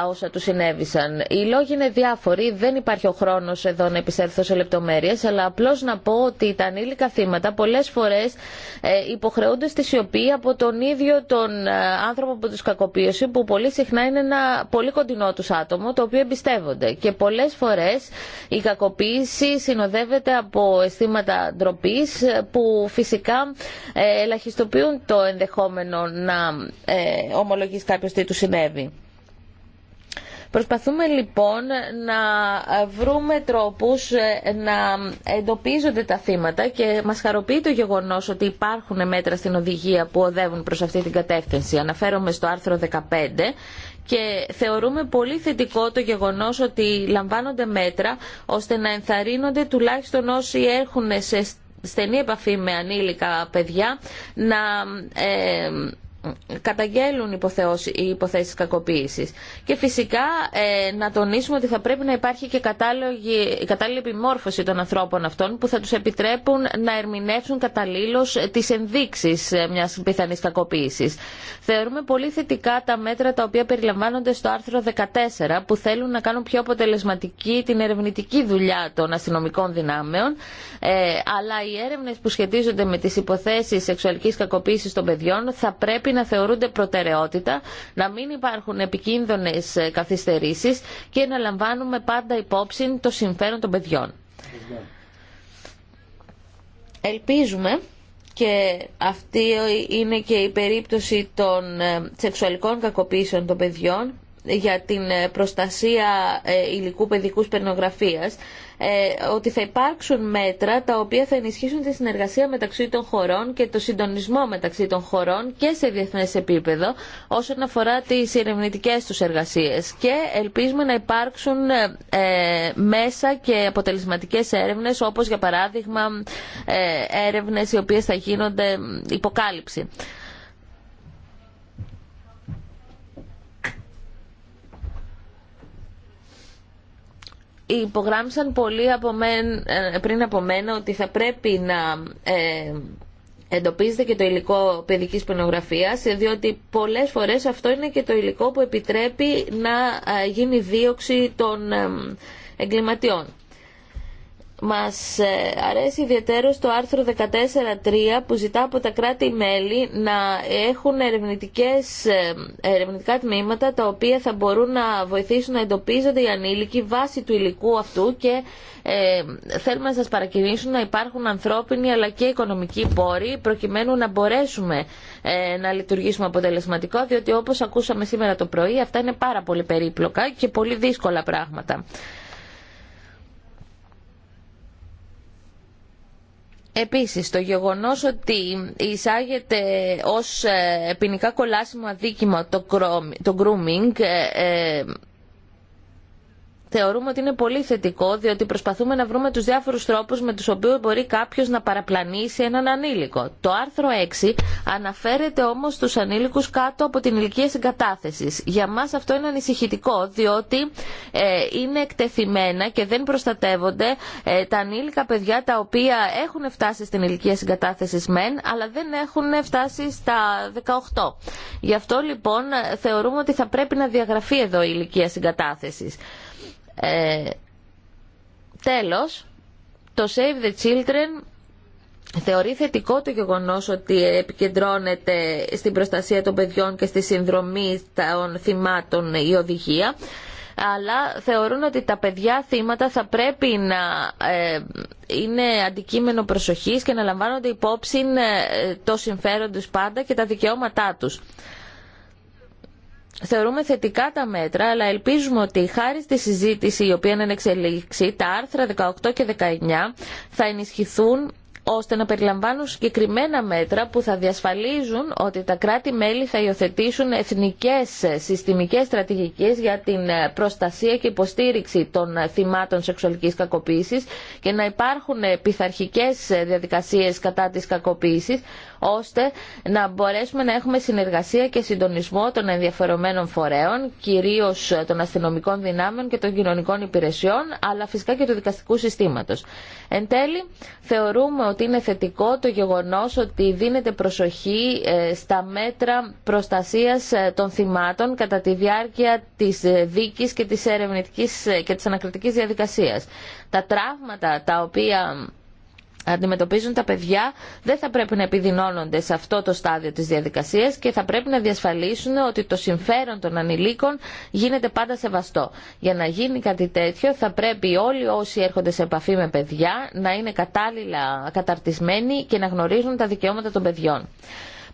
όσα του συνέβησαν. Οι λόγοι είναι διάφοροι, δεν υπάρχει ο χρόνο εδώ να επισέλθω σε λεπτομέρειε, αλλά απλώ να πω ότι τα ανήλικα θύματα πολλέ φορέ ε, υποχρεούνται στη σιωπή από τον ίδιο τον ε, άνθρωπο που του κακοποίησε, που πολύ συχνά είναι ένα πολύ κοντινό του άτομο, το οποίο εμπιστεύονται. Και πολλέ φορέ η κακοποίηση συνοδεύεται από αισθήματα ντροπή που φυσικά ε, ελαχιστοποιούν το ενδεχόμενο να ε, ομολογείς κάποιος τι του συνέβη. Προσπαθούμε λοιπόν να βρούμε τρόπους ε, να εντοπίζονται τα θύματα και μας χαροποιεί το γεγονός ότι υπάρχουν μέτρα στην οδηγία που οδεύουν προς αυτή την κατεύθυνση. Αναφέρομαι στο άρθρο 15 και θεωρούμε πολύ θετικό το γεγονός ότι λαμβάνονται μέτρα ώστε να ενθαρρύνονται τουλάχιστον όσοι έρχονται σε στενή επαφή με ανήλικα παιδιά να ε, καταγγέλουν οι υποθέσεις κακοποίησης. Και φυσικά ε, να τονίσουμε ότι θα πρέπει να υπάρχει και κατάλογη, κατάλληλη επιμόρφωση των ανθρώπων αυτών που θα τους επιτρέπουν να ερμηνεύσουν καταλήλως ε, τις ενδείξεις ε, μιας πιθανής κακοποίησης. Θεωρούμε πολύ θετικά τα μέτρα τα οποία περιλαμβάνονται στο άρθρο 14 που θέλουν να κάνουν πιο αποτελεσματική την ερευνητική δουλειά των αστυνομικών δυνάμεων αλλά οι έρευνες που σχετίζονται με τις υποθέσεις σεξουαλικής κακοποίησης των παιδιών θα πρέπει να θεωρούνται προτεραιότητα, να μην υπάρχουν επικίνδυνες καθυστερήσει και να λαμβάνουμε πάντα υπόψη το συμφέρον των παιδιών. Ελπίζουμε και αυτή είναι και η περίπτωση των ε, σεξουαλικών κακοποίησεων των παιδιών για την ε, προστασία ε, υλικού παιδικού περνογραφίας ε, ότι θα υπάρξουν μέτρα τα οποία θα ενισχύσουν τη συνεργασία μεταξύ των χωρών και το συντονισμό μεταξύ των χωρών και σε διεθνές επίπεδο όσον αφορά τις ερευνητικέ του εργασίε και ελπίζουμε να υπάρξουν μέσα και αποτελεσματικές έρευνες όπως για παράδειγμα έρευνε οι οποίε θα γίνονται υποκάλυψη. υπογράμμισαν πολλοί από μεν, ε, πριν από μένα ότι θα πρέπει να ε, εντοπίζεται και το υλικό παιδικής πορνογραφίας, διότι πολλές φορές αυτό είναι και το υλικό που επιτρέπει να ε, γίνει δίωξη των εγκληματιών. Μας ε, αρέσει ιδιαίτερο το άρθρο 14.3 που ζητά από τα κράτη-μέλη να έχουν ερευνητικές, ε, ερευνητικά τμήματα τα οποία θα μπορούν να βοηθήσουν να εντοπίζονται οι ανήλικοι βάσει του υλικού αυτού και ε, θέλουμε να σας παρακινήσουν να υπάρχουν ανθρώπινοι αλλά και οικονομικοί πόροι προκειμένου να μπορέσουμε να λειτουργήσουμε αποτελεσματικό διότι όπως ακούσαμε σήμερα το πρωί αυτά είναι πάρα πολύ περίπλοκα και πολύ δύσκολα πράγματα. Επίσης, το γεγονός ότι εισάγεται ως ε, ποινικά κολάσιμο αδίκημα το grooming ε, ε, θεωρούμε ότι είναι πολύ θετικό διότι προσπαθούμε να βρούμε τους διάφορους τρόπους με τους οποίους μπορεί κάποιος να παραπλανήσει έναν ανήλικο. Το άρθρο 6 αναφέρεται όμως στους ανήλικους κάτω από την ηλικία συγκατάθεσης. Για μας αυτό είναι ανησυχητικό διότι ε, είναι εκτεθειμένα και δεν προστατεύονται ε, τα ανήλικα παιδιά τα οποία έχουν φτάσει στην ηλικία συγκατάθεσης μεν αλλά δεν έχουν φτάσει στα 18. Γι' αυτό λοιπόν ε, θεωρούμε ότι θα πρέπει να διαγραφεί εδώ η ηλικία συγκατάθεσης. Ε, τέλος, το Save the Children θεωρεί θετικό το γεγονός ότι επικεντρώνεται στην προστασία των παιδιών και στη συνδρομή των θυμάτων η οδηγία αλλά θεωρούν ότι τα παιδιά θύματα θα πρέπει να ε, είναι αντικείμενο προσοχής και να λαμβάνονται υπόψη ε, το συμφέρον τους πάντα και τα δικαιώματά τους. Θεωρούμε θετικά τα μέτρα, αλλά ελπίζουμε ότι χάρη στη συζήτηση η οποία είναι εξελίξη, τα άρθρα 18 και 19 θα ενισχυθούν ώστε να περιλαμβάνουν συγκεκριμένα μέτρα που θα διασφαλίζουν ότι τα κράτη-μέλη θα υιοθετήσουν εθνικές συστημικές στρατηγικές για την προστασία και υποστήριξη των θυμάτων σεξουαλικής κακοποίησης και να υπάρχουν πειθαρχικές διαδικασίες κατά της κακοποίησης ώστε να μπορέσουμε να έχουμε συνεργασία και συντονισμό των ενδιαφερομένων φορέων, κυρίως των αστυνομικών δυνάμεων και των κοινωνικών υπηρεσιών, αλλά φυσικά και του δικαστικού συστήματος. Εν τέλει, θεωρούμε ότι είναι θετικό το γεγονός ότι δίνεται προσοχή ε, στα μέτρα προστασίας ε, των θυμάτων κατά τη διάρκεια της ε, δίκη και της ερευνητική και ανακριτικής διαδικασίας. Τα τραύματα τα οποία αντιμετωπίζουν τα παιδιά δεν θα πρέπει να επιδεινώνονται σε αυτό το στάδιο της διαδικασίας και θα πρέπει να διασφαλίσουν ότι το συμφέρον των ανηλίκων γίνεται πάντα σεβαστό. Για να γίνει κάτι τέτοιο θα πρέπει όλοι όσοι έρχονται σε επαφή με παιδιά να είναι κατάλληλα καταρτισμένοι και να γνωρίζουν τα δικαιώματα των παιδιών.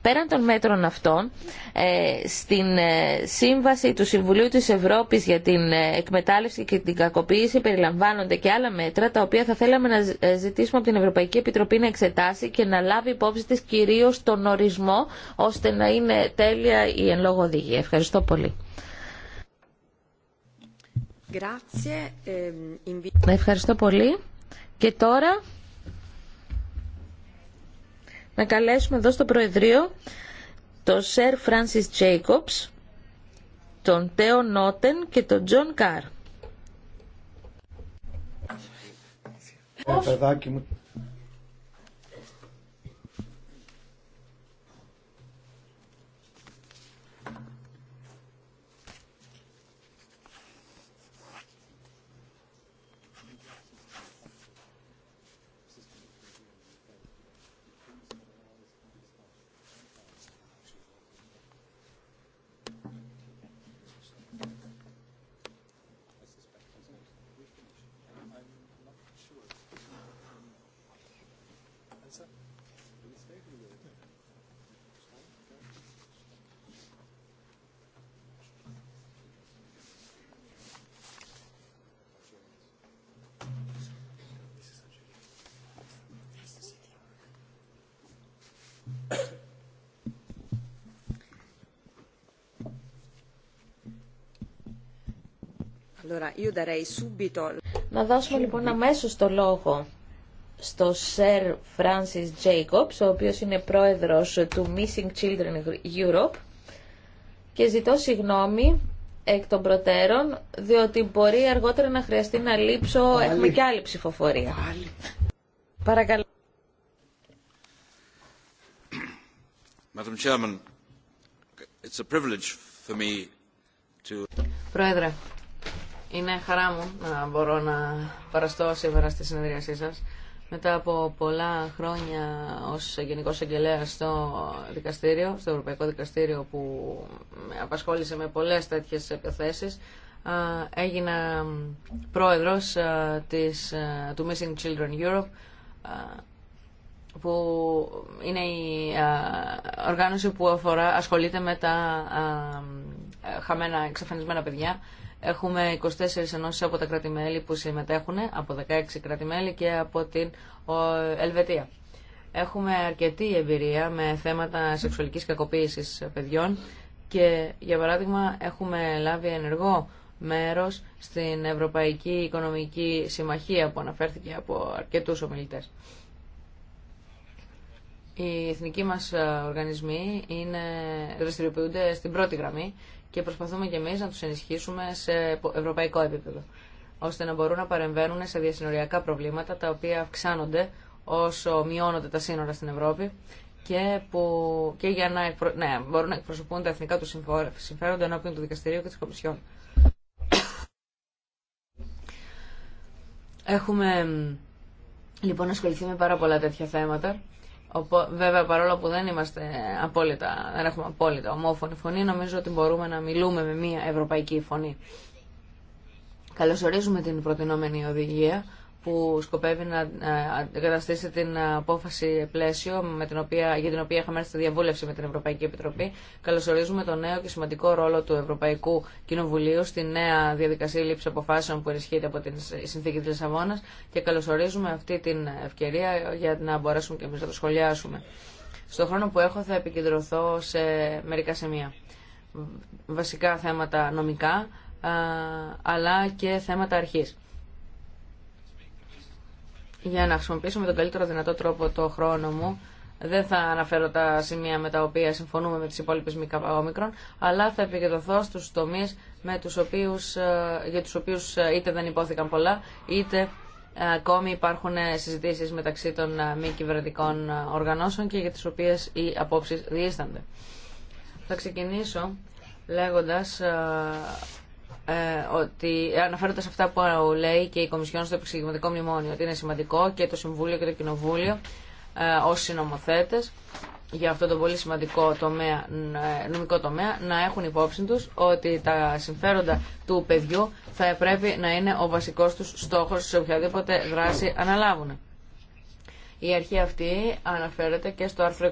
Πέραν των μέτρων αυτών, ε, στην ε, σύμβαση του Συμβουλίου της Ευρώπης για την ε, εκμετάλλευση και την κακοποίηση περιλαμβάνονται και άλλα μέτρα τα οποία θα θέλαμε να ζητήσουμε από την Ευρωπαϊκή Επιτροπή να εξετάσει και να λάβει υπόψη της κυρίως τον ορισμό ώστε να είναι τέλεια η εν λόγω οδηγία. Ευχαριστώ πολύ. Ευχαριστώ πολύ. Και τώρα να καλέσουμε εδώ στο Προεδρείο τον Σερ Φράνσις Τζέικοψ, τον Τέο Νότεν και τον Τζον Καρ. Ε, παιδάκι μου, Να δώσουμε λοιπόν αμέσω το λόγο στο Σερ Francis Jacobs, ο οποίος είναι πρόεδρος του Missing Children Europe και ζητώ συγγνώμη εκ των προτέρων, διότι μπορεί αργότερα να χρειαστεί να λείψω, έχουμε και άλλη ψηφοφορία. Παρακαλώ. Madam Chairman, it's a privilege for me to... Πρόεδρε, είναι χαρά μου να μπορώ να παραστώ σήμερα στη συνεδρίασή σας. Μετά από πολλά χρόνια ως γενικό εγγελέα στο δικαστήριο, στο Ευρωπαϊκό Δικαστήριο που με απασχόλησε με πολλές τέτοιες επιθέσεις, έγινα πρόεδρος της, του Missing Children Europe, που είναι η οργάνωση που αφορά, ασχολείται με τα χαμένα, εξαφανισμένα παιδιά Έχουμε 24 ενώσει από τα κράτη-μέλη που συμμετέχουν, από 16 κράτη-μέλη και από την Ελβετία. Έχουμε αρκετή εμπειρία με θέματα σεξουαλικής κακοποίησης παιδιών και για παράδειγμα έχουμε λάβει ενεργό μέρος στην Ευρωπαϊκή Οικονομική Συμμαχία που αναφέρθηκε από αρκετού ομιλητέ. Οι εθνικοί μας ε, οργανισμοί είναι, δραστηριοποιούνται στην πρώτη γραμμή και προσπαθούμε και εμείς να τους ενισχύσουμε σε ευρωπαϊκό επίπεδο ώστε να μπορούν να παρεμβαίνουν σε διασυνοριακά προβλήματα τα οποία αυξάνονται όσο μειώνονται τα σύνορα στην Ευρώπη και, που, και για να, εκπρο, ναι, μπορούν να εκπροσωπούν τα εθνικά του συμφέροντα ενώπιον του δικαστηρίου και της Κομισιόν. Έχουμε λοιπόν ασχοληθεί με πάρα πολλά τέτοια θέματα βέβαια παρόλο που δεν είμαστε απόλυτα, δεν έχουμε απόλυτα ομόφωνη φωνή, νομίζω ότι μπορούμε να μιλούμε με μια ευρωπαϊκή φωνή. Καλωσορίζουμε την προτινόμενη οδηγία που σκοπεύει να ε, καταστήσει την απόφαση πλαίσιο με την οποία, για την οποία είχαμε έρθει στη διαβούλευση με την Ευρωπαϊκή Επιτροπή. Καλωσορίζουμε τον νέο και σημαντικό ρόλο του Ευρωπαϊκού Κοινοβουλίου στη νέα διαδικασία λήψη αποφάσεων που ενισχύεται από την συνθήκη τη Λισαβόνα και καλωσορίζουμε αυτή την ευκαιρία για να μπορέσουμε και εμεί να το σχολιάσουμε. Στον χρόνο που έχω θα επικεντρωθώ σε μερικά σημεία. Βασικά θέματα νομικά, ε, αλλά και θέματα αρχής για να χρησιμοποιήσω με τον καλύτερο δυνατό τρόπο το χρόνο μου, δεν θα αναφέρω τα σημεία με τα οποία συμφωνούμε με τις υπόλοιπες μικρών, αλλά θα επικεντρωθώ στους τομείς με τους οποίους, ε, για τους οποίους ε, είτε δεν υπόθηκαν πολλά, είτε ε, ακόμη υπάρχουν συζητήσεις μεταξύ των μη κυβερνητικών οργανώσεων και για τις οποίες οι απόψεις διήστανται. Θα ξεκινήσω λέγοντας ε, ότι αναφέροντα αυτά που λέει και η Κομισιόν στο επεξηγηματικό μνημόνιο, ότι είναι σημαντικό και το Συμβούλιο και το Κοινοβούλιο ε, ως για αυτό το πολύ σημαντικό τομέα, ε, νομικό τομέα να έχουν υπόψη τους ότι τα συμφέροντα του παιδιού θα πρέπει να είναι ο βασικός τους στόχος σε οποιαδήποτε δράση αναλάβουν. Η αρχή αυτή αναφέρεται και στο άρθρο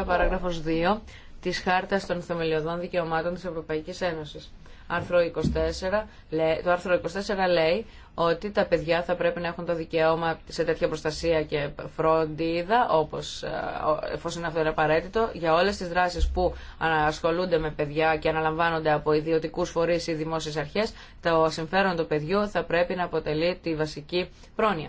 24, παράγραφος 2 της Χάρτας των Θεμελιωδών Δικαιωμάτων της Ευρωπαϊκής Ένωσης άρθρο 24, το άρθρο 24 λέει ότι τα παιδιά θα πρέπει να έχουν το δικαίωμα σε τέτοια προστασία και φροντίδα, όπως, ε, εφόσον αυτό είναι απαραίτητο, για όλες τις δράσεις που ασχολούνται με παιδιά και αναλαμβάνονται από ιδιωτικούς φορείς ή δημόσιες αρχές, το συμφέρον του παιδιού θα πρέπει να αποτελεί τη βασική πρόνοια.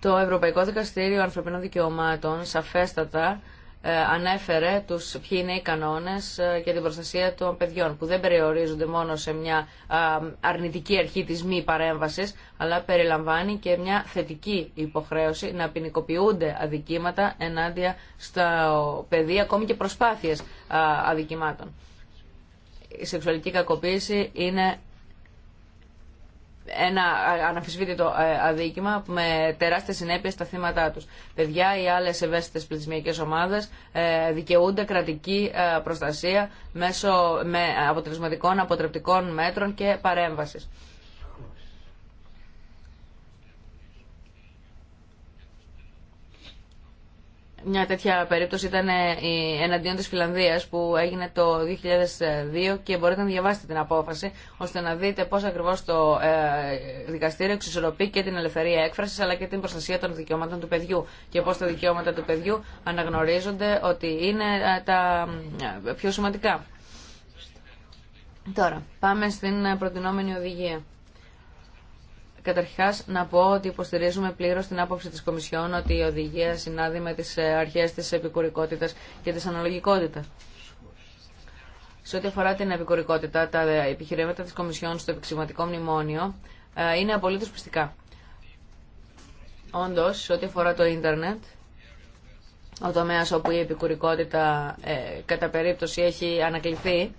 Το Ευρωπαϊκό Δικαστήριο Ανθρωπίνων Δικαιωμάτων σαφέστατα ε, ανέφερε τους, ποιοι είναι οι κανόνες ε, για την προστασία των παιδιών που δεν περιορίζονται μόνο σε μια ε, αρνητική αρχή της μη παρέμβασης αλλά περιλαμβάνει και μια θετική υποχρέωση να ποινικοποιούνται αδικήματα ενάντια στα παιδί ακόμη και προσπάθειες αδικημάτων. Η σεξουαλική κακοποίηση είναι ένα αναφυσβήτητο ε, αδίκημα με τεράστιες συνέπειες στα θύματα τους. Παιδιά ή άλλες ευαίσθητες πληθυσμιακές ομάδες ε, δικαιούνται κρατική ε, προστασία μέσω με αποτελεσματικών αποτρεπτικών μέτρων και παρέμβασης. Μια τέτοια περίπτωση ήταν ε, η εναντίον της Φιλανδίας που έγινε το 2002 και μπορείτε να διαβάσετε την απόφαση ώστε να δείτε πώς ακριβώς το ε, δικαστήριο εξισορροπεί και την ελευθερία έκφρασης αλλά και την προστασία των δικαιώματων του παιδιού και πώς τα δικαιώματα του παιδιού αναγνωρίζονται ότι είναι ε, τα πιο σημαντικά. Τώρα, πάμε στην προτινόμενη οδηγία. Καταρχά, να πω ότι υποστηρίζουμε πλήρω την άποψη τη Κομισιόν ότι η οδηγία συνάδει με τι ε, αρχέ τη επικουρικότητα και τη αναλογικότητα. Σε ό,τι αφορά την επικουρικότητα, τα επιχειρήματα τη Κομισιόν στο επεξηματικό μνημόνιο ε, είναι απολύτω πιστικά. Όντω, σε ό,τι αφορά το ίντερνετ, ο τομέα όπου η επικουρικότητα ε, κατά περίπτωση έχει ανακληθεί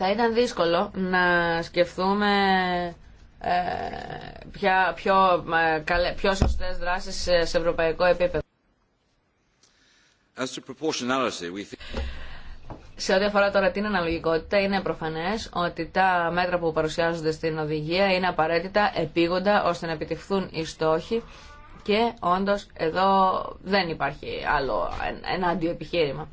θα ήταν δύσκολο να σκεφτούμε ε, ποια, πιο, ε, καλέ, πιο σωστές δράσεις σε, ευρωπαϊκό επίπεδο. Σε ό,τι αφορά τώρα την αναλογικότητα, είναι προφανές ότι τα μέτρα που παρουσιάζονται στην οδηγία είναι απαραίτητα επίγοντα ώστε να επιτευχθούν οι στόχοι και όντως εδώ δεν υπάρχει άλλο ένα επιχείρημα.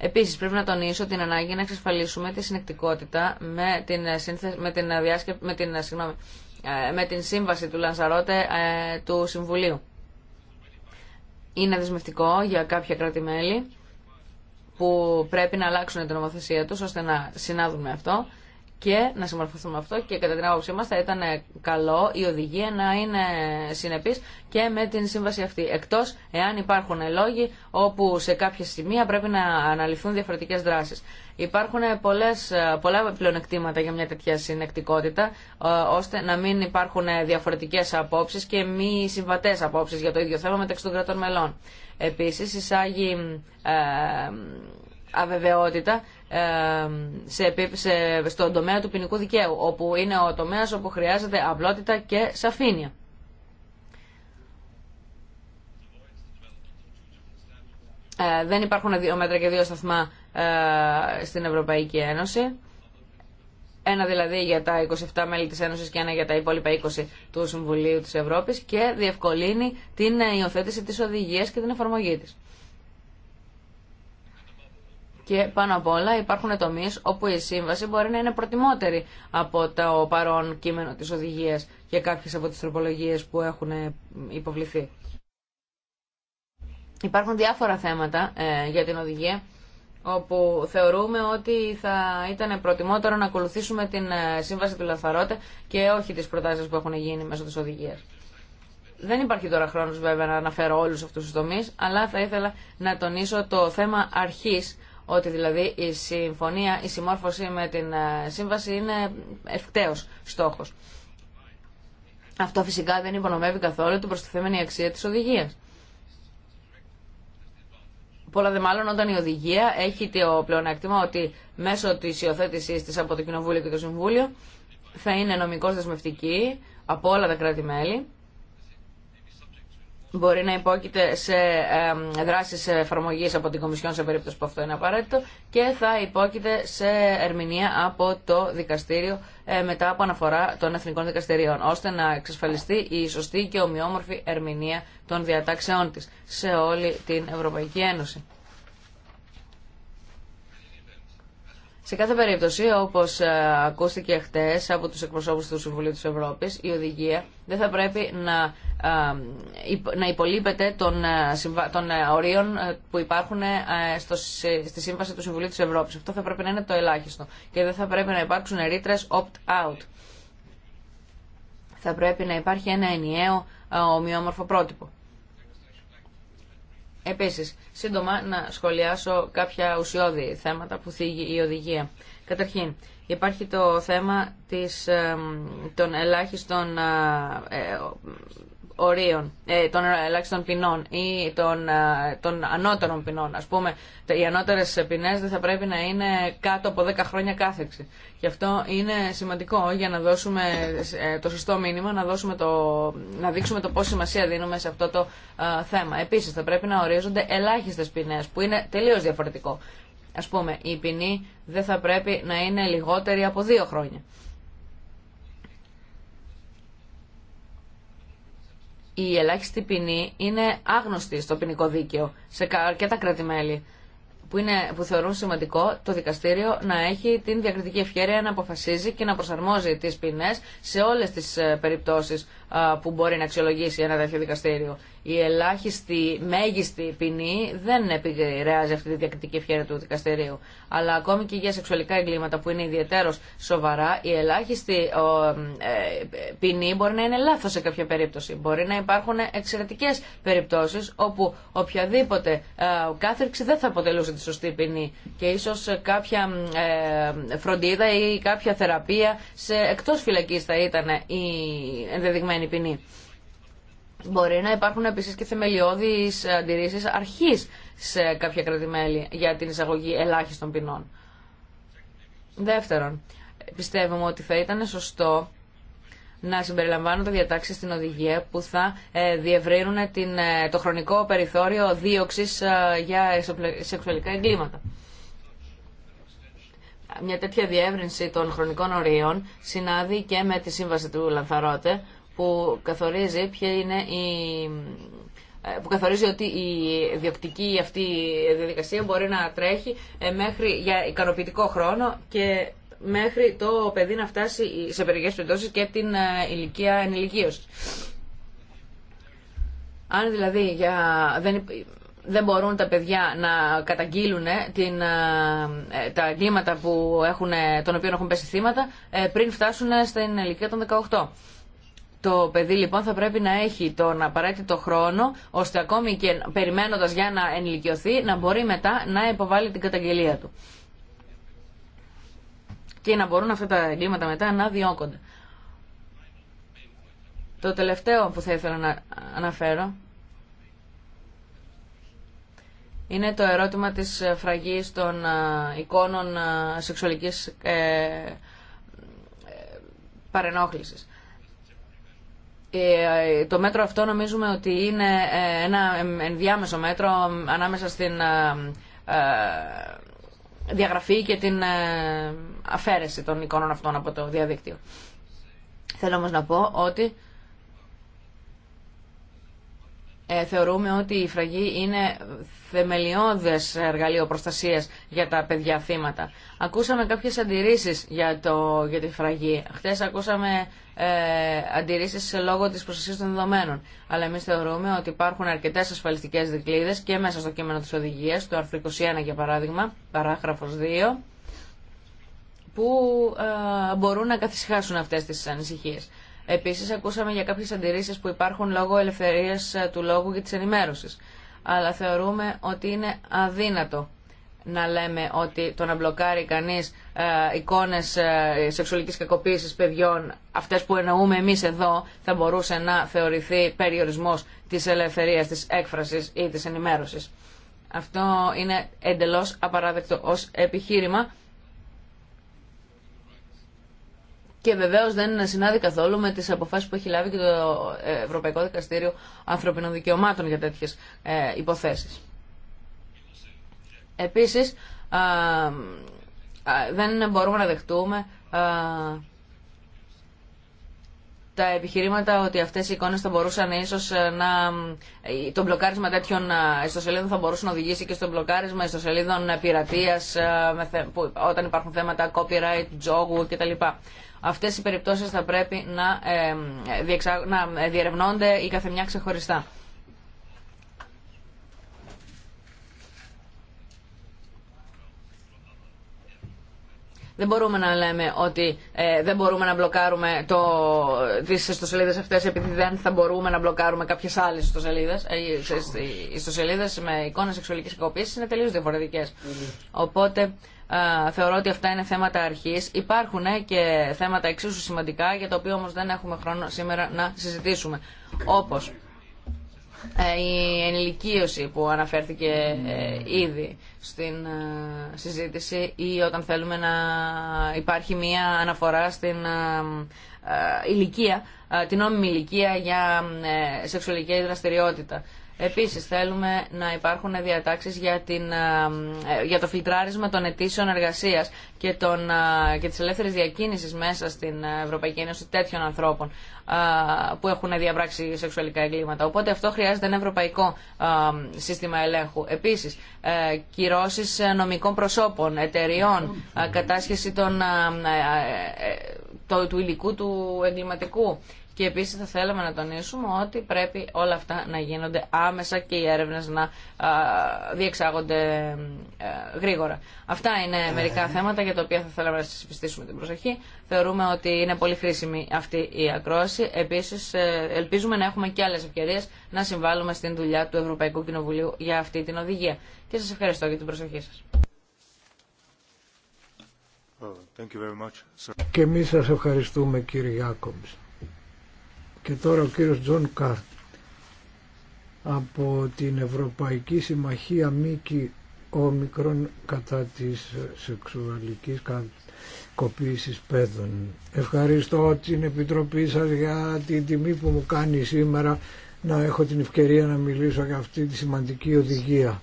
Επίσης πρέπει να τονίσω την ανάγκη να εξασφαλίσουμε τη συνεκτικότητα με την, ε, με την, ε, με την, ε, συγγνώμη, με την σύμβαση του Λανσαρότε του Συμβουλίου. Είναι δεσμευτικό για κάποια κράτη-μέλη που πρέπει να αλλάξουν την νομοθεσία τους ώστε να συνάδουν με αυτό και να συμμορφωθούμε αυτό και κατά την άποψή μας θα ήταν καλό η οδηγία να είναι συνεπής και με την σύμβαση αυτή. Εκτός εάν υπάρχουν λόγοι όπου σε κάποια σημεία πρέπει να αναλυθούν διαφορετικέ δράσεις. Υπάρχουν πολλές, πολλά πλεονεκτήματα για μια τέτοια συνεκτικότητα, ώστε να μην υπάρχουν διαφορετικέ απόψει και μη συμβατέ απόψει για το ίδιο θέμα μεταξύ των κρατών μελών. Επίση, εισάγει ε, αβεβαιότητα σε, σε, στον τομέα του ποινικού δικαίου, όπου είναι ο τομέας όπου χρειάζεται απλότητα και σαφήνεια. Ε, δεν υπάρχουν δύο μέτρα και δύο σταθμά ε, στην Ευρωπαϊκή Ένωση. Ένα δηλαδή για τα 27 μέλη της Ένωσης και ένα για τα υπόλοιπα 20 του Συμβουλίου της Ευρώπης και διευκολύνει την ε, υιοθέτηση της οδηγίας και την εφαρμογή της και πάνω απ' όλα υπάρχουν τομεί όπου η σύμβαση μπορεί να είναι προτιμότερη από το παρόν κείμενο τη οδηγία και κάποιε από τι τροπολογίε που έχουν ε, υποβληθεί. Υπάρχουν διάφορα θέματα ε, για την οδηγία όπου θεωρούμε ότι θα ήταν προτιμότερο να ακολουθήσουμε την ε, σύμβαση του λαθαρότε και όχι τις προτάσεις που έχουν γίνει μέσω της οδηγίας. Δεν υπάρχει τώρα χρόνος βέβαια να αναφέρω όλους αυτούς τους τομείς, αλλά θα ήθελα να τονίσω το θέμα αρχής ότι δηλαδή η συμφωνία, η συμμόρφωση με την ε, σύμβαση είναι ευκταίος στόχος. Αυτό φυσικά δεν υπονομεύει καθόλου την προστιθέμενη αξία της οδηγίας. Πολλά δε μάλλον όταν η οδηγία έχει το πλεονέκτημα ότι μέσω τη υιοθέτησή της από το Κοινοβούλιο και το Συμβούλιο θα είναι νομικός δεσμευτική από όλα τα κράτη-μέλη μπορεί να υπόκειται σε δράσεις εφαρμογή από την Κομισιόν σε περίπτωση που αυτό είναι απαραίτητο και θα υπόκειται σε ερμηνεία από το δικαστήριο ε, μετά από αναφορά των εθνικών δικαστηρίων ώστε να εξασφαλιστεί η σωστή και ομοιόμορφη ερμηνεία των διατάξεών της σε όλη την Ευρωπαϊκή Ένωση. Σε κάθε περίπτωση, όπως ε, ακούστηκε χτε από τους εκπροσώπους του Συμβουλίου της Ευρώπης, η οδηγία δεν θα πρέπει να, ε, να υπολείπεται των, ε, των ορίων που υπάρχουν στο, στη Σύμβαση του Συμβουλίου της Ευρώπης. Αυτό θα πρέπει να είναι το ελάχιστο και δεν θα πρέπει να υπαρξουν ρητρε ρήτρες opt-out. Θα πρέπει να υπάρχει ένα ενιαίο ομοιόμορφο πρότυπο. Επίσης, σύντομα να σχολιάσω κάποια ουσιώδη θέματα που θίγει η οδηγία. Καταρχήν, υπάρχει το θέμα της, των ελάχιστων ε, ε, ορίων, ε, των ελάχιστων ποινών ή των, ε, των ανώτερων ποινών. Ας πούμε, οι ανώτερες ποινές δεν θα πρέπει να είναι κάτω από 10 χρόνια κάθεξη. Γι' αυτό είναι σημαντικό για να δώσουμε ε, το σωστό μήνυμα, να, δώσουμε το, να δείξουμε το πόση σημασία δίνουμε σε αυτό το θέμα. Επίσης, θα πρέπει να ορίζονται ελάχιστες ποινές, που είναι τελείως διαφορετικό. Ας πούμε, η ποινή δεν θα πρέπει να είναι λιγότερη από δύο χρόνια. η ελάχιστη ποινή είναι άγνωστη στο ποινικό δίκαιο σε αρκετά κράτη-μέλη. Που, είναι, που θεωρούν σημαντικό το δικαστήριο να έχει την διακριτική ευχαίρεια να αποφασίζει και να προσαρμόζει τις ποινές σε όλες τις ε, περιπτώσεις που μπορεί να αξιολογήσει ένα τέτοιο δικαστήριο. Η ελάχιστη, μέγιστη ποινή δεν επηρεάζει αυτή τη διακριτική ευχαίρεια του δικαστηρίου. Αλλά ακόμη και για σεξουαλικά εγκλήματα που είναι ιδιαίτερω σοβαρά, η ελάχιστη ε, ποινή μπορεί να είναι λάθο σε κάποια περίπτωση. Μπορεί να υπάρχουν εξαιρετικέ περιπτώσει όπου οποιαδήποτε ε, κάθριξη δεν θα αποτελούσε τη σωστή ποινή και ίσω κάποια ε, φροντίδα ή κάποια θεραπεία εκτό φυλακή θα ήταν η ενδεδειγμένη συγκεκριμένη ποινή. Μπορεί να υπάρχουν επίση και θεμελιώδεις αντιρρήσει αρχή σε κάποια κρατημέλη για την εισαγωγή ελάχιστων ποινών. Δεύτερον, πιστεύουμε ότι θα ήταν σωστό να συμπεριλαμβάνονται διατάξει στην οδηγία που θα ε, διευρύνουν την, ε, το χρονικό περιθώριο ε, για σεξουαλικά εγκλήματα. Μια τέτοια διεύρυνση των χρονικών ορίων συνάδει και με τη σύμβαση του Λανθαρότε που καθορίζει ποια είναι η ε, που καθορίζει ότι η διοκτική αυτή διαδικασία μπορεί να τρέχει ε, μέχρι, για ικανοποιητικό χρόνο και μέχρι το παιδί να φτάσει σε περιγές περιπτώσεις και την ε, ηλικία ενηλικίωσης. Αν δηλαδή για, δεν, δεν μπορούν τα παιδιά να καταγγείλουν την, τα εγκλήματα που έχουν, των οποίων έχουν πέσει θύματα πριν φτάσουν στην ηλικία των 18. Το παιδί λοιπόν θα πρέπει να έχει τον απαραίτητο χρόνο, ώστε ακόμη και περιμένοντας για να ενηλικιωθεί, να μπορεί μετά να υποβάλει την καταγγελία του. Και να μπορούν αυτά τα εγκλήματα μετά να διώκονται. Το τελευταίο που θα ήθελα να αναφέρω είναι το ερώτημα της φραγής των ε, εικόνων ε, σεξουαλικής ε, παρενόχλησης. Ε, το μέτρο αυτό νομίζουμε ότι είναι ε, ένα ενδιάμεσο μέτρο ανάμεσα στην ε, διαγραφή και την αφαίρεση των εικόνων αυτών από το διαδίκτυο. Θέλω όμως να πω ότι ε, θεωρούμε ότι η φραγή είναι θεμελιώδες εργαλείο προστασίας για τα παιδιά θύματα. Ακούσαμε κάποιες αντιρρήσεις για, το, για τη φραγή. Χθες ακούσαμε ε, αντιρρήσεις λόγο της προστασίας των δεδομένων. Αλλά εμείς θεωρούμε ότι υπάρχουν αρκετές ασφαλιστικές δικλείδες και μέσα στο κείμενο της οδηγίας, το άρθρο 21 για παράδειγμα, παράγραφος 2, που ε, μπορούν να καθησυχάσουν αυτές τις ανησυχίες. Επίσης ακούσαμε για κάποιες αντιρρήσει που υπάρχουν λόγω ελευθερία ε, του λόγου και τη ενημέρωση. Αλλά θεωρούμε ότι είναι αδύνατο να λέμε ότι το να μπλοκάρει κανείς ε, εικόνες ε, σεξουαλικής κακοποίησης παιδιών, αυτές που εννοούμε εμείς εδώ, θα μπορούσε να θεωρηθεί περιορισμός της ελευθερίας της έκφρασης ή τη ενημέρωση. Αυτό είναι εντελώς απαράδεκτο ως επιχείρημα και βεβαίω δεν συνάδει καθόλου με τις αποφάσεις που έχει λάβει και το ε, Ευρωπαϊκό Δικαστήριο Ανθρωπινών Δικαιωμάτων για τέτοιες ε, υποθέσεις. Επίσης, δεν μπορούμε να δεχτούμε τα επιχειρήματα ότι αυτές οι εικόνες θα μπορούσαν ίσως ε, να... το μπλοκάρισμα τέτοιων ιστοσελίδων θα μπορούσε να οδηγήσει και στο μπλοκάρισμα ιστοσελίδων πειρατείας όταν υπάρχουν θέματα copyright, τζόγου κτλ αυτές οι περιπτώσεις θα πρέπει να, ε, να διερευνώνται η καθεμιά ξεχωριστά. Δεν μπορούμε να λέμε ότι ε, δεν μπορούμε να μπλοκάρουμε το, τις ιστοσελίδες αυτές επειδή δεν θα μπορούμε να μπλοκάρουμε κάποιες άλλες ιστοσελίδες. Ε, οι ιστοσελίδες με εικόνες σεξουαλικής εκοπής είναι τελείως διαφορετικές. Mm-hmm. Οπότε θεωρώ ότι αυτά είναι θέματα αρχής. Υπάρχουν ε, και θέματα εξίσου σημαντικά, για τα οποία όμως δεν έχουμε χρόνο σήμερα να συζητήσουμε. Όπως ε, η ενηλικίωση που αναφέρθηκε ε, ήδη στην συζήτηση ή όταν θέλουμε να υπάρχει μία αναφορά στην ηλικία, την νόμιμη ηλικία για σεξουαλική δραστηριότητα. Επίσης θέλουμε να υπάρχουν διατάξεις για, την, ε, για το φιλτράρισμα των αιτήσεων εργασίας και, των, ε, και της ελεύθερης διακίνησης μέσα στην Ευρωπαϊκή Ένωση τέτοιων ανθρώπων ε, που έχουν διαπράξει σεξουαλικά εγκλήματα. Οπότε αυτό χρειάζεται ένα ευρωπαϊκό σύστημα ελέγχου. Επίσης, κυρώσεις νομικών προσώπων, εταιριών, κατάσχεση του υλικού του εγκληματικού και επίση θα θέλαμε να τονίσουμε ότι πρέπει όλα αυτά να γίνονται άμεσα και οι έρευνε να διεξάγονται ε, γρήγορα. Αυτά είναι μερικά ε. θέματα για τα οποία θα θέλαμε να σα επιστήσουμε την προσοχή. Θεωρούμε ότι είναι πολύ χρήσιμη αυτή η ακρόαση. Επίση, ε, ελπίζουμε να έχουμε και άλλε ευκαιρίε να συμβάλλουμε στην δουλειά του Ευρωπαϊκού Κοινοβουλίου για αυτή την οδηγία. Και σα ευχαριστώ για την προσοχή σα. Oh, και εμεί σα ευχαριστούμε, κύριε Ιάκομψ. Και τώρα ο κύριος Τζον Κάρτ από την Ευρωπαϊκή Συμμαχία Μίκη μικρόν κατά της σεξουαλικής κακοποίησης παιδών. Ευχαριστώ την Επιτροπή σας για την τιμή που μου κάνει σήμερα να έχω την ευκαιρία να μιλήσω για αυτή τη σημαντική οδηγία.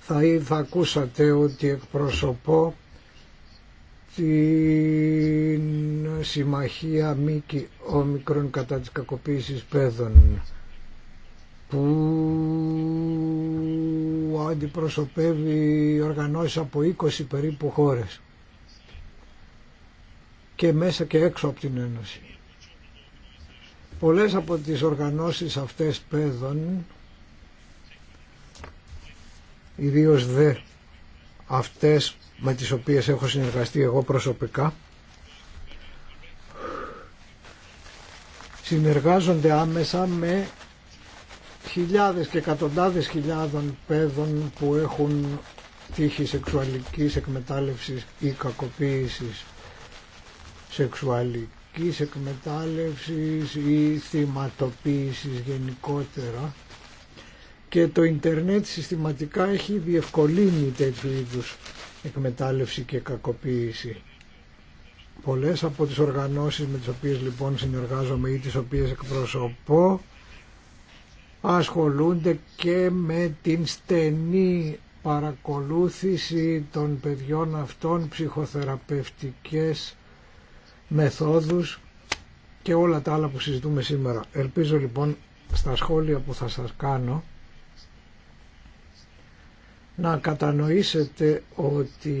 Θα, θα ακούσατε ότι εκπροσωπώ στην συμμαχία Μίκη Όμικρον κατά της κακοποίησης παιδών που αντιπροσωπεύει οργανώσεις από 20 περίπου χώρες και μέσα και έξω από την Ένωση. Πολλές από τις οργανώσεις αυτές παιδών ιδίως δε αυτές με τις οποίες έχω συνεργαστεί εγώ προσωπικά συνεργάζονται άμεσα με χιλιάδες και εκατοντάδες χιλιάδων παιδών που έχουν τύχη σεξουαλικής εκμετάλλευσης ή κακοποίησης σεξουαλικής εκμετάλλευσης ή θυματοποίησης γενικότερα και το ίντερνετ συστηματικά έχει διευκολύνει τέτοιου είδους εκμετάλλευση και κακοποίηση. Πολλές από τις οργανώσεις με τις οποίες λοιπόν συνεργάζομαι ή τις οποίες εκπροσωπώ ασχολούνται και με την στενή παρακολούθηση των παιδιών αυτών, ψυχοθεραπευτικές μεθόδους και όλα τα άλλα που συζητούμε σήμερα. Ελπίζω λοιπόν στα σχόλια που θα σας κάνω να κατανοήσετε ότι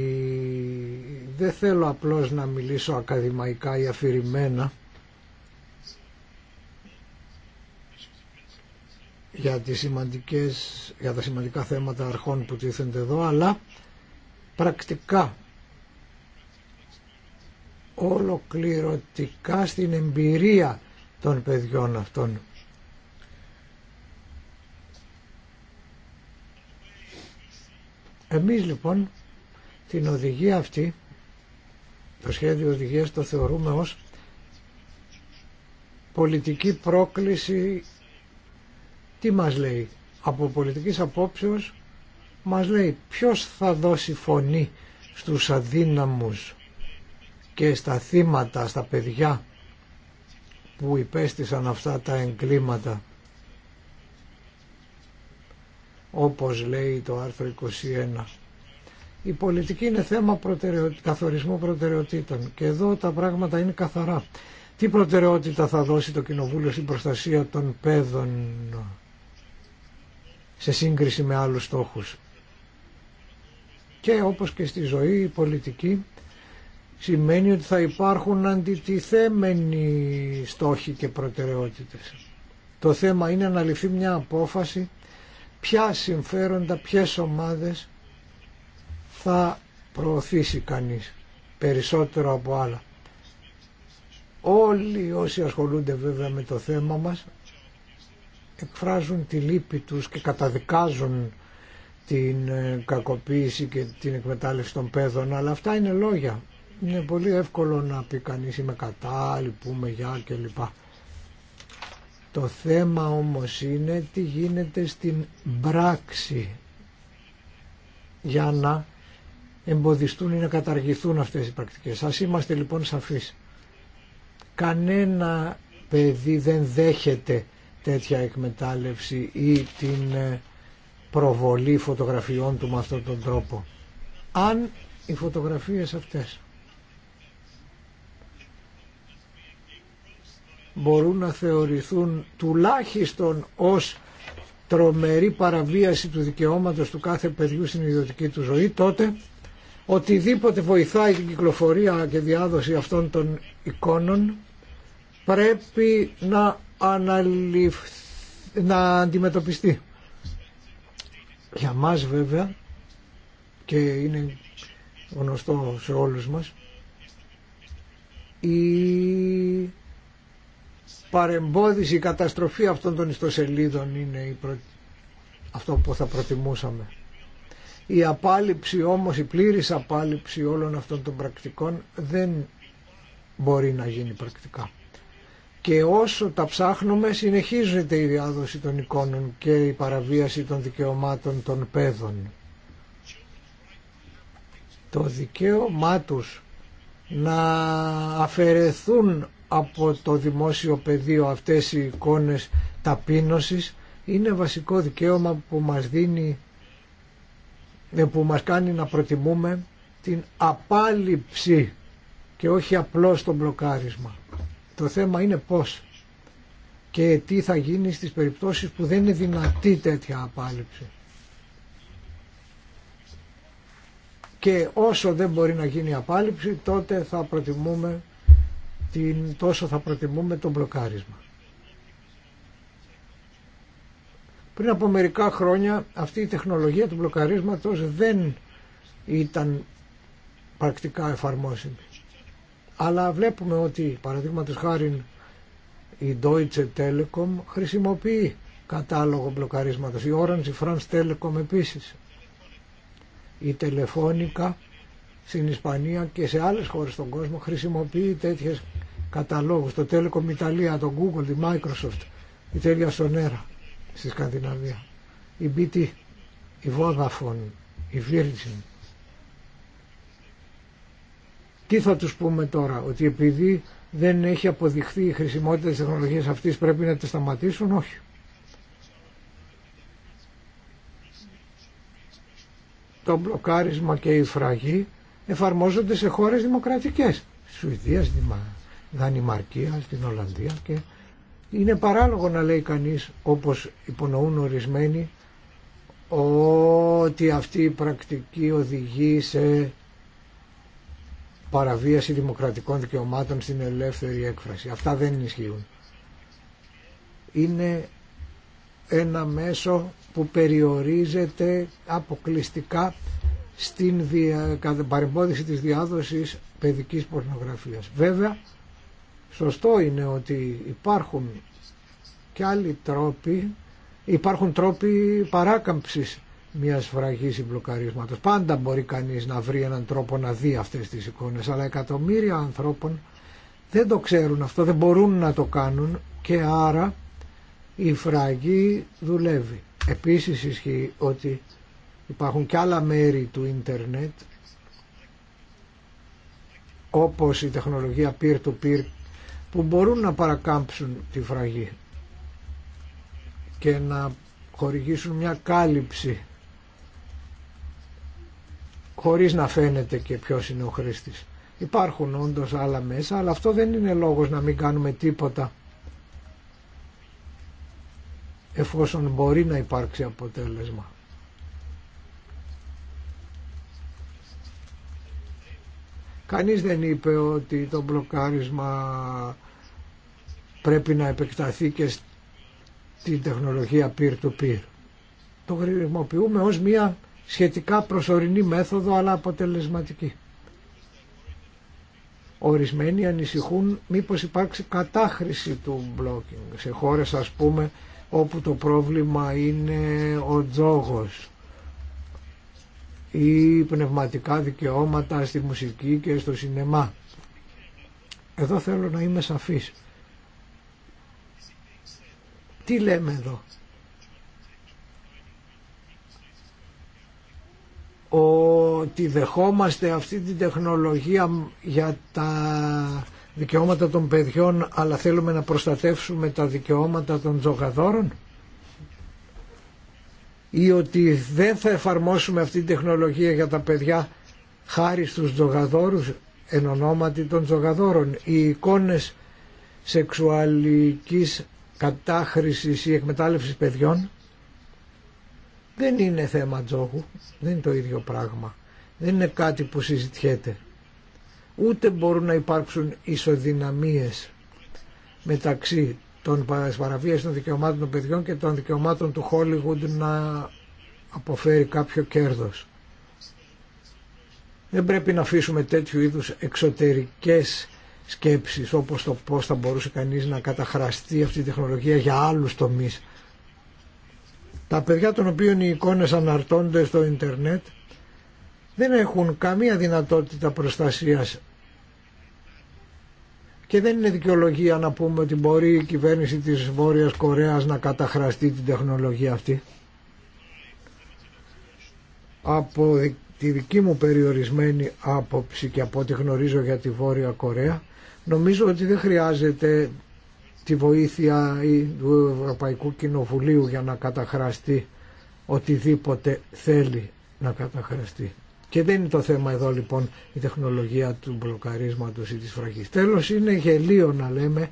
δεν θέλω απλώς να μιλήσω ακαδημαϊκά ή αφηρημένα για, τις για τα σημαντικά θέματα αρχών που τίθενται εδώ, αλλά πρακτικά ολοκληρωτικά στην εμπειρία των παιδιών αυτών. Εμείς λοιπόν την οδηγία αυτή, το σχέδιο οδηγίας το θεωρούμε ως πολιτική πρόκληση, τι μας λέει, από πολιτικής απόψεως μας λέει ποιος θα δώσει φωνή στους αδύναμους και στα θύματα, στα παιδιά που υπέστησαν αυτά τα εγκλήματα όπως λέει το άρθρο 21. Η πολιτική είναι θέμα καθορισμού προτεραιοτήτων και εδώ τα πράγματα είναι καθαρά. Τι προτεραιότητα θα δώσει το Κοινοβούλιο στην προστασία των παιδών σε σύγκριση με άλλους στόχους. Και όπως και στη ζωή η πολιτική σημαίνει ότι θα υπάρχουν αντιτιθέμενοι στόχοι και προτεραιότητες. Το θέμα είναι να ληφθεί μια απόφαση ποια συμφέροντα, ποιες ομάδες θα προωθήσει κανείς περισσότερο από άλλα. Όλοι όσοι ασχολούνται βέβαια με το θέμα μας εκφράζουν τη λύπη τους και καταδικάζουν την ε, κακοποίηση και την εκμετάλλευση των παιδών, αλλά αυτά είναι λόγια. Είναι πολύ εύκολο να πει κανείς είμαι κατά, λυπούμε, γεια κλπ. Το θέμα όμως είναι τι γίνεται στην πράξη για να εμποδιστούν ή να καταργηθούν αυτές οι πρακτικές. Ας είμαστε λοιπόν σαφείς. Κανένα παιδί δεν δέχεται τέτοια εκμετάλλευση ή την ε, προβολή φωτογραφιών του με αυτόν τον τρόπο. Αν οι φωτογραφίες αυτές μπορούν να θεωρηθούν τουλάχιστον ως τρομερή παραβίαση του δικαιώματος του κάθε παιδιού στην ιδιωτική του ζωή, τότε οτιδήποτε βοηθάει την κυκλοφορία και διάδοση αυτών των εικόνων πρέπει να, να αντιμετωπιστεί. Για μας βέβαια και είναι γνωστό σε όλους μας η παρεμπόδιση, η καταστροφή αυτών των ιστοσελίδων είναι αυτό που θα προτιμούσαμε. Η απάλληψη όμως, η πλήρης απάλληψη όλων αυτών των πρακτικών δεν μπορεί να γίνει πρακτικά. Και όσο τα ψάχνουμε συνεχίζεται η διάδοση των εικόνων και η παραβίαση των δικαιωμάτων των παιδών. Το δικαίωμά τους να αφαιρεθούν από το δημόσιο πεδίο αυτές οι εικόνες ταπείνωσης είναι βασικό δικαίωμα που μας δίνει ε, που μας κάνει να προτιμούμε την απάλληψη και όχι απλώς το μπλοκάρισμα. Το θέμα είναι πώς και τι θα γίνει στις περιπτώσεις που δεν είναι δυνατή τέτοια απάλληψη. Και όσο δεν μπορεί να γίνει απάλληψη τότε θα προτιμούμε την, τόσο θα προτιμούμε τον μπλοκάρισμα. Πριν από μερικά χρόνια αυτή η τεχνολογία του μπλοκαρίσματος δεν ήταν πρακτικά εφαρμόσιμη. Αλλά βλέπουμε ότι παραδείγματο χάρη η Deutsche Telekom χρησιμοποιεί κατάλογο μπλοκαρίσματος. Η Orange, η France Telecom επίσης. Η Telefonica στην Ισπανία και σε άλλες χώρες στον κόσμο χρησιμοποιεί τέτοιες καταλόγους, το Telecom Italia, το Google, τη Microsoft, η Τέλεια σονέρα στη Σκανδιναβία, η BT, η Vodafone, η Virgin. Τι θα τους πούμε τώρα, ότι επειδή δεν έχει αποδειχθεί η χρησιμότητα της τεχνολογίας αυτής πρέπει να τη σταματήσουν, όχι. Το μπλοκάρισμα και η φραγή εφαρμόζονται σε χώρες δημοκρατικές. Σουηδία, Δημοκρατία. Δανημαρκία, στην Ολλανδία και είναι παράλογο να λέει κανείς όπως υπονοούν ορισμένοι ότι αυτή η πρακτική οδηγεί σε παραβίαση δημοκρατικών δικαιωμάτων στην ελεύθερη έκφραση. Αυτά δεν ισχύουν. Είναι ένα μέσο που περιορίζεται αποκλειστικά στην παρεμπόδιση της διάδοσης παιδικής πορνογραφίας. Βέβαια, Σωστό είναι ότι υπάρχουν και άλλοι τρόποι, υπάρχουν τρόποι παράκαμψης μιας φραγής εμπλοκαρίσματος Πάντα μπορεί κανείς να βρει έναν τρόπο να δει αυτές τις εικόνες, αλλά εκατομμύρια ανθρώπων δεν το ξέρουν αυτό, δεν μπορούν να το κάνουν και άρα η φραγή δουλεύει. Επίσης ισχύει ότι υπάρχουν και άλλα μέρη του ίντερνετ όπως η τεχνολογία peer-to-peer peer to peer που μπορούν να παρακάμψουν τη φραγή και να χορηγήσουν μια κάλυψη χωρίς να φαίνεται και ποιος είναι ο χρήστης. Υπάρχουν όντως άλλα μέσα, αλλά αυτό δεν είναι λόγος να μην κάνουμε τίποτα εφόσον μπορεί να υπάρξει αποτέλεσμα. Κανείς δεν είπε ότι το μπλοκάρισμα πρέπει να επεκταθεί και στην τεχνολογία peer-to-peer. Το χρησιμοποιούμε ως μια σχετικά προσωρινή μέθοδο αλλά αποτελεσματική. Ορισμένοι ανησυχούν μήπως υπάρξει κατάχρηση του blocking σε χώρες ας πούμε όπου το πρόβλημα είναι ο τζόγος ή πνευματικά δικαιώματα στη μουσική και στο σινεμά. Εδώ θέλω να είμαι σαφής. Τι λέμε εδώ. ότι δεχόμαστε αυτή την τεχνολογία για τα δικαιώματα των παιδιών αλλά θέλουμε να προστατεύσουμε τα δικαιώματα των τζογαδόρων ή ότι δεν θα εφαρμόσουμε αυτή την τεχνολογία για τα παιδιά χάρη στους τζογαδόρους εν ονόματι των τζογαδόρων. Οι εικόνες σεξουαλικής κατάχρησης ή εκμετάλλευσης παιδιών δεν είναι θέμα τζόγου, δεν είναι το ίδιο πράγμα. Δεν είναι κάτι που συζητιέται. Ούτε μπορούν να υπάρξουν ισοδυναμίες μεταξύ των παραβίαση των δικαιωμάτων των παιδιών και των δικαιωμάτων του Hollywood να αποφέρει κάποιο κέρδος. Δεν πρέπει να αφήσουμε τέτοιου είδους εξωτερικές σκέψεις όπως το πώς θα μπορούσε κανείς να καταχραστεί αυτή η τεχνολογία για άλλους τομείς. Τα παιδιά των οποίων οι εικόνες αναρτώνται στο ίντερνετ δεν έχουν καμία δυνατότητα προστασίας και δεν είναι δικαιολογία να πούμε ότι μπορεί η κυβέρνηση της Βόρειας Κορέας να καταχραστεί την τεχνολογία αυτή. Από τη δική μου περιορισμένη άποψη και από ό,τι γνωρίζω για τη Βόρεια Κορέα, νομίζω ότι δεν χρειάζεται τη βοήθεια του Ευρωπαϊκού Κοινοβουλίου για να καταχραστεί οτιδήποτε θέλει να καταχραστεί. Και δεν είναι το θέμα εδώ λοιπόν η τεχνολογία του μπλοκαρίσματος ή της φραγής. Τέλος είναι γελίο να λέμε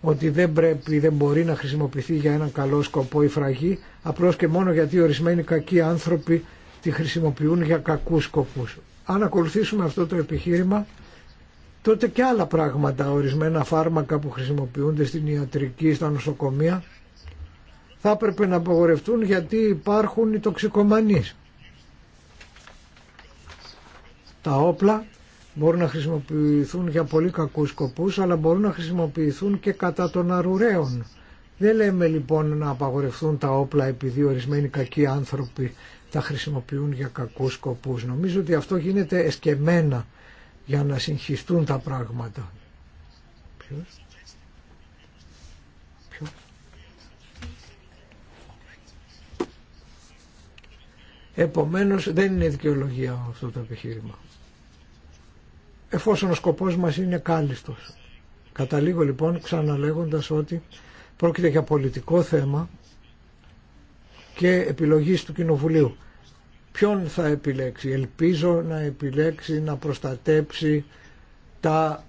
ότι δεν πρέπει, δεν μπορεί να χρησιμοποιηθεί για έναν καλό σκοπό η φραγή απλώς και μόνο γιατί ορισμένοι κακοί άνθρωποι τη χρησιμοποιούν για κακούς σκοπούς. Αν ακολουθήσουμε αυτό το επιχείρημα τότε και άλλα πράγματα, ορισμένα φάρμακα που χρησιμοποιούνται στην ιατρική, στα νοσοκομεία θα έπρεπε να απογορευτούν γιατί υπάρχουν οι τοξικομανείς. Τα όπλα μπορούν να χρησιμοποιηθούν για πολύ κακούς σκοπούς αλλά μπορούν να χρησιμοποιηθούν και κατά των αρουραίων. Δεν λέμε λοιπόν να απαγορευτούν τα όπλα επειδή ορισμένοι κακοί άνθρωποι τα χρησιμοποιούν για κακούς σκοπούς. Νομίζω ότι αυτό γίνεται εσκεμμένα για να συγχυστούν τα πράγματα. Επομένως δεν είναι δικαιολογία αυτό το επιχείρημα. Εφόσον ο σκοπός μας είναι κάλλιστος. Καταλήγω λοιπόν ξαναλέγοντας ότι πρόκειται για πολιτικό θέμα και επιλογής του Κοινοβουλίου. Ποιον θα επιλέξει. Ελπίζω να επιλέξει να προστατέψει τα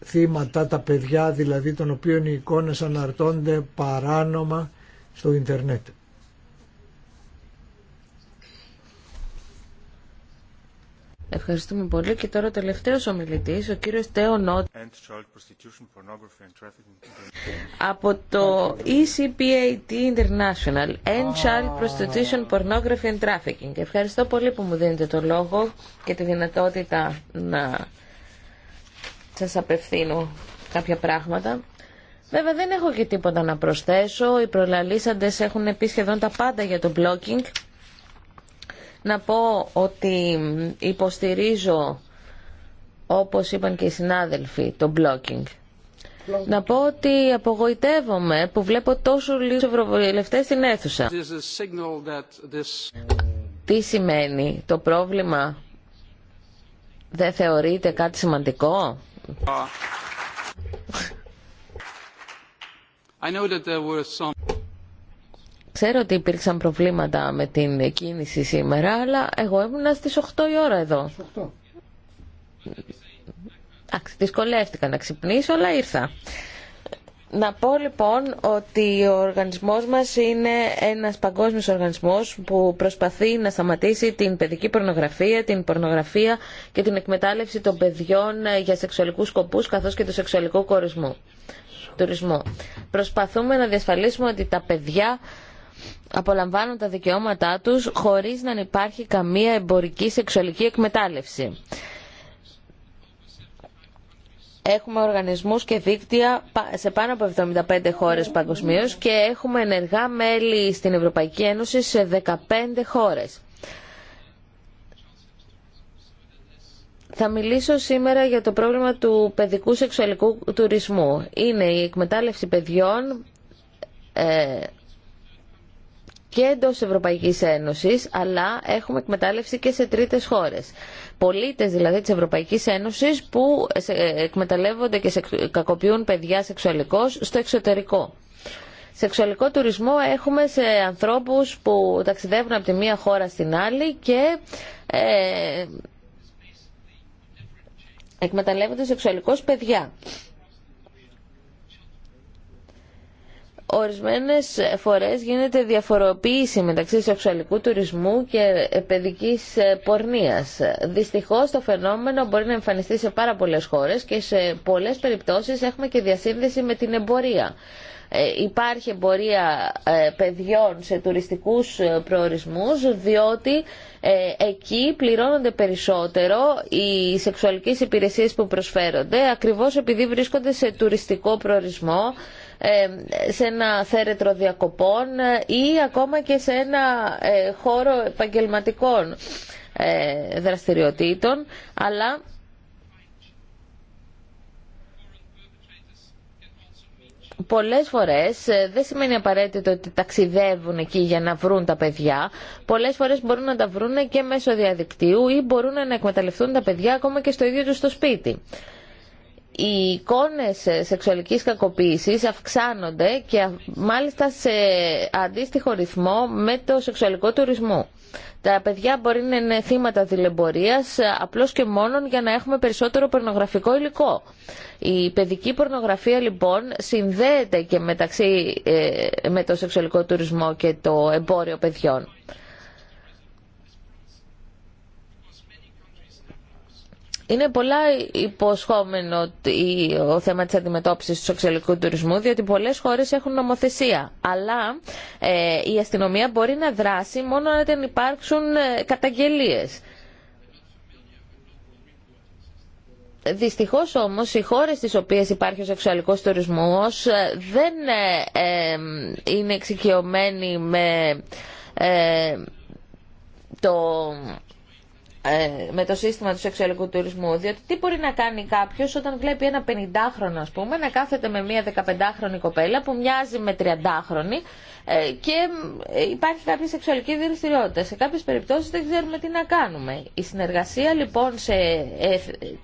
θύματα, τα παιδιά δηλαδή των οποίων οι εικόνες αναρτώνται παράνομα στο Ιντερνετ. Ευχαριστούμε πολύ. Και τώρα ο τελευταίος ομιλητής, ο κύριος Τέο Νότ, από το ECPAT International, End Child Prostitution, Pornography and Trafficking. Ευχαριστώ πολύ που μου δίνετε το λόγο και τη δυνατότητα να σας απευθύνω κάποια πράγματα. Βέβαια δεν έχω και τίποτα να προσθέσω. Οι προλαλήσαντες έχουν πει σχεδόν τα πάντα για το blocking να πω ότι υποστηρίζω, όπως είπαν και οι συνάδελφοι, το blocking. Να πω ότι απογοητεύομαι που βλέπω τόσο λίγο ευρωβουλευτές στην αίθουσα. Τι σημαίνει το πρόβλημα δεν θεωρείται κάτι σημαντικό. Uh, I know that there were some... Ξέρω ότι υπήρξαν προβλήματα με την κίνηση σήμερα, αλλά εγώ ήμουνα στις 8 η ώρα εδώ. 8. Δυσκολεύτηκα να ξυπνήσω, αλλά ήρθα. Να πω λοιπόν ότι ο οργανισμός μας είναι ένας παγκόσμιος οργανισμός που προσπαθεί να σταματήσει την παιδική πορνογραφία, την πορνογραφία και την εκμετάλλευση των παιδιών ε, για σεξουαλικούς σκοπούς καθώς και του σεξουαλικό κορισμό, τουρισμό. Προσπαθούμε να διασφαλίσουμε ότι τα παιδιά απολαμβάνουν τα δικαιώματά τους χωρίς να υπάρχει καμία εμπορική σεξουαλική εκμετάλλευση. Έχουμε οργανισμούς και δίκτυα σε πάνω από 75 χώρες παγκοσμίω και έχουμε ενεργά μέλη στην Ευρωπαϊκή Ένωση σε 15 χώρες. Θα μιλήσω σήμερα για το πρόβλημα του παιδικού σεξουαλικού τουρισμού. Είναι η εκμετάλλευση παιδιών ε, και εντό Ευρωπαϊκή Ένωση, αλλά έχουμε εκμετάλλευση και σε τρίτε χώρε. Πολίτε δηλαδή τη Ευρωπαϊκή Ένωση που εκμεταλλεύονται και κακοποιούν παιδιά σεξουαλικώ στο εξωτερικό. Σεξουαλικό τουρισμό έχουμε σε ανθρώπους που ταξιδεύουν από τη μία χώρα στην άλλη και ε, εκμεταλλεύονται σεξουαλικώς παιδιά. Ορισμένες φορές γίνεται διαφοροποίηση μεταξύ σεξουαλικού τουρισμού και ε, παιδικής ε, πορνείας. Δυστυχώς το φαινόμενο μπορεί να εμφανιστεί σε πάρα πολλές χώρες και σε πολλές περιπτώσεις έχουμε και διασύνδεση με την εμπορία. Ε, υπάρχει εμπορία παιδιών σε τουριστικούς προορισμούς διότι εκεί πληρώνονται περισσότερο οι σεξουαλικές υπηρεσίες που προσφέρονται ακριβώς επειδή βρίσκονται σε τουριστικό προορισμό ε, σε ένα θέρετρο διακοπών ή ακόμα και σε ένα ε, χώρο επαγγελματικών ε, δραστηριοτήτων, αλλά Πολλές φορές δεν σημαίνει απαραίτητο ότι ταξιδεύουν εκεί για να βρουν τα παιδιά. Πολλές φορές μπορούν να τα βρουν και μέσω διαδικτύου ή μπορούν να εκμεταλλευτούν τα παιδιά ακόμα και στο ίδιο τους το σπίτι οι εικόνες σεξουαλικής κακοποίησης αυξάνονται και μάλιστα σε αντίστοιχο ρυθμό με το σεξουαλικό τουρισμό. Τα παιδιά μπορεί να είναι θύματα δηλεμπορίας ε, απλώς και μόνο για να έχουμε περισσότερο πορνογραφικό υλικό. Η παιδική πορνογραφία λοιπόν συνδέεται και μεταξύ, ε, με το σεξουαλικό τουρισμό και το εμπόριο παιδιών. Είναι πολλά υποσχόμενο το θέμα της αντιμετώπισης του σεξουαλικού τουρισμού, διότι πολλές χώρες έχουν νομοθεσία. Αλλά ε, η αστυνομία μπορεί να δράσει μόνο αν δεν υπάρξουν ε, καταγγελίες. Δυστυχώς όμως οι χώρες στις οποίες υπάρχει ο σεξουαλικός τουρισμός ε, δεν είναι εξοικειωμένοι με το ε, με το σύστημα του σεξουαλικού τουρισμού. Διότι τι μπορεί να κάνει κάποιο όταν βλέπει ένα 50χρονο, πούμε, να κάθεται με μια 15χρονη κοπέλα που μοιάζει με 30χρονη ε, και ε, υπάρχει κάποια σεξουαλική δραστηριότητα. Σε κάποιε περιπτώσει δεν ξέρουμε τι να κάνουμε. Η συνεργασία λοιπόν σε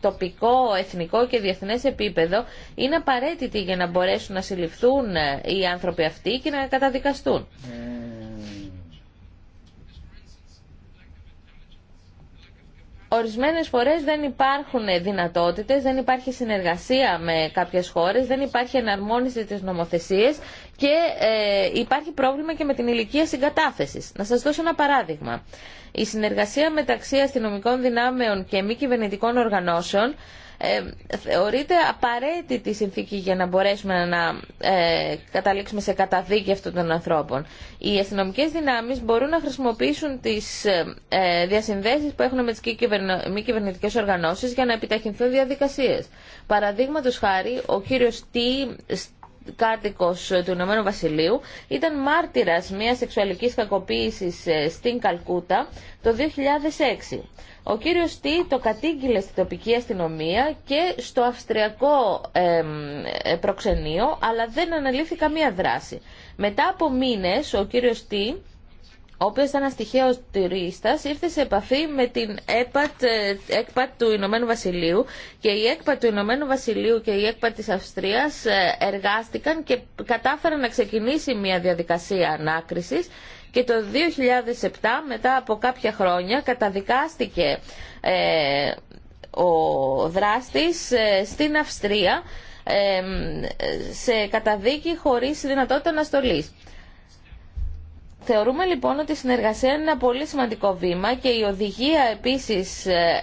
τοπικό, εθνικό και διεθνέ επίπεδο είναι απαραίτητη για να μπορέσουν να συλληφθούν οι άνθρωποι αυτοί και να καταδικαστούν. Ορισμένες φορές δεν υπάρχουν δυνατότητες, δεν υπάρχει συνεργασία με κάποιες χώρες, δεν υπάρχει εναρμόνιση της νομοθεσίας και ε, υπάρχει πρόβλημα και με την ηλικία συγκατάθεσης. Να σας δώσω ένα παράδειγμα. Η συνεργασία μεταξύ αστυνομικών δυνάμεων και μη κυβερνητικών οργανώσεων ε, θεωρείται απαραίτητη η συνθήκη για να μπορέσουμε να ε, καταλήξουμε σε καταδίκη αυτών των ανθρώπων. Οι αστυνομικέ δυνάμεις μπορούν να χρησιμοποιήσουν τις ε, διασυνδέσεις που έχουν με τις μη κυβερνητικέ οργανώσεις για να επιταχυνθούν διαδικασίες. Παραδείγματο χάρη, ο κύριος Τ. κάτοικος του Ηνωμένου Βασιλείου ήταν μάρτυρας μιας σεξουαλικής κακοποίησης ε, στην Καλκούτα το 2006. Ο κύριος Τι το κατήγγειλε στην τοπική αστυνομία και στο αυστριακό ε, προξενείο, αλλά δεν αναλύθη καμία δράση. Μετά από μήνες, ο κύριος Τι, ο οποίος ήταν αστυχαίο ήρθε σε επαφή με την ε, ΕΚΠΑΤ, του Ηνωμένου Βασιλείου και η ΕΚΠΑΤ του Ηνωμένου Βασιλείου και η ΕΚΠΑΤ της Αυστρίας ε, εργάστηκαν και κατάφεραν να ξεκινήσει μια διαδικασία ανάκρισης και το 2007 μετά από κάποια χρόνια καταδικάστηκε ε, ο δράστης ε, στην Αυστρία ε, σε καταδίκη χωρίς δυνατότητα αναστολής. Θεωρούμε λοιπόν ότι η συνεργασία είναι ένα πολύ σημαντικό βήμα και η οδηγία επίσης ε,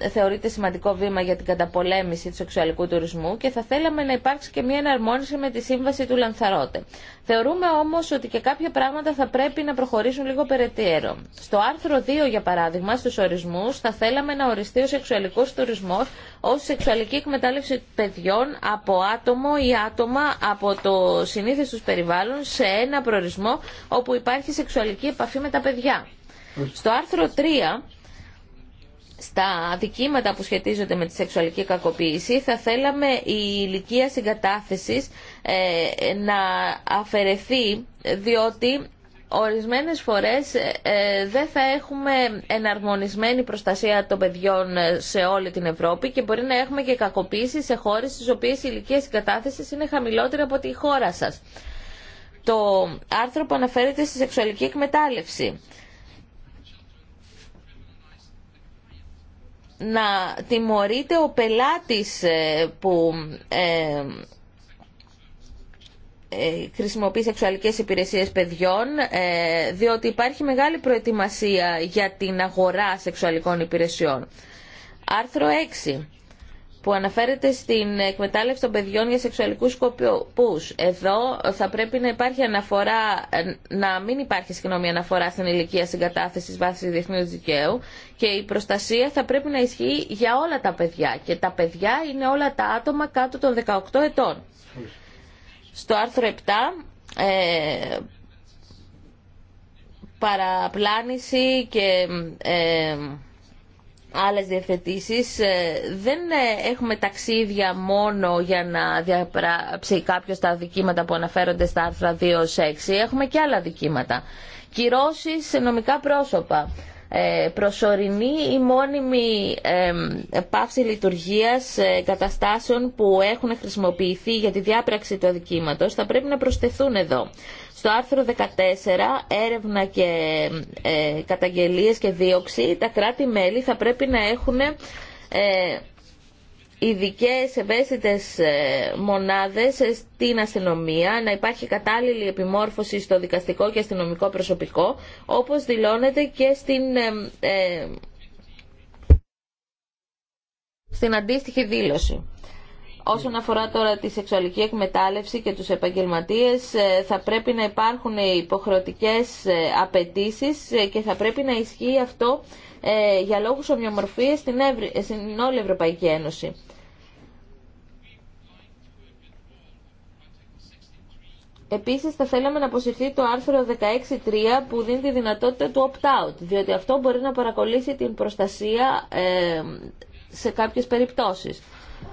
ε θεωρείται σημαντικό βήμα για την καταπολέμηση του σεξουαλικού τουρισμού και θα θέλαμε να υπάρξει και μια εναρμόνιση με τη σύμβαση του Λανθαρότε. Θεωρούμε όμω ότι και κάποια πράγματα θα πρέπει να προχωρήσουν λίγο περαιτέρω. Στο άρθρο 2, για παράδειγμα, στου ορισμού, θα θέλαμε να οριστεί ο σεξουαλικό τουρισμό ως σεξουαλική εκμετάλλευση παιδιών από άτομο ή άτομα από το συνήθες τους περιβάλλον σε ένα προορισμό όπου υπάρχει σεξουαλική επαφή με τα παιδιά. Στο άρθρο 3, στα αδικήματα που σχετίζονται με τη σεξουαλική κακοποίηση, θα θέλαμε η ηλικία συγκατάθεσης ε, να αφαιρεθεί διότι ορισμένες φορές ε, ε, δεν θα έχουμε εναρμονισμένη προστασία των παιδιών σε όλη την Ευρώπη και μπορεί να έχουμε και κακοποίηση σε χώρες στις οποίες οι ηλικία συγκατάθεση είναι χαμηλότερη από τη χώρα σας. Το άρθρο που αναφέρεται στη σεξουαλική εκμετάλλευση. να τιμωρείται ο πελάτης που ε, χρησιμοποιεί σεξουαλικές υπηρεσίες παιδιών, ε, διότι υπάρχει μεγάλη προετοιμασία για την αγορά σεξουαλικών υπηρεσιών. Άρθρο 6 που αναφέρεται στην εκμετάλλευση των παιδιών για σεξουαλικούς σκοπούς. Εδώ θα πρέπει να υπάρχει αναφορά, ε, να μην υπάρχει συγγνώμη αναφορά στην ηλικία συγκατάθεσης βάσης διεθνούς δικαίου και η προστασία θα πρέπει να ισχύει για όλα τα παιδιά και τα παιδιά είναι όλα τα άτομα κάτω των 18 ετών στο άρθρο 7 ε, παραπλάνηση και ε, άλλες διευθετήσεις. Ε, δεν ε, έχουμε ταξίδια μόνο για να διαπράψει κάποιος τα δικήματα που αναφέρονται στα άρθρα 2 6. Έχουμε και άλλα δικήματα. Κυρώσεις σε νομικά πρόσωπα. Ε, προσωρινή ή μόνιμη πάυση λειτουργίας ε, καταστάσεων που έχουν χρησιμοποιηθεί για τη διάπραξη του αδικήματος θα πρέπει να προσθεθούν εδώ. Στο άρθρο 14, έρευνα και ε, καταγγελίες και δίωξη, τα κράτη-μέλη θα πρέπει να έχουν ειδικέ ευαίσθητε ε, μονάδες ε, στην αστυνομία, να υπάρχει κατάλληλη επιμόρφωση στο δικαστικό και αστυνομικό προσωπικό, όπως δηλώνεται και στην, ε, στην αντίστοιχη δήλωση. Όσον αφορά τώρα τη σεξουαλική εκμετάλλευση και τους επαγγελματίες, θα πρέπει να υπάρχουν υποχρεωτικές απαιτήσεις και θα πρέπει να ισχύει αυτό για λόγους ομοιομορφίας στην όλη Ευρωπαϊκή Ένωση. Επίσης θα θέλαμε να αποσυρθεί το άρθρο 16.3 που δίνει τη δυνατότητα του opt-out, διότι αυτό μπορεί να παρακολύσει την προστασία ε, σε κάποιες περιπτώσεις.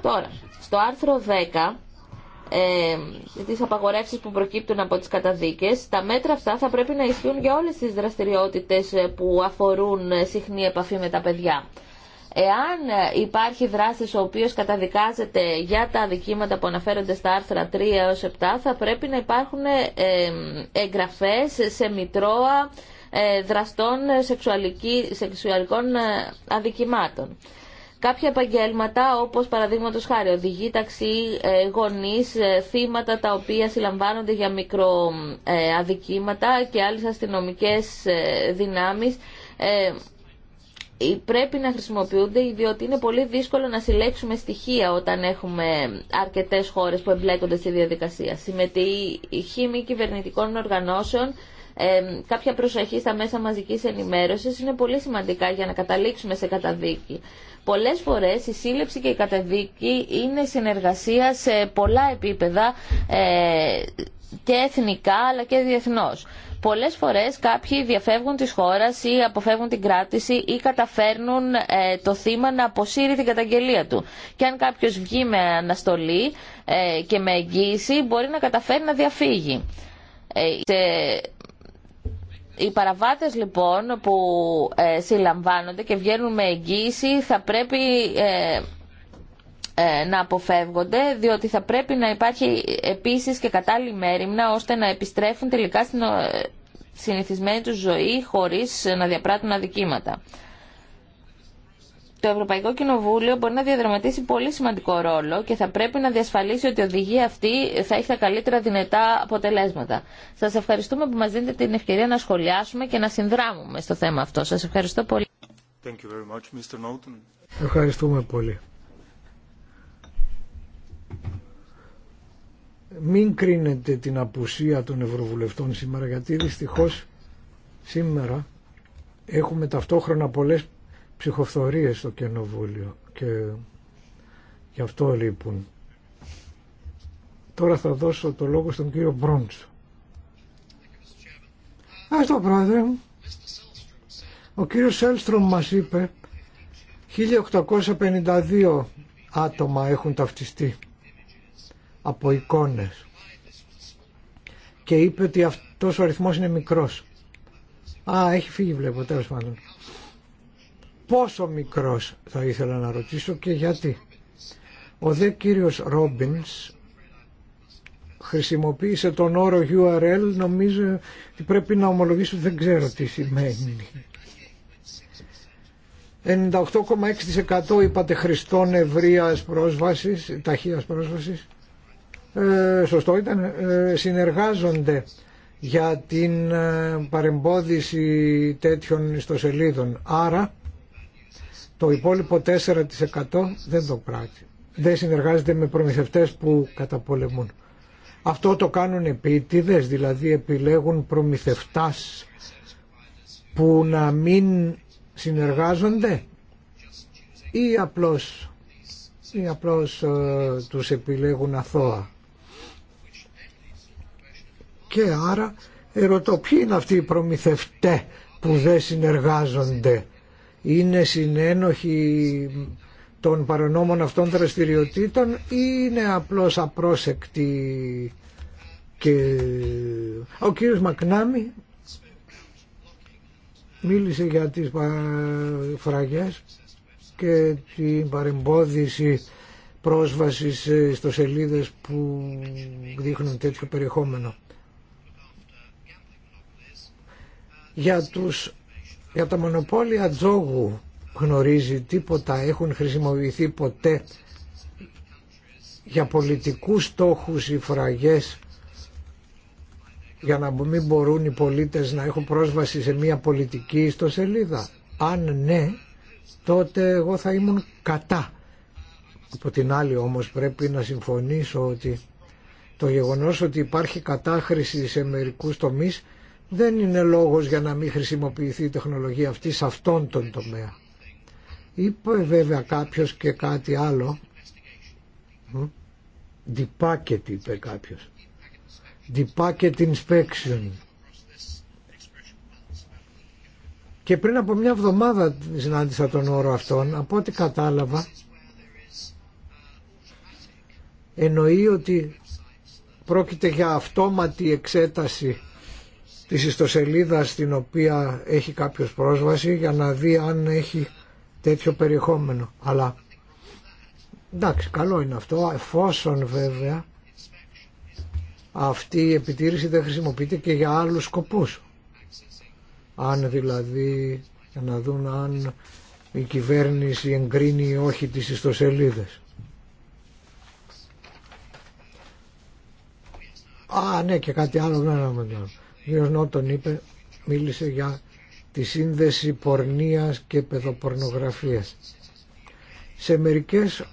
Τώρα, στο άρθρο 10 ε, τις απαγορεύσεις που προκύπτουν από τις καταδίκες. Τα μέτρα αυτά θα πρέπει να ισχύουν για όλες τις δραστηριότητες ε, που αφορούν ε, συχνή επαφή με τα παιδιά. Εάν ε, υπάρχει δράση ο οποίο καταδικάζεται για τα αδικήματα που αναφέρονται στα άρθρα 3 έως 7 θα πρέπει να υπάρχουν ε, εγγραφές σε μητρώα ε, δραστών σεξουαλικών αδικημάτων. Κάποια επαγγέλματα, όπως παραδείγματο χάρη οδηγή, ταξί, γονεί, θύματα τα οποία συλλαμβάνονται για μικροαδικήματα και άλλες αστυνομικέ δυνάμει πρέπει να χρησιμοποιούνται διότι είναι πολύ δύσκολο να συλλέξουμε στοιχεία όταν έχουμε αρκετές χώρες που εμπλέκονται στη διαδικασία. η χήμη κυβερνητικών οργανώσεων, ε, κάποια προσοχή στα μέσα μαζικής ενημέρωσης είναι πολύ σημαντικά για να καταλήξουμε σε καταδίκη. Πολλές φορές η σύλληψη και η καταδίκη είναι συνεργασία σε πολλά επίπεδα ε, και εθνικά αλλά και διεθνώς. Πολλές φορές κάποιοι διαφεύγουν της χώρας ή αποφεύγουν την κράτηση ή καταφέρνουν ε, το θύμα να αποσύρει την καταγγελία του. Και αν κάποιος βγει με αναστολή ε, και με εγγύηση μπορεί να καταφέρει να διαφύγει. Ε, οι παραβάτες λοιπόν που συλλαμβάνονται και βγαίνουν με εγγύηση θα πρέπει ε, να αποφεύγονται, διότι θα πρέπει να υπάρχει επίσης και κατάλληλη μέρημνα ώστε να επιστρέφουν τελικά στην ε, συνηθισμένη τους ζωή χωρίς να διαπράττουν αδικήματα. Το Ευρωπαϊκό Κοινοβούλιο μπορεί να διαδραματίσει πολύ σημαντικό ρόλο και θα πρέπει να διασφαλίσει ότι η οδηγία αυτή θα έχει τα καλύτερα δυνατά αποτελέσματα. Σα ευχαριστούμε που μα δίνετε την ευκαιρία να σχολιάσουμε και να συνδράμουμε στο θέμα αυτό. Σα ευχαριστώ πολύ. Ευχαριστούμε πολύ. μην κρίνετε την απουσία των Ευρωβουλευτών σήμερα γιατί δυστυχώς σήμερα έχουμε ταυτόχρονα πολλές ψυχοφθορίες στο Κοινοβούλιο και γι' αυτό λείπουν. Τώρα θα δώσω το λόγο στον κύριο Μπρόντσο. το πρόεδρε Ο κύριος Σέλστρομ μας είπε 1852 άτομα έχουν ταυτιστεί από εικόνες και είπε ότι αυτός ο αριθμός είναι μικρός. Α, έχει φύγει βλέπω, τέλος πάντων. Πόσο μικρός θα ήθελα να ρωτήσω και γιατί. Ο δε κύριος Ρόμπινς χρησιμοποίησε τον όρο URL, νομίζω ότι πρέπει να ομολογήσω δεν ξέρω τι σημαίνει. 98,6% είπατε χρηστών ευρείας πρόσβασης, ταχείας πρόσβασης ε, σωστό ήταν, ε, συνεργάζονται για την ε, παρεμπόδιση τέτοιων ιστοσελίδων. Άρα το υπόλοιπο 4% δεν το πράττει. Δεν συνεργάζεται με προμηθευτές που καταπολεμούν. Αυτό το κάνουν επίτηδες, δηλαδή επιλέγουν προμηθευτάς που να μην συνεργάζονται ή απλώς, ή απλώς τους επιλέγουν αθώα. Και άρα ερωτώ ποιοι είναι αυτοί οι προμηθευτέ που δεν συνεργάζονται. Είναι συνένοχοι των παρονόμων αυτών δραστηριοτήτων ή είναι απλώς απρόσεκτοι και ο κύριος Μακνάμι μίλησε για τις φραγές και την παρεμπόδιση πρόσβασης ε, στο σελίδες που δείχνουν τέτοιο περιεχόμενο. Για, τους, για τα μονοπόλια τζόγου γνωρίζει τίποτα, έχουν χρησιμοποιηθεί ποτέ για πολιτικούς στόχους οι φραγές για να μην μπορούν οι πολίτες να έχουν πρόσβαση σε μια πολιτική ιστοσελίδα. Αν ναι, τότε εγώ θα ήμουν κατά. Από την άλλη όμως πρέπει να συμφωνήσω ότι το γεγονός ότι υπάρχει κατάχρηση σε μερικούς τομείς δεν είναι λόγος για να μην χρησιμοποιηθεί η τεχνολογία αυτή σε αυτόν τον τομέα. Είπε βέβαια κάποιος και κάτι άλλο. Depacket είπε κάποιος. Depacket inspection. Και πριν από μια εβδομάδα συνάντησα τον όρο αυτόν, από ό,τι κατάλαβα, εννοεί ότι πρόκειται για αυτόματη εξέταση της ιστοσελίδας στην οποία έχει κάποιος πρόσβαση για να δει αν έχει τέτοιο περιεχόμενο. Αλλά εντάξει καλό είναι αυτό εφόσον βέβαια αυτή η επιτήρηση δεν χρησιμοποιείται και για άλλους σκοπούς. Αν δηλαδή για να δουν αν η κυβέρνηση εγκρίνει ή όχι τις ιστοσελίδες. Α, ναι, και κάτι άλλο δεν ναι. ναι, ναι κύριος Νότον είπε, μίλησε για τη σύνδεση πορνείας και παιδοπορνογραφίας. Σε μερικές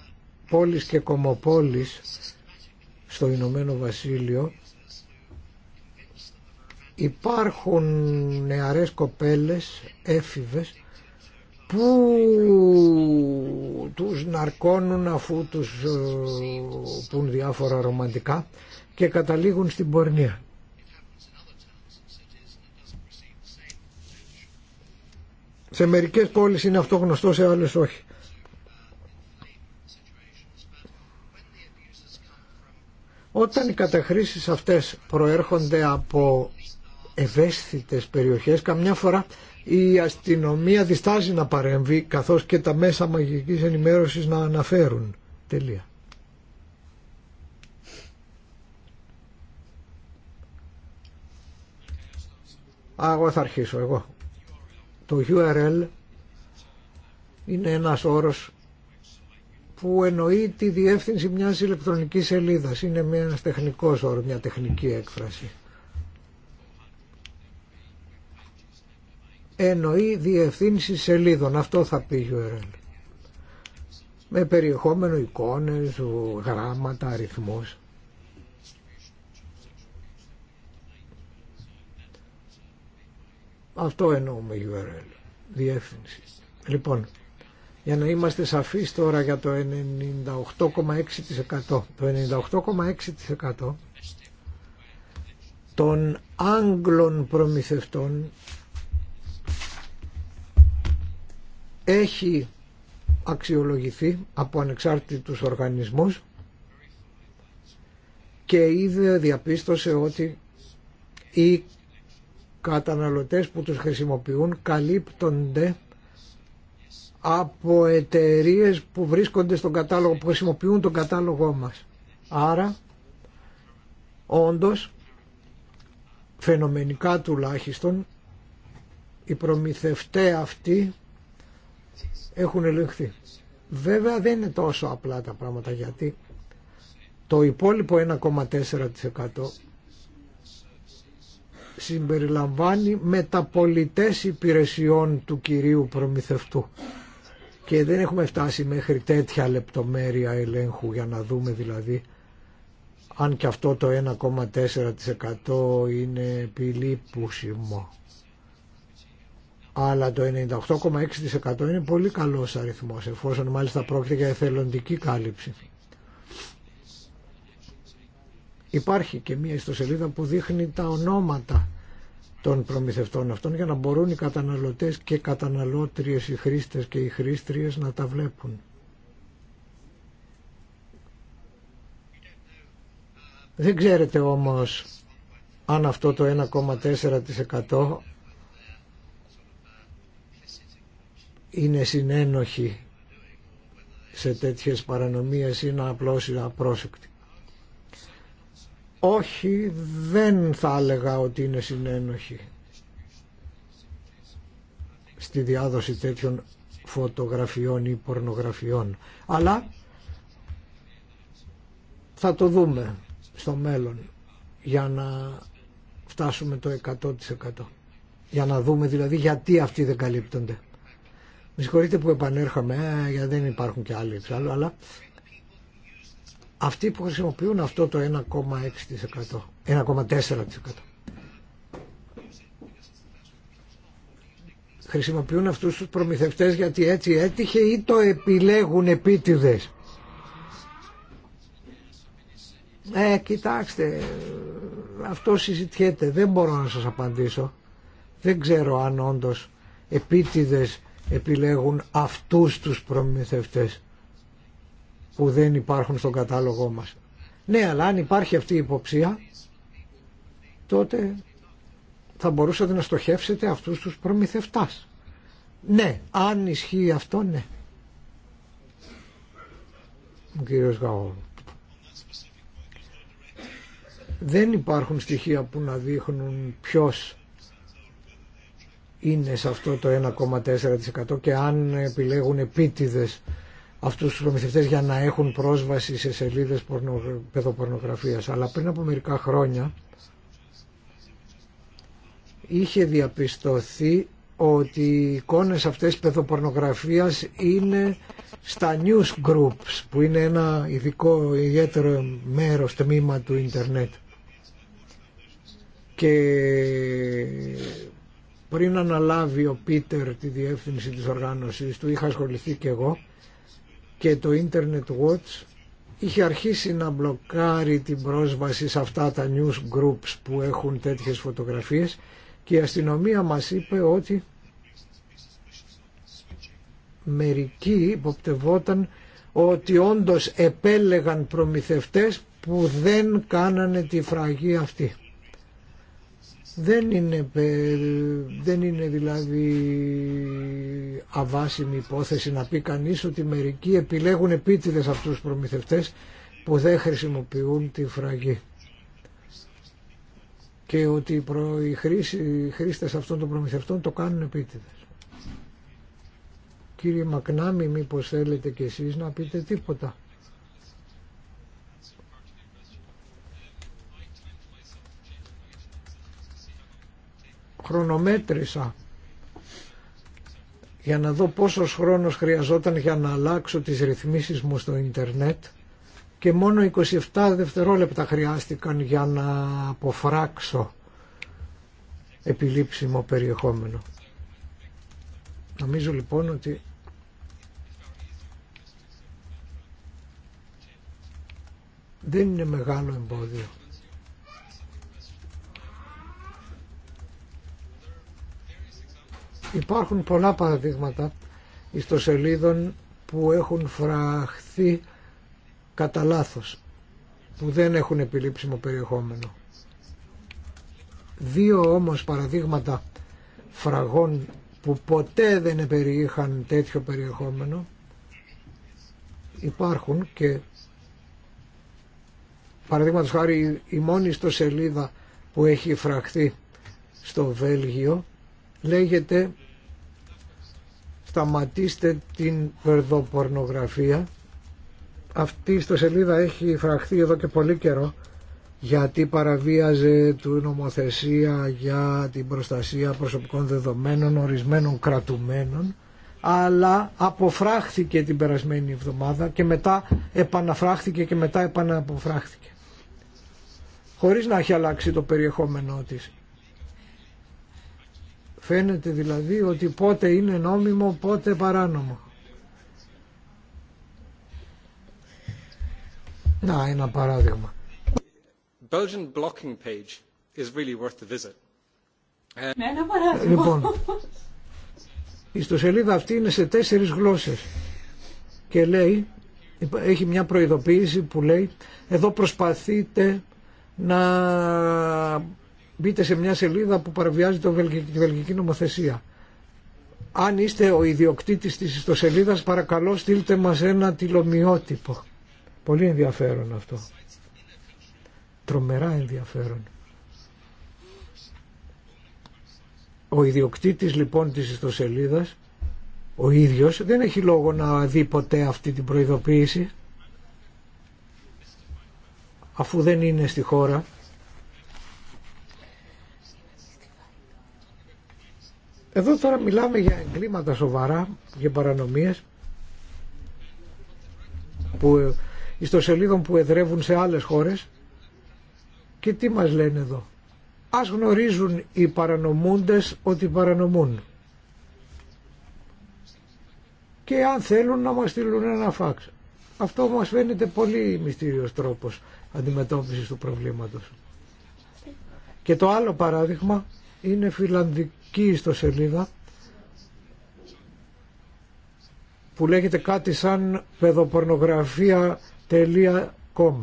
πόλεις και κομοπόλεις στο Ηνωμένο Βασίλειο υπάρχουν νεαρές κοπέλες, έφηβες, που τους ναρκώνουν αφού τους ε, πουν διάφορα ρομαντικά και καταλήγουν στην πορνεία. Σε μερικές πόλεις είναι αυτό γνωστό, σε άλλες όχι. Όταν οι καταχρήσεις αυτές προέρχονται από ευαίσθητες περιοχές, καμιά φορά η αστυνομία διστάζει να παρέμβει, καθώς και τα μέσα μαγικής ενημέρωσης να αναφέρουν. Τελεία. Α, εγώ θα αρχίσω εγώ. Το URL είναι ένας όρος που εννοεί τη διεύθυνση μιας ηλεκτρονικής σελίδας. Είναι ένας τεχνικός όρος, μια τεχνική έκφραση. Εννοεί διευθύνση σελίδων, αυτό θα πει URL. Με περιεχόμενο εικόνες, γράμματα, αριθμούς. Αυτό εννοούμε URL, διεύθυνση. Λοιπόν, για να είμαστε σαφείς τώρα για το 98,6%. Το 98,6% των Άγγλων προμηθευτών έχει αξιολογηθεί από ανεξάρτητους οργανισμούς και είδε διαπίστωσε ότι η καταναλωτές που τους χρησιμοποιούν καλύπτονται από εταιρείε που βρίσκονται στον κατάλογο, που χρησιμοποιούν τον κατάλογό μας. Άρα, όντως, φαινομενικά τουλάχιστον, οι προμηθευτέ αυτοί έχουν ελεγχθεί. Βέβαια δεν είναι τόσο απλά τα πράγματα γιατί το υπόλοιπο 1,4% συμπεριλαμβάνει μεταπολιτές υπηρεσιών του κυρίου προμηθευτού. Και δεν έχουμε φτάσει μέχρι τέτοια λεπτομέρεια ελέγχου για να δούμε δηλαδή αν και αυτό το 1,4% είναι επιλήπουσιμο. Αλλά το 98,6% είναι πολύ καλός αριθμός εφόσον μάλιστα πρόκειται για εθελοντική κάλυψη. Υπάρχει και μία ιστοσελίδα που δείχνει τα ονόματα των προμηθευτών αυτών για να μπορούν οι καταναλωτές και καταναλώτριες, οι χρήστες και οι χρήστριες να τα βλέπουν. Δεν ξέρετε όμως αν αυτό το 1,4% είναι συνένοχοι σε τέτοιες παρανομίες ή να απλώς απρόσεκτοι. Όχι, δεν θα έλεγα ότι είναι συνένοχη στη διάδοση τέτοιων φωτογραφιών ή πορνογραφιών. Αλλά θα το δούμε στο μέλλον για να φτάσουμε το 100%. Για να δούμε δηλαδή γιατί αυτοί δεν καλύπτονται. Με συγχωρείτε που επανέρχομαι, ε, γιατί δεν υπάρχουν και άλλοι εξάλλου, αλλά αυτοί που χρησιμοποιούν αυτό το 1,6%, 1,4%. Χρησιμοποιούν αυτούς τους προμηθευτές γιατί έτσι έτυχε ή το επιλέγουν επίτηδες. Ε, κοιτάξτε, αυτό συζητιέται, δεν μπορώ να σας απαντήσω. Δεν ξέρω αν όντως επίτηδες επιλέγουν αυτούς τους προμηθευτές που δεν υπάρχουν στον κατάλογό μας. Ναι, αλλά αν υπάρχει αυτή η υποψία, τότε θα μπορούσατε να στοχεύσετε αυτούς τους προμηθευτάς. Ναι, αν ισχύει αυτό, ναι. Ο κύριος Γαόλ. Δεν υπάρχουν στοιχεία που να δείχνουν ποιος είναι σε αυτό το 1,4% και αν επιλέγουν επίτηδες αυτούς τους προμηθευτές για να έχουν πρόσβαση σε σελίδες πορνο, παιδοπορνογραφίας. Αλλά πριν από μερικά χρόνια είχε διαπιστωθεί ότι οι εικόνες αυτές παιδοπορνογραφίας είναι στα news groups που είναι ένα ειδικό ιδιαίτερο μέρος τμήμα του ίντερνετ και πριν αναλάβει ο Πίτερ τη διεύθυνση της οργάνωσης του είχα ασχοληθεί και εγώ και το Internet Watch είχε αρχίσει να μπλοκάρει την πρόσβαση σε αυτά τα news groups που έχουν τέτοιες φωτογραφίες και η αστυνομία μας είπε ότι μερικοί υποπτευόταν ότι όντως επέλεγαν προμηθευτές που δεν κάνανε τη φραγή αυτή δεν είναι, δεν είναι δηλαδή αβάσιμη υπόθεση να πει κανείς ότι μερικοί επιλέγουν επίτηδες αυτούς τους προμηθευτές που δεν χρησιμοποιούν τη φραγή και ότι οι, χρήστε χρήστες αυτών των προμηθευτών το κάνουν επίτηδες. Κύριε Μακνάμι μήπως θέλετε κι εσείς να πείτε τίποτα. χρονομέτρησα για να δω πόσος χρόνος χρειαζόταν για να αλλάξω τις ρυθμίσεις μου στο ίντερνετ και μόνο 27 δευτερόλεπτα χρειάστηκαν για να αποφράξω επιλήψιμο περιεχόμενο. Νομίζω λοιπόν ότι δεν είναι μεγάλο εμπόδιο. Υπάρχουν πολλά παραδείγματα ιστοσελίδων που έχουν φραχθεί κατά λάθο, που δεν έχουν επιλήψιμο περιεχόμενο. Δύο όμως παραδείγματα φραγών που ποτέ δεν περιείχαν τέτοιο περιεχόμενο υπάρχουν και παραδείγματος χάρη η μόνη ιστοσελίδα που έχει φραχθεί στο Βέλγιο λέγεται σταματήστε την περδοπορνογραφία αυτή η σελίδα έχει φραχθεί εδώ και πολύ καιρό γιατί παραβίαζε του νομοθεσία για την προστασία προσωπικών δεδομένων ορισμένων κρατουμένων αλλά αποφράχθηκε την περασμένη εβδομάδα και μετά επαναφράχθηκε και μετά επαναποφράχθηκε χωρίς να έχει αλλάξει το περιεχόμενό της. Φαίνεται δηλαδή ότι πότε είναι νόμιμο, πότε παράνομο. Να, ένα παράδειγμα. Belgian blocking page is really worth the visit. Ναι, λοιπόν, η ιστοσελίδα αυτή είναι σε τέσσερις γλώσσες και λέει, έχει μια προειδοποίηση που λέει εδώ προσπαθείτε να μπείτε σε μια σελίδα που παραβιάζει το βελγική, τη βελγική νομοθεσία. Αν είστε ο ιδιοκτήτης της ιστοσελίδας παρακαλώ στείλτε μας ένα τηλομοιότυπο. Πολύ ενδιαφέρον αυτό. Τρομερά ενδιαφέρον. Ο ιδιοκτήτης λοιπόν της ιστοσελίδας ο ίδιος δεν έχει λόγο να δει ποτέ αυτή την προειδοποίηση αφού δεν είναι στη χώρα Εδώ τώρα μιλάμε για εγκλήματα σοβαρά, για παρανομίες που ε, ιστοσελίδων που εδρεύουν σε άλλες χώρες και τι μας λένε εδώ. Ας γνωρίζουν οι παρανομούντες ότι παρανομούν. Και αν θέλουν να μας στείλουν ένα φάξ. Αυτό μας φαίνεται πολύ μυστήριος τρόπος αντιμετώπισης του προβλήματος. Και το άλλο παράδειγμα είναι φιλανδική ιστοσελίδα που λέγεται κάτι σαν παιδοπορνογραφία.com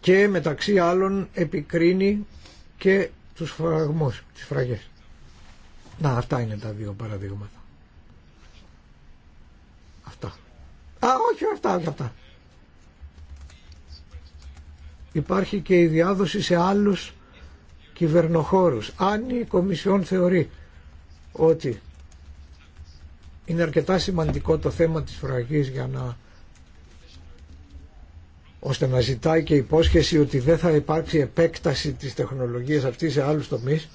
και μεταξύ άλλων επικρίνει και τους φραγμούς, τις φραγές. Να, αυτά είναι τα δύο παραδείγματα. Αυτά. Α, όχι αυτά, όχι αυτά υπάρχει και η διάδοση σε άλλους κυβερνοχώρους. Αν η Κομισιόν θεωρεί ότι είναι αρκετά σημαντικό το θέμα της φραγής για να ώστε να ζητάει και υπόσχεση ότι δεν θα υπάρξει επέκταση της τεχνολογίας αυτής σε άλλους τομείς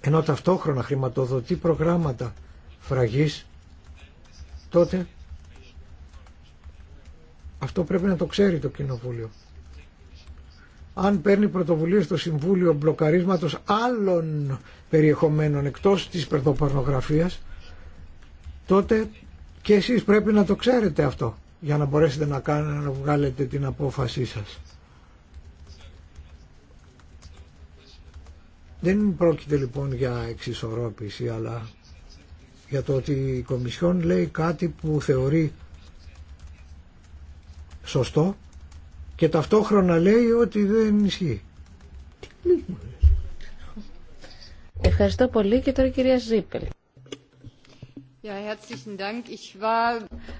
ενώ ταυτόχρονα χρηματοδοτεί προγράμματα φραγής τότε αυτό πρέπει να το ξέρει το Κοινοβούλιο. Αν παίρνει πρωτοβουλία στο Συμβούλιο μπλοκαρίσματος άλλων περιεχομένων εκτός της περδοπορνογραφίας, τότε και εσείς πρέπει να το ξέρετε αυτό για να μπορέσετε να, κάνετε, να βγάλετε την απόφασή σας. Δεν πρόκειται λοιπόν για εξισορρόπηση αλλά για το ότι η Κομισιόν λέει κάτι που θεωρεί σωστό και ταυτόχρονα λέει ότι δεν ισχύει. Ευχαριστώ πολύ και τώρα η κυρία Ζήπελ.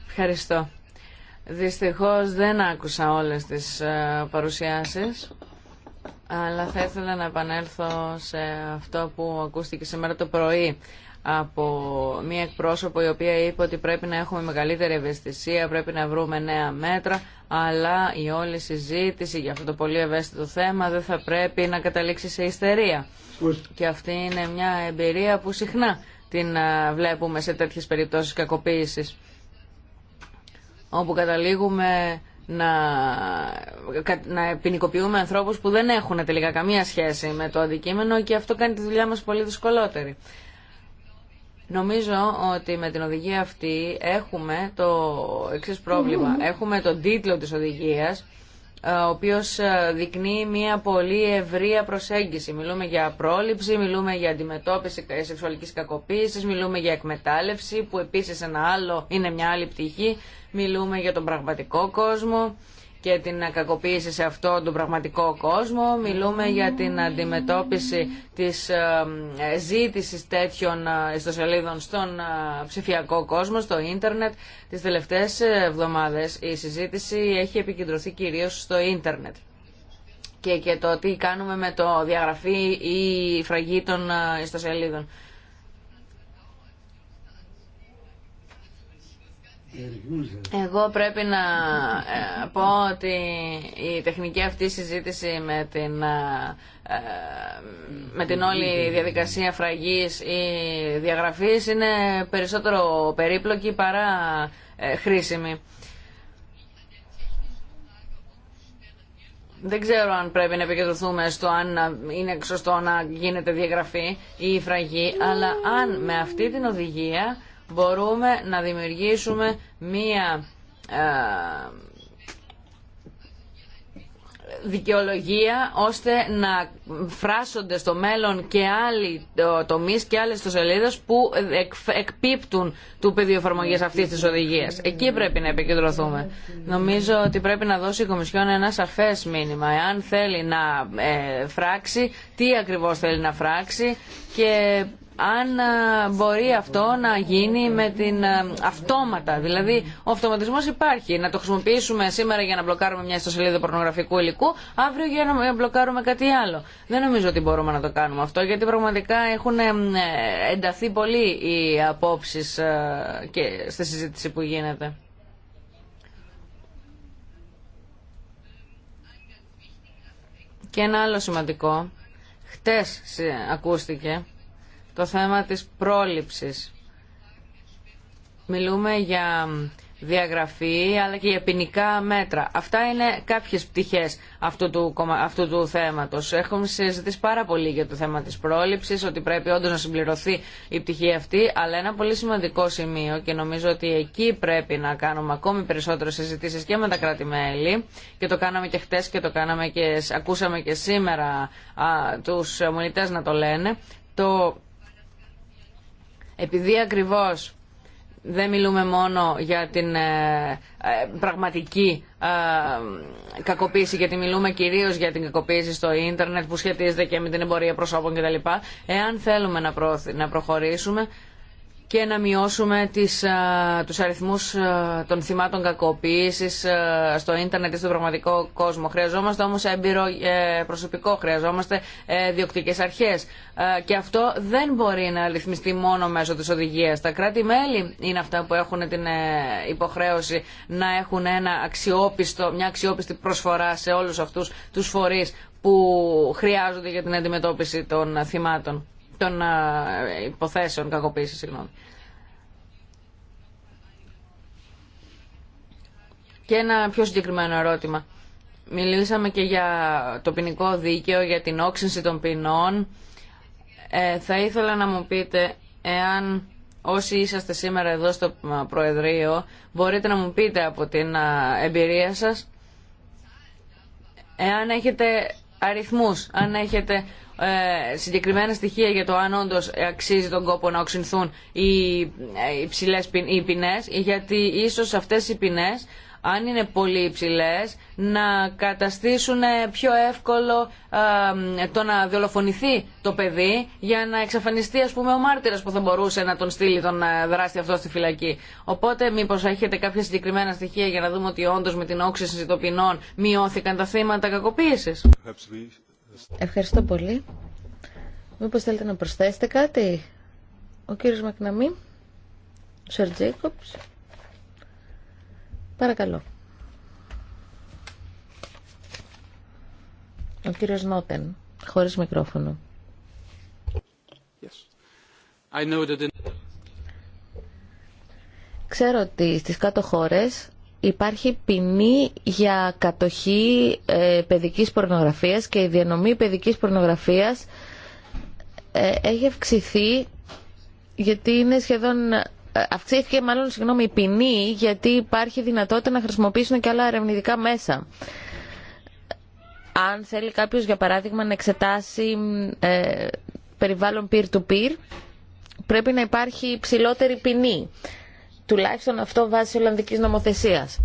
Ευχαριστώ. Δυστυχώς δεν άκουσα όλες τις ε, παρουσιάσεις, αλλά θα ήθελα να επανέλθω σε αυτό που ακούστηκε σήμερα το πρωί από μία εκπρόσωπο η οποία είπε ότι πρέπει να έχουμε μεγαλύτερη ευαισθησία, πρέπει να βρούμε νέα μέτρα, αλλά η όλη συζήτηση για αυτό το πολύ ευαίσθητο θέμα δεν θα πρέπει να καταλήξει σε ιστερία. Και αυτή είναι μια εμπειρία που συχνά την βλέπουμε σε τέτοιες περιπτώσεις κακοποίησης, όπου καταλήγουμε να, να ποινικοποιούμε ανθρώπους που δεν έχουν τελικά καμία σχέση με το αντικείμενο και αυτό κάνει τη δουλειά μας πολύ δυσκολότερη. Νομίζω ότι με την οδηγία αυτή έχουμε το εξή πρόβλημα. Έχουμε τον τίτλο της οδηγίας, ο οποίος ε, δεικνύει μια πολύ ευρεία προσέγγιση. Μιλούμε για πρόληψη, μιλούμε για αντιμετώπιση σεξουαλικής κακοποίησης, μιλούμε για εκμετάλλευση, που επίσης ένα άλλο, είναι μια άλλη πτυχή, μιλούμε για τον πραγματικό κόσμο και την κακοποίηση σε αυτόν τον πραγματικό κόσμο. Μιλούμε για την αντιμετώπιση της ε, ε, ζήτησης τέτοιων ε, ιστοσελίδων στον ψηφιακό κόσμο, στο ίντερνετ. Τις τελευταίες εβδομάδες η συζήτηση έχει επικεντρωθεί κυρίως στο ίντερνετ και, και το τι κάνουμε με το διαγραφή ή φραγή των ιστοσελίδων. Εγώ πρέπει να ε, πω ότι η τεχνική αυτή συζήτηση με την, ε, ε, με την όλη διαδικασία φραγής ή διαγραφής είναι περισσότερο περίπλοκη παρά χρήσιμη. Δεν ξέρω αν πρέπει να επικεντρωθούμε στο αν είναι σωστό να γίνεται διαγραφή ή φραγή, αλλά αν με αυτή την οδηγία μπορούμε να δημιουργήσουμε μία ε, δικαιολογία ώστε να φράσονται στο μέλλον και άλλοι ε, τομεί και άλλε τοσελίδες που εκπίπτουν του πεδίου εφαρμογή αυτή τη οδηγία. Εκεί πρέπει να επικεντρωθούμε. Νομίζω ότι πρέπει να δώσει η Κομισιόν ένα σαφέ μήνυμα. Εάν θέλει να ε, φράξει, τι ακριβώς θέλει να φράξει και αν μπορεί αυτό να γίνει με την αυτόματα. Δηλαδή, ο αυτοματισμό υπάρχει. Να το χρησιμοποιήσουμε σήμερα για να μπλοκάρουμε μια ιστοσελίδα πορνογραφικού υλικού, αύριο για να μπλοκάρουμε κάτι άλλο. Δεν νομίζω ότι μπορούμε να το κάνουμε αυτό, γιατί πραγματικά έχουν ενταθεί πολύ οι απόψει και στη συζήτηση που γίνεται. Και ένα άλλο σημαντικό, χτες ακούστηκε το θέμα της πρόληψης. Μιλούμε για διαγραφή αλλά και για ποινικά μέτρα. Αυτά είναι κάποιες πτυχές αυτού του, αυτού του θέματος. Έχουμε συζητήσει πάρα πολύ για το θέμα της πρόληψης, ότι πρέπει όντως να συμπληρωθεί η πτυχή αυτή, αλλά ένα πολύ σημαντικό σημείο και νομίζω ότι εκεί πρέπει να κάνουμε ακόμη περισσότερες συζητήσεις και με τα κράτη-μέλη και το κάναμε και χτες και το κάναμε και ακούσαμε και σήμερα α, τους να το λένε, το επειδή ακριβώς δεν μιλούμε μόνο για την ε, ε, πραγματική ε, κακοποίηση γιατί μιλούμε κυρίως για την κακοποίηση στο ίντερνετ που σχετίζεται και με την εμπορία προσώπων κτλ. Εάν θέλουμε να, να προχωρήσουμε και να μειώσουμε τις, τους αριθμούς των θυμάτων κακοποίησης στο ίντερνετ ή στον πραγματικό κόσμο. Χρειαζόμαστε όμως έμπειρο ε, προσωπικό, χρειαζόμαστε ε, διοκτικές αρχές και αυτό δεν μπορεί να ρυθμιστεί μόνο μέσω της οδηγίας. Τα κράτη-μέλη είναι αυτά που έχουν την ε, υποχρέωση να έχουν ένα αξιόπιστο, μια αξιόπιστη προσφορά σε όλους αυτούς τους φορείς που χρειάζονται για την αντιμετώπιση των θυμάτων των υποθέσεων κακοποίησης. Συγγνώμη. Και ένα πιο συγκεκριμένο ερώτημα. Μιλήσαμε και για το ποινικό δίκαιο, για την όξυνση των ποινών. Ε, θα ήθελα να μου πείτε εάν όσοι είσαστε σήμερα εδώ στο Προεδρείο μπορείτε να μου πείτε από την εμπειρία σας εάν έχετε αριθμούς, αν έχετε ε, συγκεκριμένα στοιχεία για το αν όντω αξίζει τον κόπο να οξυνθούν οι, υψηλέ ε, ψηλές γιατί ίσω αυτέ οι ποινέ, αν είναι πολύ υψηλέ, να καταστήσουν πιο εύκολο το να δολοφονηθεί το παιδί για να εξαφανιστεί ας πούμε ο μάρτυρα που θα μπορούσε να τον στείλει τον ε, δράστη αυτό στη φυλακή. Οπότε μήπω έχετε κάποια συγκεκριμένα στοιχεία για να δούμε ότι όντω με την όξυνση των ποινών μειώθηκαν τα θύματα κακοποίηση. Ευχαριστώ πολύ. Μήπω θέλετε να προσθέσετε κάτι, ο κύριο Μακναμή, ο Σερ Τζέικοπς. Παρακαλώ. Ο κύριος Νότεν, χωρίς μικρόφωνο. Ξέρω ότι στις κάτω χώρες υπάρχει ποινή για κατοχή ε, παιδικής πορνογραφίας και η διανομή παιδικής πορνογραφίας ε, έχει αυξηθεί γιατί είναι σχεδόν ε, αυξήθηκε μάλλον συγγνώμη, η ποινή γιατί υπάρχει δυνατότητα να χρησιμοποιήσουν και άλλα ερευνητικά μέσα. Αν θέλει κάποιος για παράδειγμα να εξετάσει περιβάλλον peer-to-peer -peer, πρέπει να υπάρχει ψηλότερη ποινή. Τουλάχιστον αυτό βάσει Ολλανδικής νομοθεσίας.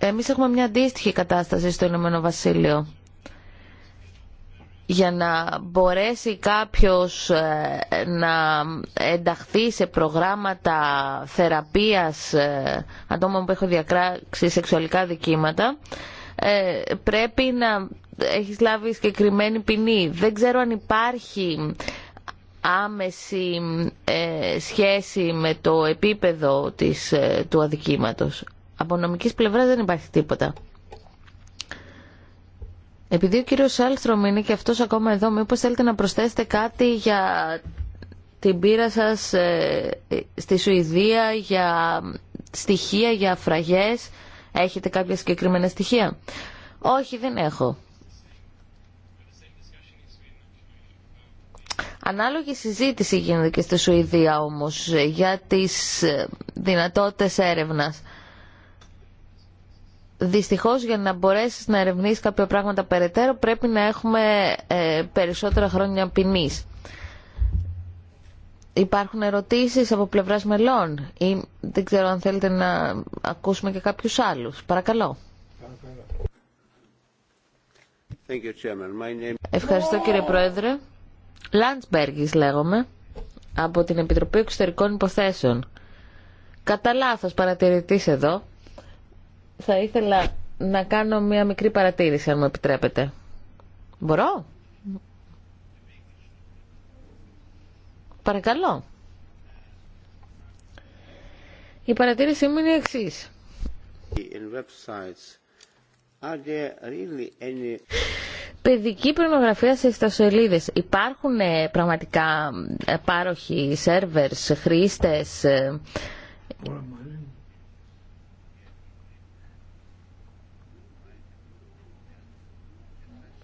Εμείς έχουμε μια αντίστοιχη κατάσταση στο Ηνωμένο Βασίλειο. Για να μπορέσει κάποιος ε, να ενταχθεί σε προγράμματα θεραπείας ε, ατόμων που έχουν διακράξει σεξουαλικά δικήματα, ε, πρέπει να έχεις λάβει συγκεκριμένη ποινή. Δεν ξέρω αν υπάρχει άμεση ε, σχέση με το επίπεδο της, ε, του αδικήματος. Από νομικής πλευράς δεν υπάρχει τίποτα. Επειδή ο κύριος Σάλστρομ είναι και αυτός ακόμα εδώ, μήπως θέλετε να προσθέσετε κάτι για την πείρα σας ε, στη Σουηδία, για στοιχεία, για φραγές. Έχετε κάποια συγκεκριμένα στοιχεία. Όχι, δεν έχω. Ανάλογη συζήτηση γίνεται και στη Σουηδία όμως ε, για τις ε, δυνατότητες έρευνας. Δυστυχώς για να μπορέσεις να ερευνήσεις κάποια πράγματα περαιτέρω πρέπει να έχουμε ε, περισσότερα χρόνια ποινής. Υπάρχουν ερωτήσεις από πλευράς μελών ή δεν ξέρω αν θέλετε να ακούσουμε και κάποιους άλλους. Παρακαλώ. Ευχαριστώ κύριε Πρόεδρε. Λαντσμπέργκης λέγομαι, από την Επιτροπή Εξωτερικών Υποθέσεων. Κατά λάθο παρατηρητής εδώ, θα ήθελα να κάνω μία μικρή παρατήρηση, αν μου επιτρέπετε. Μπορώ? Παρακαλώ. Η παρατήρησή μου είναι η εξή. Παιδική πορνογραφία σε ιστοσελίδε. Υπάρχουν ε, πραγματικά ε, πάροχοι, σερβερς, χρήστες. Ε,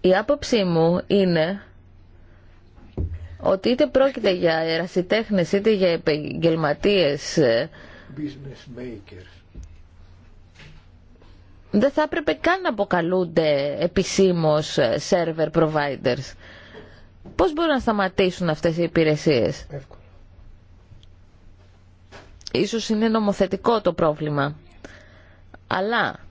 Η άποψή μου είναι ότι είτε πρόκειται για ερασιτέχνες είτε για επαγγελματίε. Business makers δεν θα έπρεπε καν να αποκαλούνται επισήμως ε, server providers. Πώς μπορούν να σταματήσουν αυτές οι υπηρεσίες. Εύκολο. Ίσως είναι νομοθετικό το πρόβλημα. Αλλά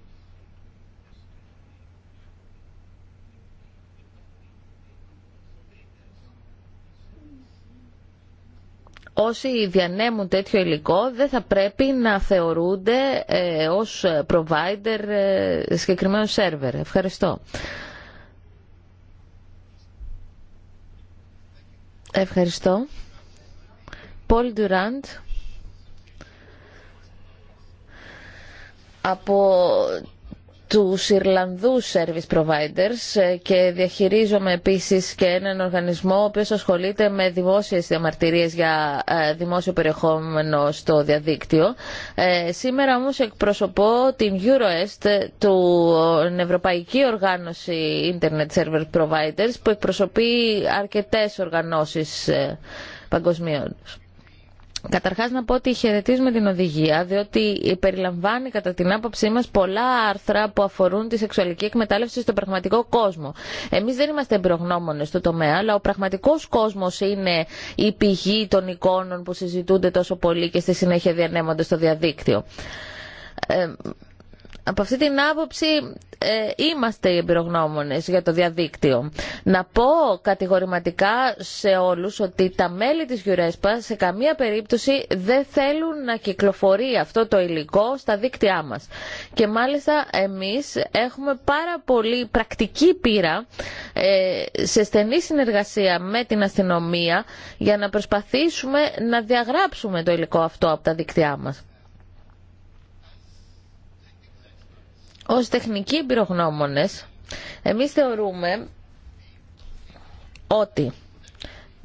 όσοι διανέμουν τέτοιο υλικό δεν θα πρέπει να θεωρούνται ε, ως provider ε, συγκεκριμένου σερβερ. Ευχαριστώ. Ευχαριστώ. Πολ Ντουράντ. από του Ιρλανδούς Service Providers ε, και διαχειρίζομαι επίσης και έναν οργανισμό ο οποίος ασχολείται με δημόσιες διαμαρτυρίες για ε, δημόσιο περιεχόμενο στο διαδίκτυο. Ε, σήμερα όμως εκπροσωπώ την Euroest, του Ευρωπαϊκή Οργάνωση Internet Service Providers που εκπροσωπεί αρκετές οργανώσεις παγκοσμίων. Καταρχάς να πω ότι χαιρετίζουμε την οδηγία, διότι περιλαμβάνει κατά την άποψή μας πολλά άρθρα που αφορούν τη σεξουαλική εκμετάλλευση στον πραγματικό κόσμο. Εμείς δεν είμαστε εμπειρογνώμονες στο τομέα, αλλά ο πραγματικός κόσμος είναι η πηγή των εικόνων που συζητούνται τόσο πολύ και στη συνέχεια διανέμονται στο διαδίκτυο. Ε, από αυτή την άποψη ε, είμαστε οι εμπειρογνώμονες για το διαδίκτυο. Να πω κατηγορηματικά σε όλους ότι τα μέλη της Γιουρέσπα σε καμία περίπτωση δεν θέλουν να κυκλοφορεί αυτό το υλικό στα δίκτυά μας. Και μάλιστα εμείς έχουμε πάρα πολύ πρακτική πείρα ε, σε στενή συνεργασία με την αστυνομία για να προσπαθήσουμε να διαγράψουμε το υλικό αυτό από τα δίκτυά μας. ως τεχνικοί εμπειρογνώμονες, εμείς θεωρούμε ότι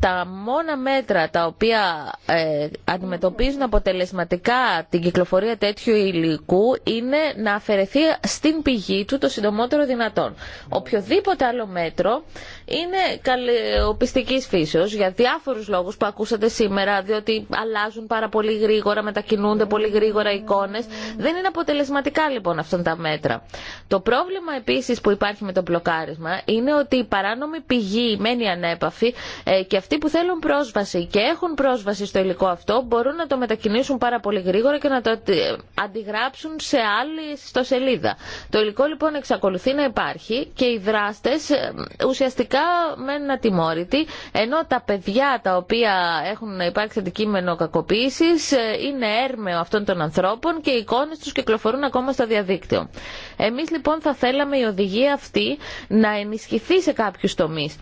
τα μόνα μέτρα τα οποία ε, αντιμετωπίζουν αποτελεσματικά την κυκλοφορία τέτοιου υλικού είναι να αφαιρεθεί στην πηγή του το συντομότερο δυνατόν. Οποιοδήποτε άλλο μέτρο είναι καλοπιστική φύσεω για διάφορου λόγου που ακούσατε σήμερα, διότι αλλάζουν πάρα πολύ γρήγορα, μετακινούνται πολύ γρήγορα εικόνε. Δεν είναι αποτελεσματικά λοιπόν αυτά τα μέτρα. Το πρόβλημα επίση που υπάρχει με το μπλοκάρισμα είναι ότι η παράνομη πηγή μένει ανέπαφη ε, και αυτοί που θέλουν πρόσβαση και έχουν πρόσβαση στο υλικό αυτό μπορούν να το μετακινήσουν πάρα πολύ γρήγορα και να το ε, αντιγράψουν σε άλλη στο σελίδα. Το υλικό λοιπόν εξακολουθεί να υπάρχει και οι δράστες ε, ουσιαστικά τελικά μένουν ατιμόρυτοι, ενώ τα παιδιά τα οποία έχουν να υπάρξει αντικείμενο κακοποίηση ε, είναι έρμεο αυτών των ανθρώπων και οι εικόνε του κυκλοφορούν ακόμα στο διαδίκτυο. Εμεί λοιπόν θα θέλαμε η οδηγία αυτή να ενισχυθεί σε κάποιου τομεί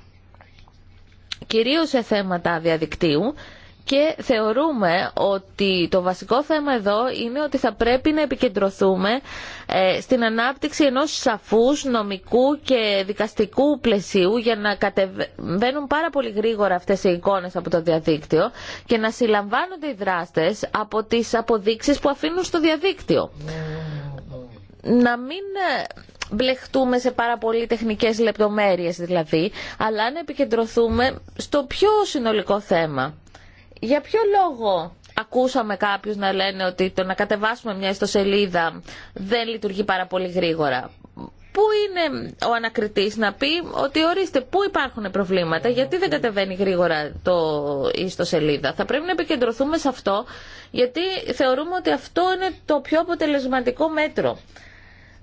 κυρίως σε θέματα διαδικτύου και θεωρούμε ότι το βασικό θέμα εδώ είναι ότι θα πρέπει να επικεντρωθούμε ε, στην ανάπτυξη ενός σαφούς νομικού και δικαστικού πλαισίου για να κατεβαίνουν πάρα πολύ γρήγορα αυτές οι εικόνες από το διαδίκτυο και να συλλαμβάνονται οι δράστες από τις αποδείξεις που αφήνουν στο διαδίκτυο. Να μην ε, μπλεχτούμε σε πάρα πολύ τεχνικές λεπτομέρειες δηλαδή, αλλά να επικεντρωθούμε στο πιο συνολικό θέμα για ποιο λόγο ακούσαμε κάποιους να λένε ότι το να κατεβάσουμε μια ιστοσελίδα δεν λειτουργεί πάρα πολύ γρήγορα. Πού είναι ο ανακριτής να πει ότι ορίστε πού υπάρχουν προβλήματα, γιατί δεν κατεβαίνει γρήγορα το ιστοσελίδα. Θα πρέπει να επικεντρωθούμε σε αυτό, γιατί θεωρούμε ότι αυτό είναι το πιο αποτελεσματικό μέτρο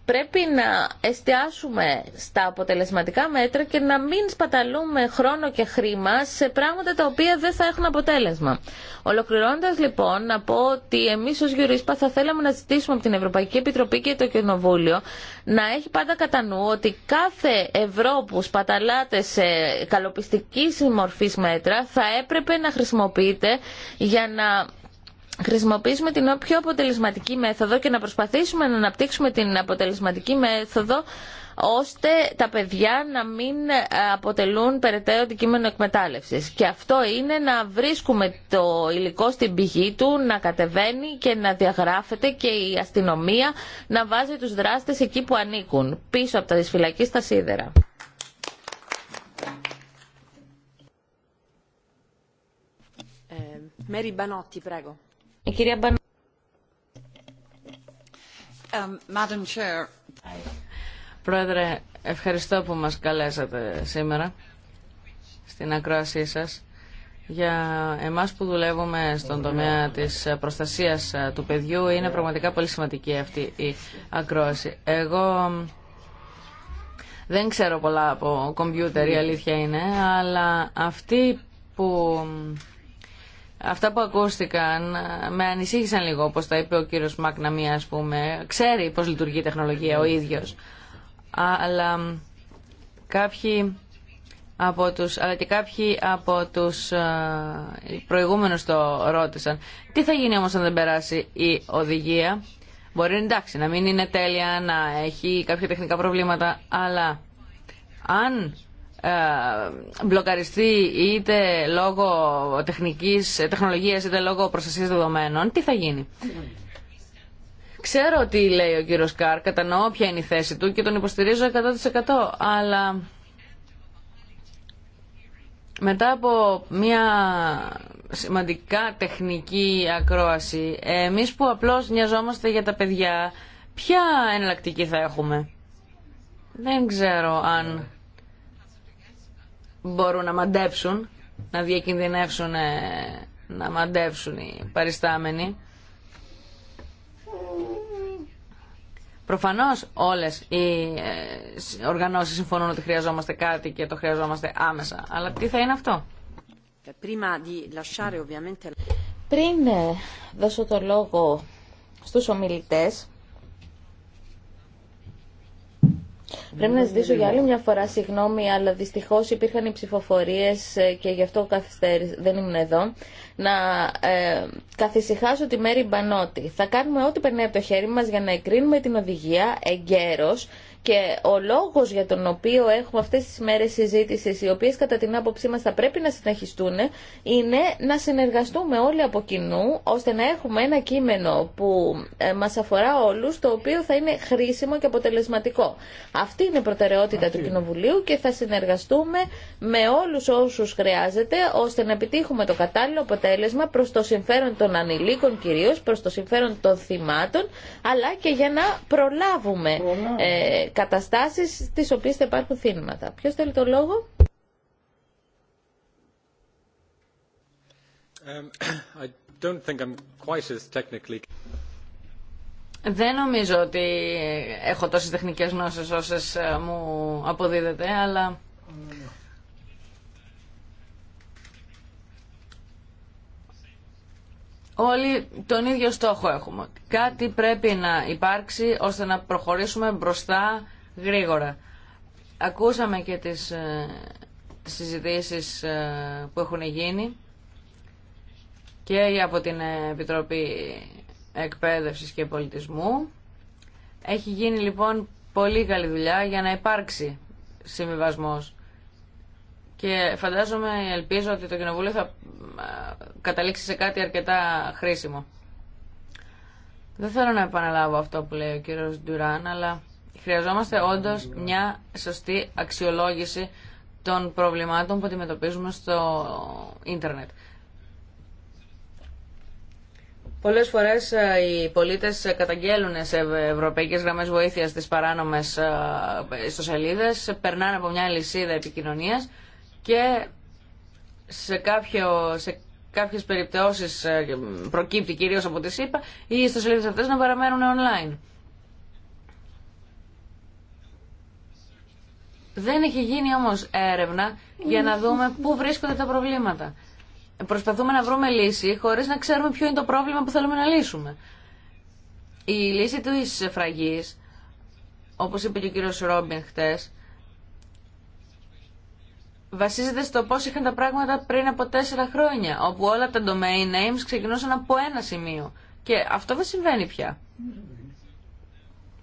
πρέπει να εστιάσουμε στα αποτελεσματικά μέτρα και να μην σπαταλούμε χρόνο και χρήμα σε πράγματα τα οποία δεν θα έχουν αποτέλεσμα. Ολοκληρώνοντας λοιπόν να πω ότι εμείς ως Γιουρίσπα θα θέλαμε να ζητήσουμε από την Ευρωπαϊκή Επιτροπή και το Κοινοβούλιο να έχει πάντα κατά νου ότι κάθε ευρώ που σπαταλάτε σε καλοπιστική μορφή μέτρα θα έπρεπε να χρησιμοποιείται για να χρησιμοποιήσουμε την πιο αποτελεσματική μέθοδο και να προσπαθήσουμε να αναπτύξουμε την αποτελεσματική μέθοδο ώστε τα παιδιά να μην ε, αποτελούν περαιτέρω αντικείμενο εκμετάλλευση. Και αυτό είναι να βρίσκουμε το υλικό στην πηγή του, να κατεβαίνει και να διαγράφεται και η αστυνομία να βάζει τους δράστες εκεί που ανήκουν, πίσω από τα δυσφυλακή στα σίδερα. Ε, Um, Πρόεδρε, ευχαριστώ που μας καλέσατε σήμερα στην ακρόασή σας. Για εμάς που δουλεύουμε στον τομέα της προστασίας του παιδιού είναι πραγματικά πολύ σημαντική αυτή η ακρόαση. Εγώ δεν ξέρω πολλά από κομπιούτερ, η αλήθεια είναι, αλλά αυτή που Αυτά που ακούστηκαν ε, με ανησύχησαν λίγο, όπως τα είπε ο κύριος Μακναμία, α πούμε. Ξέρει πώς λειτουργεί η τεχνολογία ο ναι. ίδιος. Αλλά κάποιοι από τους, αλλά και κάποιοι από τους ε, προηγούμενους το ρώτησαν. Τι θα γίνει όμως αν δεν περάσει η οδηγία. Μπορεί εντάξει να μην είναι τέλεια, να έχει κάποια τεχνικά προβλήματα, αλλά αν ε, μπλοκαριστεί είτε λόγω τεχνικής, τεχνολογίας είτε λόγω προστασίας δεδομένων, τι θα γίνει. Ξέρω τι λέει ο κύριος Κάρ, κατανοώ ποια είναι η θέση του και τον υποστηρίζω 100% αλλά μετά από μια σημαντικά τεχνική ακρόαση, εμείς που απλώς νοιαζόμαστε για τα παιδιά, ποια εναλλακτική θα έχουμε. Δεν ξέρω αν μπορούν να μαντέψουν, να διακινδυνεύσουν ε, να μαντέψουν οι παριστάμενοι. Προφανώς όλες οι ε, οργανώσεις συμφωνούν ότι χρειαζόμαστε κάτι και το χρειαζόμαστε άμεσα. Αλλά τι θα είναι αυτό. Πριν ε, δώσω το λόγο στους ομιλητές, Πρέπει να ζητήσω για άλλη μια φορά συγγνώμη, αλλά δυστυχώ υπήρχαν οι ψηφοφορίε ε, και γι' αυτό δεν ήμουν εδώ. Να ε, καθησυχάσω τη μέρη μπανότη. Θα κάνουμε ό,τι περνάει από το χέρι μα για να εκρίνουμε την οδηγία εγκαίρω και ο λόγο για τον οποίο έχουμε αυτέ τι μέρε συζήτηση, οι οποίε κατά την άποψή μα θα πρέπει να συνεχιστούν, είναι να συνεργαστούμε όλοι από κοινού, ώστε να έχουμε ένα κείμενο που ε, μα αφορά όλου, το οποίο θα είναι χρήσιμο και αποτελεσματικό. Αυτή είναι η προτεραιότητα του Κοινοβουλίου και θα συνεργαστούμε με όλου όσου χρειάζεται, ώστε να επιτύχουμε το κατάλληλο αποτέλεσμα προ το συμφέρον των ανηλίκων κυρίω, προ το συμφέρον των θυμάτων, αλλά και για να προλάβουμε ε, καταστάσεις στις οποίες θα υπάρχουν θύματα. Ποιος θέλει το λόγο? Um, Δεν νομίζω ότι έχω τόσες τεχνικές γνώσεις όσες ε, μου αποδίδεται, αλλά όλοι τον ίδιο στόχο έχουμε. Κάτι πρέπει να υπάρξει ώστε να προχωρήσουμε μπροστά γρήγορα. Ακούσαμε και τις ε, συζητήσεις ε, που έχουν γίνει και από την Επιτροπή Εκπαίδευσης και Πολιτισμού. Έχει γίνει λοιπόν πολύ καλή δουλειά για να υπάρξει συμβιβασμός και φαντάζομαι, ελπίζω ότι το Κοινοβούλιο θα ε, καταλήξει σε κάτι αρκετά χρήσιμο. Δεν θέλω να επαναλάβω αυτό που λέει ο κύριο Ντουράν, αλλά χρειαζόμαστε όντως μια σωστή αξιολόγηση των προβλημάτων που αντιμετωπίζουμε στο ίντερνετ. Πολλές φορές ε, οι πολίτες καταγγέλουν σε ευρωπαϊκές γραμμές βοήθειας τι παράνομε ιστοσελίδε, περνάνε από μια λυσίδα επικοινωνία και σε, κάποιο, σε κάποιες περιπτώσεις ε, προκύπτει κυρίως από τη ΣΥΠΑ οι ιστοσελίδες αυτές να παραμένουν online. Δεν έχει γίνει όμως έρευνα για να δούμε πού βρίσκονται τα προβλήματα. Προσπαθούμε να βρούμε λύση χωρίς να ξέρουμε ποιο είναι το πρόβλημα που θέλουμε να λύσουμε. Η λύση του εισφραγής, όπως είπε και ο κύριος Ρόμπιν χτες, βασίζεται στο πώς είχαν τα πράγματα πριν από τέσσερα χρόνια, όπου όλα τα domain names ξεκινούσαν από ένα σημείο. Και αυτό δεν συμβαίνει πια.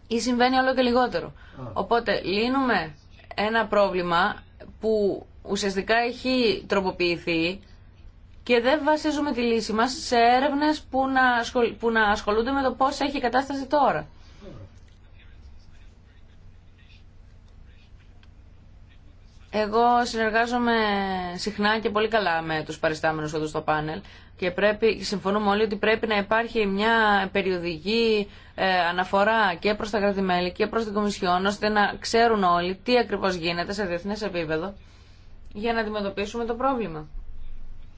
Ή συμβαίνει όλο και λιγότερο. Οπότε λύνουμε ένα πρόβλημα που ουσιαστικά έχει τροποποιηθεί και δεν βασίζουμε τη λύση μας σε έρευνες που να, ασχολούνται με το πώς έχει η κατάσταση τώρα. Εγώ συνεργάζομαι συχνά και πολύ καλά με τους παριστάμενους εδώ στο πάνελ και πρέπει, συμφωνούμε όλοι ότι πρέπει να υπάρχει μια περιοδική ε, αναφορά και προς τα κρατημέλη και προς την Κομισιόν ώστε να ξέρουν όλοι τι ακριβώς γίνεται σε διεθνές επίπεδο για να αντιμετωπίσουμε το πρόβλημα.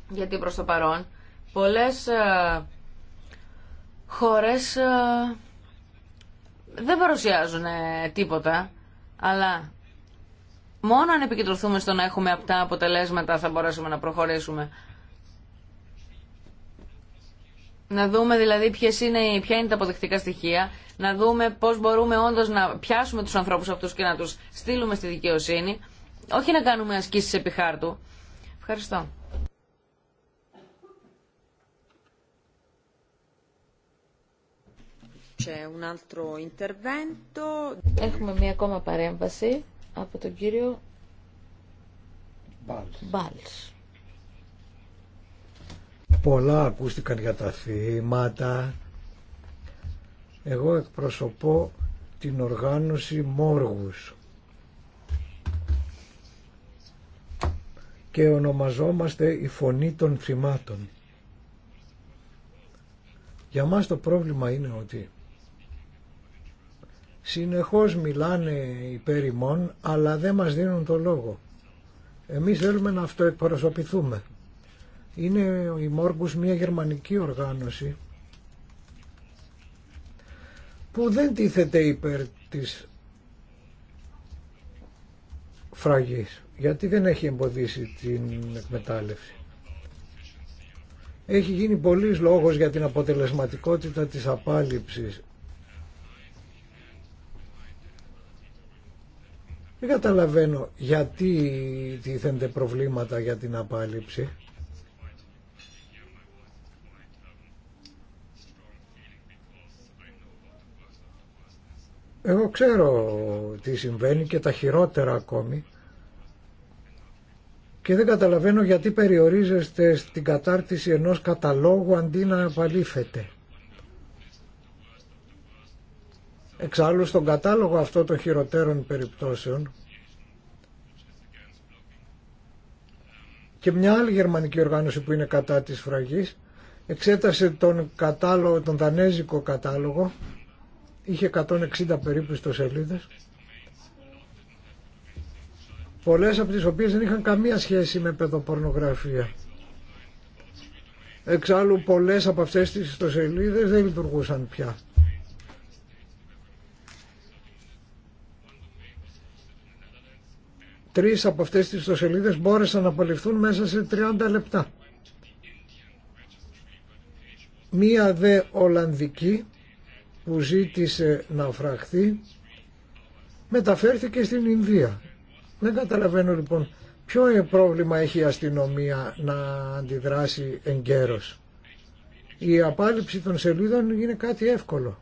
Γιατί προς το παρόν πολλές ε, χώρες ε, δεν παρουσιάζουν τίποτα αλλά Μόνο αν επικεντρωθούμε στο να έχουμε αυτά αποτελέσματα θα μπορέσουμε να προχωρήσουμε. Να δούμε δηλαδή ποιες είναι, ποια είναι τα αποδεκτικά στοιχεία, να δούμε πώς μπορούμε όντως να πιάσουμε τους ανθρώπους αυτούς και να τους στείλουμε στη δικαιοσύνη, όχι να κάνουμε ασκήσεις επί χάρτου. Ευχαριστώ. Έχουμε μία ακόμα παρέμβαση από τον κύριο Μπάλς. Πολλά ακούστηκαν για τα θύματα. Εγώ εκπροσωπώ την οργάνωση Μόργους και ονομαζόμαστε η φωνή των θυμάτων. Για μας το πρόβλημα είναι ότι συνεχώς μιλάνε υπέρ ημών, αλλά δεν μας δίνουν το λόγο. Εμείς θέλουμε να αυτοεκπροσωπηθούμε. Είναι η Μόρκους μια γερμανική οργάνωση που δεν τίθεται υπέρ της φραγής, γιατί δεν έχει εμποδίσει την εκμετάλλευση. Έχει γίνει πολλής λόγος για την αποτελεσματικότητα της απάλληψης Δεν καταλαβαίνω γιατί τίθενται προβλήματα για την απάλληψη. Εγώ ξέρω τι συμβαίνει και τα χειρότερα ακόμη και δεν καταλαβαίνω γιατί περιορίζεστε στην κατάρτιση ενός καταλόγου αντί να απαλήφετε. Εξάλλου στον κατάλογο αυτό των χειροτέρων περιπτώσεων και μια άλλη γερμανική οργάνωση που είναι κατά της φραγής εξέτασε τον, κατάλογο, τον δανέζικο κατάλογο είχε 160 περίπου στο σελίδες πολλές από τις οποίες δεν είχαν καμία σχέση με παιδοπορνογραφία εξάλλου πολλές από αυτές τις ιστοσελίδες δεν λειτουργούσαν πια Τρεις από αυτές τις ιστοσελίδες μπόρεσαν να απολυφθούν μέσα σε 30 λεπτά. Μία δε Ολλανδική που ζήτησε να φραχθεί μεταφέρθηκε στην Ινδία. Δεν καταλαβαίνω λοιπόν ποιο πρόβλημα έχει η αστυνομία να αντιδράσει εγκαίρως. Η απάλληψη των σελίδων είναι κάτι εύκολο.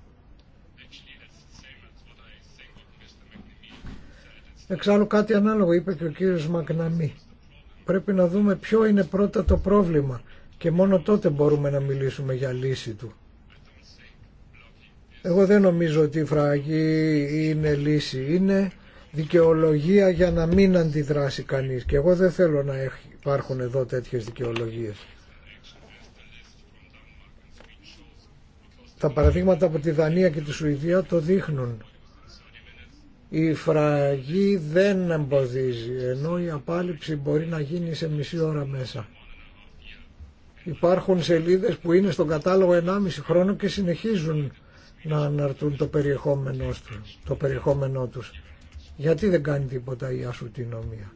Εξάλλου κάτι ανάλογο είπε και ο κύριος Μακναμή. Πρέπει να δούμε ποιο είναι πρώτα το πρόβλημα και μόνο τότε μπορούμε να μιλήσουμε για λύση του. Εγώ δεν νομίζω ότι η φραγή είναι λύση. Είναι δικαιολογία για να μην αντιδράσει κανείς και εγώ δεν θέλω να υπάρχουν εδώ τέτοιες δικαιολογίες. Τα παραδείγματα από τη Δανία και τη Σουηδία το δείχνουν η φραγή δεν εμποδίζει, ενώ η απάλληψη μπορεί να γίνει σε μισή ώρα μέσα. Υπάρχουν σελίδες που είναι στον κατάλογο 1,5 χρόνο και συνεχίζουν να αναρτούν το περιεχόμενό, τους, το περιεχόμενό τους. Γιατί δεν κάνει τίποτα η ασουτινομία.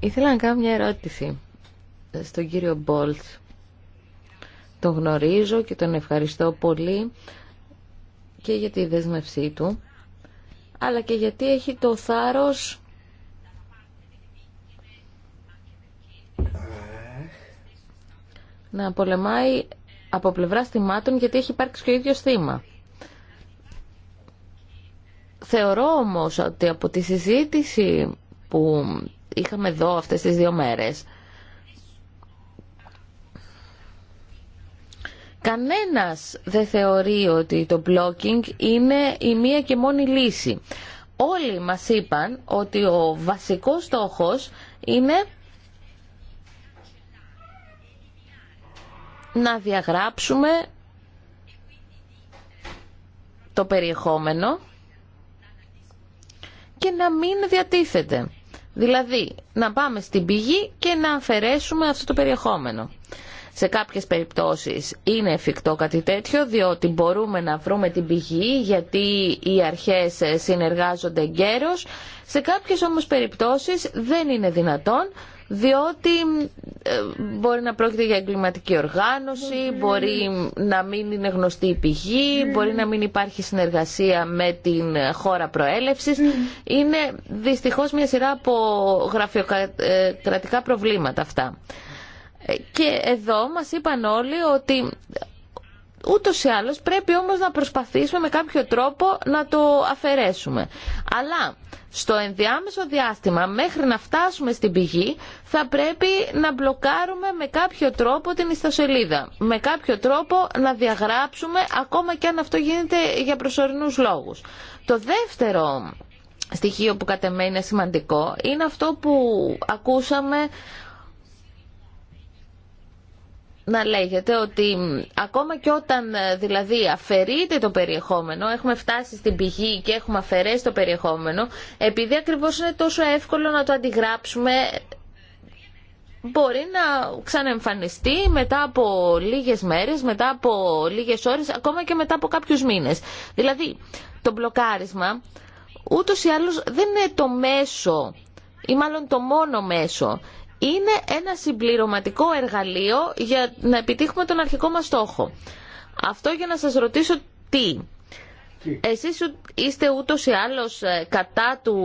Ήθελα να κάνω μια ερώτηση στον κύριο Μπόλτ. Τον γνωρίζω και τον ευχαριστώ πολύ και για τη δέσμευσή του, αλλά και γιατί έχει το θάρρος να πολεμάει από πλευρά θυμάτων γιατί έχει υπάρξει και ο ίδιος θύμα. Θεωρώ όμως ότι από τη συζήτηση που είχαμε εδώ αυτές τις δύο μέρες Κανένας δεν θεωρεί ότι το blocking είναι η μία και μόνη λύση. Όλοι μας είπαν ότι ο βασικός στόχος είναι να διαγράψουμε το περιεχόμενο και να μην διατίθεται. Δηλαδή, να πάμε στην πηγή και να αφαιρέσουμε αυτό το περιεχόμενο. Σε κάποιες περιπτώσεις είναι εφικτό κάτι τέτοιο, διότι μπορούμε να βρούμε την πηγή, γιατί οι αρχές συνεργάζονται γέρος. Σε κάποιες όμως περιπτώσεις δεν είναι δυνατόν, διότι ε, μπορεί να πρόκειται για εγκληματική οργάνωση, μπορεί να μην είναι γνωστή η πηγή, μπορεί να μην υπάρχει συνεργασία με την χώρα προέλευσης. Είναι δυστυχώς μια σειρά από γραφειοκρατικά προβλήματα αυτά. Και εδώ μας είπαν όλοι ότι ούτως ή άλλως πρέπει όμως να προσπαθήσουμε με κάποιο τρόπο να το αφαιρέσουμε. Αλλά στο ενδιάμεσο διάστημα μέχρι να φτάσουμε στην πηγή θα πρέπει να μπλοκάρουμε με κάποιο τρόπο την ιστοσελίδα. Με κάποιο τρόπο να διαγράψουμε ακόμα και αν αυτό γίνεται για προσωρινούς λόγους. Το δεύτερο στοιχείο που κατεμένει σημαντικό είναι αυτό που ακούσαμε να λέγεται ότι ακόμα και όταν ε, δηλαδή αφαιρείται το περιεχόμενο, έχουμε φτάσει στην πηγή και έχουμε αφαιρέσει το περιεχόμενο, επειδή ακριβώς είναι τόσο εύκολο να το αντιγράψουμε, μπορεί να ξαναεμφανιστεί μετά από λίγες μέρες, μετά από λίγες ώρες, ακόμα και μετά από κάποιους μήνες. Δηλαδή, το μπλοκάρισμα ούτως ή άλλως δεν είναι το μέσο ή μάλλον το μόνο μέσο είναι ένα συμπληρωματικό εργαλείο για να επιτύχουμε τον αρχικό μας στόχο. Αυτό για να σας ρωτήσω τι. Εσείς είστε ούτως ή άλλως ε, κατά του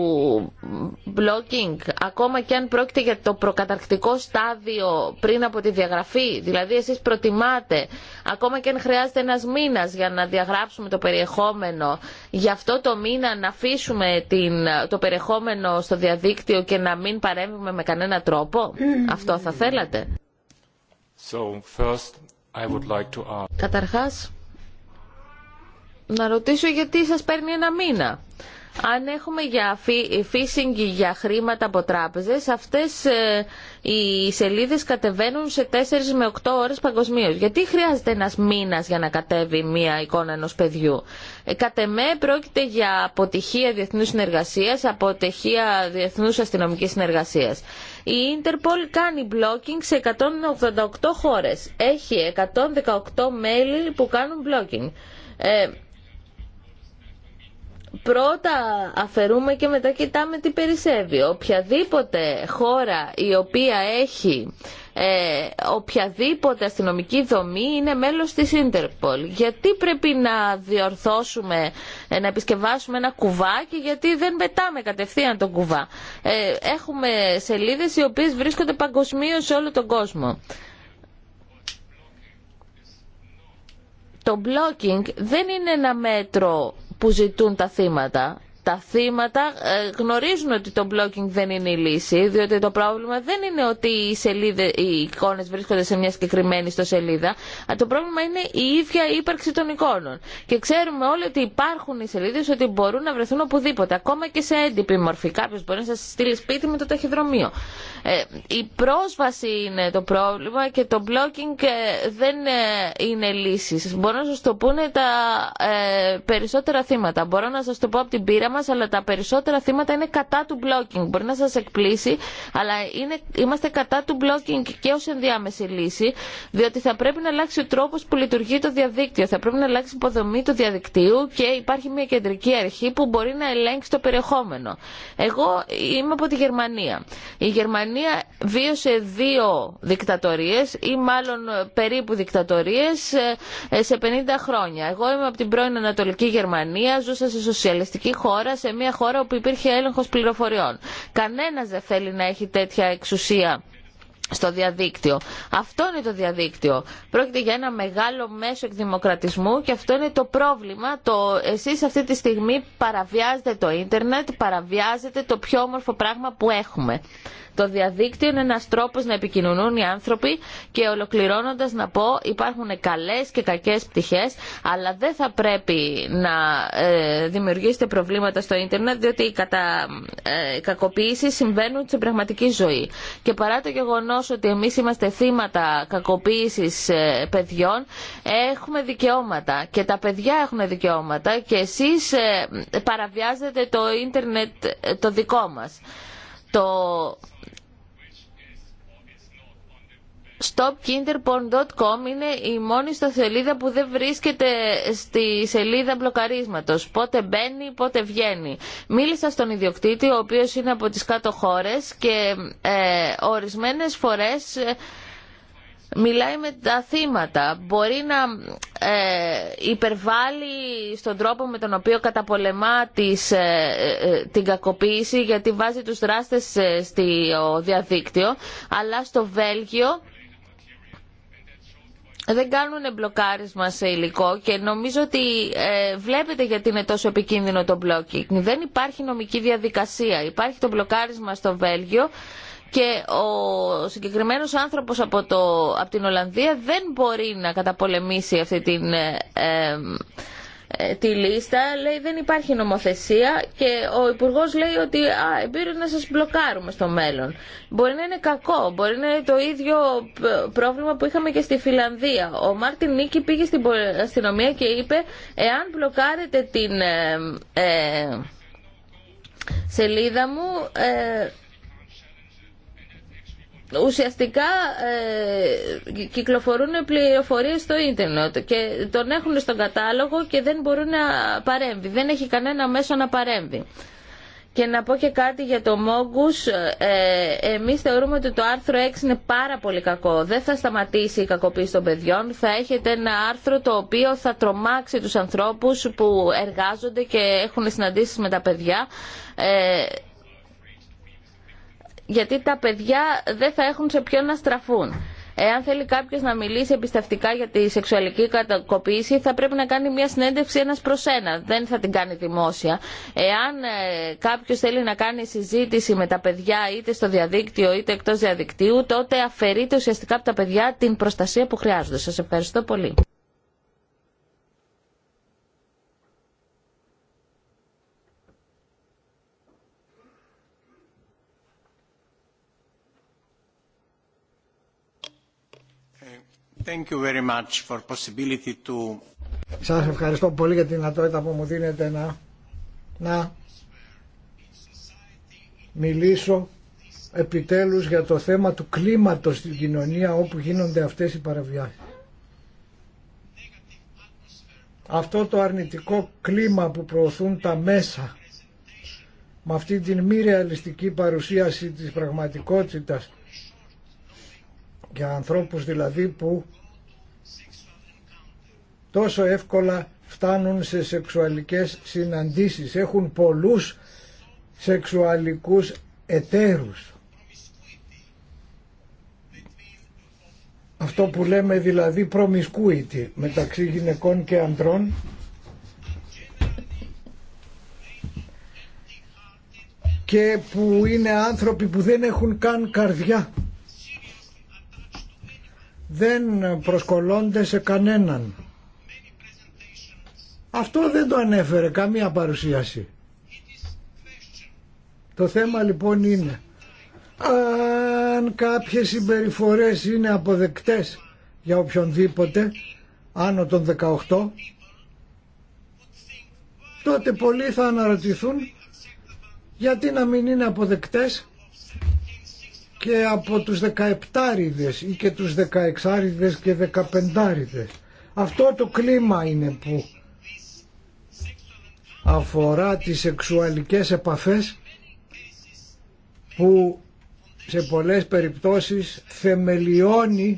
blocking, ακόμα και αν πρόκειται για το προκαταρκτικό στάδιο πριν από τη διαγραφή. Δηλαδή εσείς προτιμάτε, ακόμα και αν χρειάζεται ένας μήνας για να διαγράψουμε το περιεχόμενο, για αυτό το μήνα να αφήσουμε την, το περιεχόμενο στο διαδίκτυο και να μην παρέμβουμε με κανένα τρόπο. Mm. Αυτό θα θέλατε. So, first, I would like to... Καταρχάς, να ρωτήσω γιατί σας παίρνει ένα μήνα. Αν έχουμε για phishing για χρήματα από τράπεζες, αυτές ε, οι σελίδες κατεβαίνουν σε 4 με 8 ώρες παγκοσμίως. Γιατί χρειάζεται ένας μήνας για να κατέβει μία εικόνα ενός παιδιού. Ε, κατ' εμέ πρόκειται για αποτυχία διεθνούς συνεργασίας, αποτυχία διεθνούς αστυνομικής συνεργασίας. Η Interpol κάνει blocking σε 188 χώρες. Έχει 118 μέλη που κάνουν blocking. Ε, πρώτα αφαιρούμε και μετά κοιτάμε τι περισσεύει. Οποιαδήποτε χώρα η οποία έχει ε, οποιαδήποτε αστυνομική δομή είναι μέλος της Ιντερπολ. Γιατί πρέπει να διορθώσουμε, ε, να επισκευάσουμε ένα κουβά και γιατί δεν πετάμε κατευθείαν τον κουβά. Ε, έχουμε σελίδες οι οποίες βρίσκονται παγκοσμίω σε όλο τον κόσμο. Το blocking δεν είναι ένα μέτρο που ζητούν τα θύματα. Τα θύματα ε, γνωρίζουν ότι το blocking δεν είναι η λύση, διότι το πρόβλημα δεν είναι ότι οι, σελίδες, οι εικόνες βρίσκονται σε μια συγκεκριμένη σελίδα, αλλά το πρόβλημα είναι η ίδια ύπαρξη των εικόνων. Και ξέρουμε όλοι ότι υπάρχουν οι σελίδες ότι μπορούν να βρεθούν οπουδήποτε, ακόμα και σε έντυπη μορφή. Κάποιος μπορεί να σας στείλει σπίτι με το ταχυδρομείο. Ε, η πρόσβαση είναι το πρόβλημα και το blocking ε, δεν ε, είναι λύση. Μπορώ να σας το πούνε τα περισσότερα θύματα. Μπορώ να σας το πω από την πείρα μας, αλλά τα περισσότερα θύματα είναι κατά του blocking. Μπορεί να σας εκπλήσει, αλλά είναι, είμαστε κατά του blocking και ως ενδιάμεση λύση, διότι θα πρέπει να αλλάξει ο τρόπος που λειτουργεί το διαδίκτυο. Θα πρέπει να αλλάξει η υποδομή του διαδικτύου και υπάρχει μια κεντρική αρχή που μπορεί να ελέγξει το περιεχόμενο. Εγώ είμαι από τη Γερμανία. Η Γερμανία Γερμανία βίωσε δύο δικτατορίες ή μάλλον ε, περίπου δικτατορίες ε, ε, σε 50 χρόνια. Εγώ είμαι από την πρώην Ανατολική Γερμανία, ζούσα σε σοσιαλιστική χώρα, σε μια χώρα όπου υπήρχε έλεγχος πληροφοριών. Κανένας δεν θέλει να έχει τέτοια εξουσία στο διαδίκτυο. Αυτό είναι το διαδίκτυο. Πρόκειται για ένα μεγάλο μέσο εκδημοκρατισμού και αυτό είναι το πρόβλημα. Το εσείς αυτή τη στιγμή παραβιάζετε το ίντερνετ, παραβιάζετε το πιο όμορφο πράγμα που έχουμε. Το διαδίκτυο είναι ένας τρόπος να επικοινωνούν οι άνθρωποι και ολοκληρώνοντας να πω υπάρχουν καλές και κακές πτυχές αλλά δεν θα πρέπει να ε, δημιουργήσετε προβλήματα στο ίντερνετ διότι οι κατα... ε, κακοποιήσεις συμβαίνουν στην πραγματική ζωή. Και παρά το γεγονός ότι εμείς είμαστε θύματα κακοποίησης ε, παιδιών έχουμε δικαιώματα και τα παιδιά έχουν δικαιώματα και εσείς ε, παραβιάζετε το ίντερνετ ε, το δικό μας. Το stopkinderporn.com είναι η μόνη στο σελίδα που δεν βρίσκεται στη σελίδα μπλοκαρίσματος. Πότε μπαίνει, πότε βγαίνει. Μίλησα στον ιδιοκτήτη, ο οποίος είναι από τις κάτω χώρες και ε, ορισμένες φορές ε, μιλάει με τα θύματα. Μπορεί να ε, υπερβάλλει στον τρόπο με τον οποίο καταπολεμά ε, την κακοποίηση γιατί βάζει τους δράστες στο διαδίκτυο, αλλά στο Βέλγιο δεν κάνουν μπλοκάρισμα σε υλικό και νομίζω ότι ε, βλέπετε γιατί είναι τόσο επικίνδυνο το μπλοκι. Δεν υπάρχει νομική διαδικασία. Υπάρχει το μπλοκάρισμα στο Βέλγιο και ο συγκεκριμένος άνθρωπος από, την Ολλανδία δεν μπορεί να καταπολεμήσει αυτή την... Ε, ε ε, τη λίστα, λέει δεν υπάρχει νομοθεσία και ο Υπουργό λέει ότι α, να σας μπλοκάρουμε στο μέλλον. Μπορεί να είναι κακό, μπορεί να είναι το ίδιο πρόβλημα που είχαμε και στη Φιλανδία. Ο Μάρτιν Νίκη πήγε στην αστυνομία και είπε εάν μπλοκάρετε την ε, ε, σελίδα μου ουσιαστικά ε, κυκλοφορούν πληροφορίες στο ίντερνετ και τον έχουν στον κατάλογο και δεν μπορούν να παρέμβει. Δεν έχει κανένα μέσο να παρέμβει. Και να πω και κάτι για το Μόγκους. Ε, εμείς θεωρούμε ότι το άρθρο 6 είναι πάρα πολύ κακό. Δεν θα σταματήσει η κακοποίηση των παιδιών. Θα έχετε ένα άρθρο το οποίο θα τρομάξει τους ανθρώπους που εργάζονται και έχουν συναντήσεις με τα παιδιά. Ε, γιατί τα παιδιά δεν θα έχουν σε ποιον να στραφούν. Εάν θέλει κάποιο να μιλήσει εμπιστευτικά για τη σεξουαλική κατακοποίηση, θα πρέπει να κάνει μια συνέντευξη ένα προ ένα. Δεν θα την κάνει δημόσια. Εάν ε, κάποιο θέλει να κάνει συζήτηση με τα παιδιά είτε στο διαδίκτυο είτε εκτό διαδικτύου, τότε αφαιρείται ουσιαστικά από τα παιδιά την προστασία που χρειάζονται. Σα ευχαριστώ πολύ. Thank Σας ευχαριστώ πολύ για τη δυνατότητα που μου δίνετε να, να μιλήσω επιτέλους για το θέμα του κλίματος στην κοινωνία όπου γίνονται αυτές οι παραβιάσεις. Αυτό το αρνητικό κλίμα που προωθούν τα μέσα με αυτή την μη ρεαλιστική παρουσίαση της πραγματικότητας για ανθρώπους δηλαδή που τόσο εύκολα φτάνουν σε σεξουαλικές συναντήσεις. Έχουν πολλούς σεξουαλικούς εταίρους. Αυτό που λέμε δηλαδή προμισκούιτι μεταξύ γυναικών και ανδρών και που είναι άνθρωποι που δεν έχουν καν καρδιά. Δεν προσκολώνται σε κανέναν. Αυτό δεν το ανέφερε καμία παρουσίαση. Το θέμα λοιπόν είναι αν κάποιες συμπεριφορές είναι αποδεκτές για οποιονδήποτε άνω των 18 τότε πολλοί θα αναρωτηθούν γιατί να μην είναι αποδεκτές και από τους 17 ή και τους 16 και 15 Αυτό το κλίμα είναι που αφορά τις σεξουαλικές επαφές που σε πολλές περιπτώσεις θεμελιώνει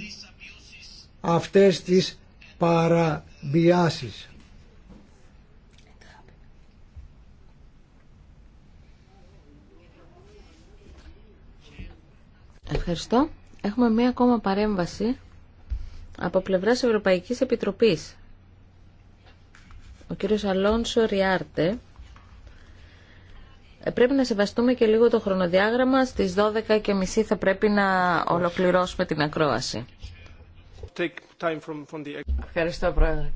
αυτές τις παραβιάσεις. Ευχαριστώ. Έχουμε μία ακόμα παρέμβαση από πλευράς Ευρωπαϊκής Επιτροπής. Ο κύριος Αλόνσο Ριάρτε. Ε, πρέπει να σεβαστούμε και λίγο το χρονοδιάγραμμα. Στις 12.30 θα πρέπει να ολοκληρώσουμε την ακρόαση. Ευχαριστώ, Πρόεδρε.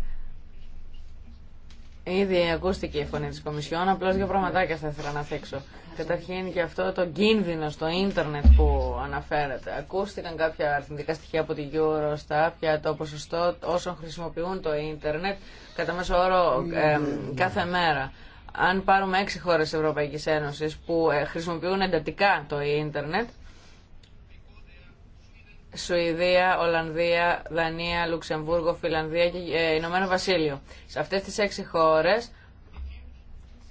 Ήδη ακούστηκε η φωνή της Κομισιόν, απλώς δύο πραγματάκια θα ήθελα να θέξω. Καταρχήν και αυτό το κίνδυνο στο ίντερνετ που αναφέρεται. Ακούστηκαν κάποια αρθεντικά στοιχεία από την Eurostat για το ποσοστό όσων χρησιμοποιούν το ίντερνετ κατά μέσο όρο κάθε μέρα. Αν πάρουμε έξι χώρες της Ευρωπαϊκής Ένωσης που ε, χρησιμοποιούν εντατικά το ίντερνετ, Σουηδία, Ολλανδία, Δανία, Λουξεμβούργο, Φιλανδία και ε, Ηνωμένο Βασίλειο. Σε αυτές τις έξι χώρες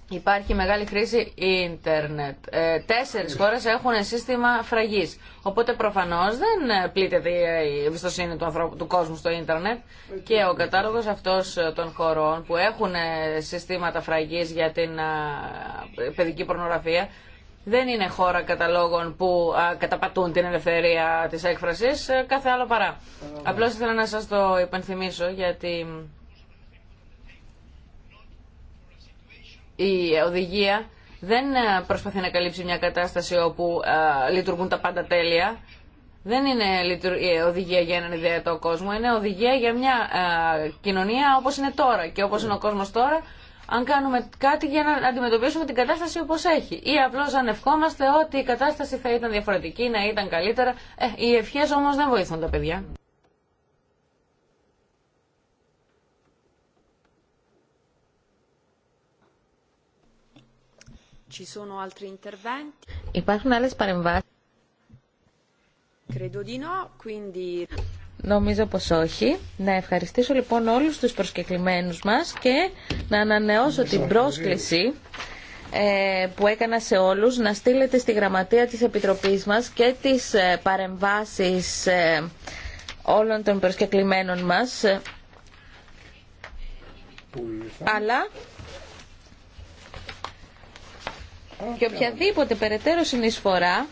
Υπάρχει μεγάλη χρήση ίντερνετ. Ε, Τέσσερι ναι. χώρε έχουν σύστημα φραγή. Οπότε προφανώ δεν πλήττεται η εμπιστοσύνη του, ανθρώπου, του κόσμου στο ίντερνετ και ο κατάλογο αυτό ε, των χωρών που έχουν ε, συστήματα φραγή για την παιδική πορνογραφία δεν είναι χώρα καταλόγων που καταπατούν την ελευθερία τη έκφραση, κάθε άλλο παρά. Απλώ ήθελα να σα το υπενθυμίσω γιατί. η οδηγία δεν ε, προσπαθεί να καλύψει μια κατάσταση όπου ε, λειτουργούν τα πάντα τέλεια. Δεν είναι οδηγία για έναν ιδεατό κόσμο, είναι οδηγία για μια ε, κοινωνία όπως είναι τώρα. Και όπως είναι ο κόσμος τώρα, αν κάνουμε κάτι για να αντιμετωπίσουμε την κατάσταση όπως έχει. Ή απλώς αν ευχόμαστε ότι η κατάσταση θα ήταν διαφορετική, να ήταν καλύτερα. Ε, οι ευχές όμως δεν βοηθούν τα παιδιά. Υπάρχουν άλλε παρεμβάσει. Νομίζω πως όχι. Να ευχαριστήσω λοιπόν όλους τους προσκεκλημένους μας και να ανανεώσω την πρόσκληση ε, που έκανα σε όλους να στείλετε στη γραμματεία της Επιτροπής μας και τις ε, παρεμβάσεις ε, όλων των προσκεκλημένων μας. αλλά και οποιαδήποτε περαιτέρω συνεισφορά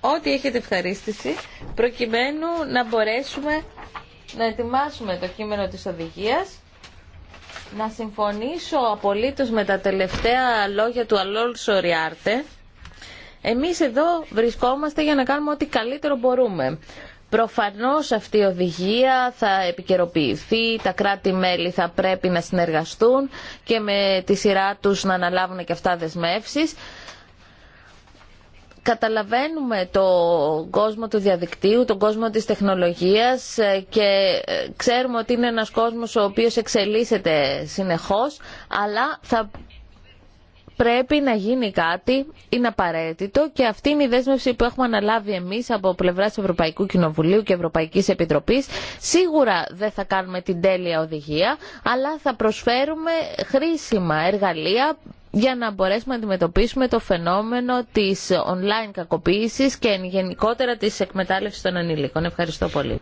ό,τι έχετε ευχαρίστηση προκειμένου να μπορέσουμε να ετοιμάσουμε το κείμενο της οδηγίας να συμφωνήσω απολύτως με τα τελευταία λόγια του Αλόλ Σοριάρτε εμείς εδώ βρισκόμαστε για να κάνουμε ό,τι καλύτερο μπορούμε. Προφανώς αυτή η οδηγία θα επικαιροποιηθεί, τα κράτη-μέλη θα πρέπει να συνεργαστούν και με τη σειρά τους να αναλάβουν και αυτά δεσμεύσεις. Καταλαβαίνουμε τον κόσμο του διαδικτύου, τον κόσμο της τεχνολογίας ε, και ε, ξέρουμε ότι είναι ένας κόσμος ο οποίος εξελίσσεται συνεχώς, αλλά θα πρέπει να γίνει κάτι, είναι απαραίτητο και αυτή είναι η δέσμευση που έχουμε αναλάβει εμείς από πλευρά Ευρωπαϊκού Κοινοβουλίου και Ευρωπαϊκής Επιτροπής. Σίγουρα δεν θα κάνουμε την τέλεια οδηγία, αλλά θα προσφέρουμε χρήσιμα εργαλεία για να μπορέσουμε να αντιμετωπίσουμε το φαινόμενο της online κακοποίησης και γενικότερα της εκμετάλλευσης των ανηλίκων. Ευχαριστώ πολύ.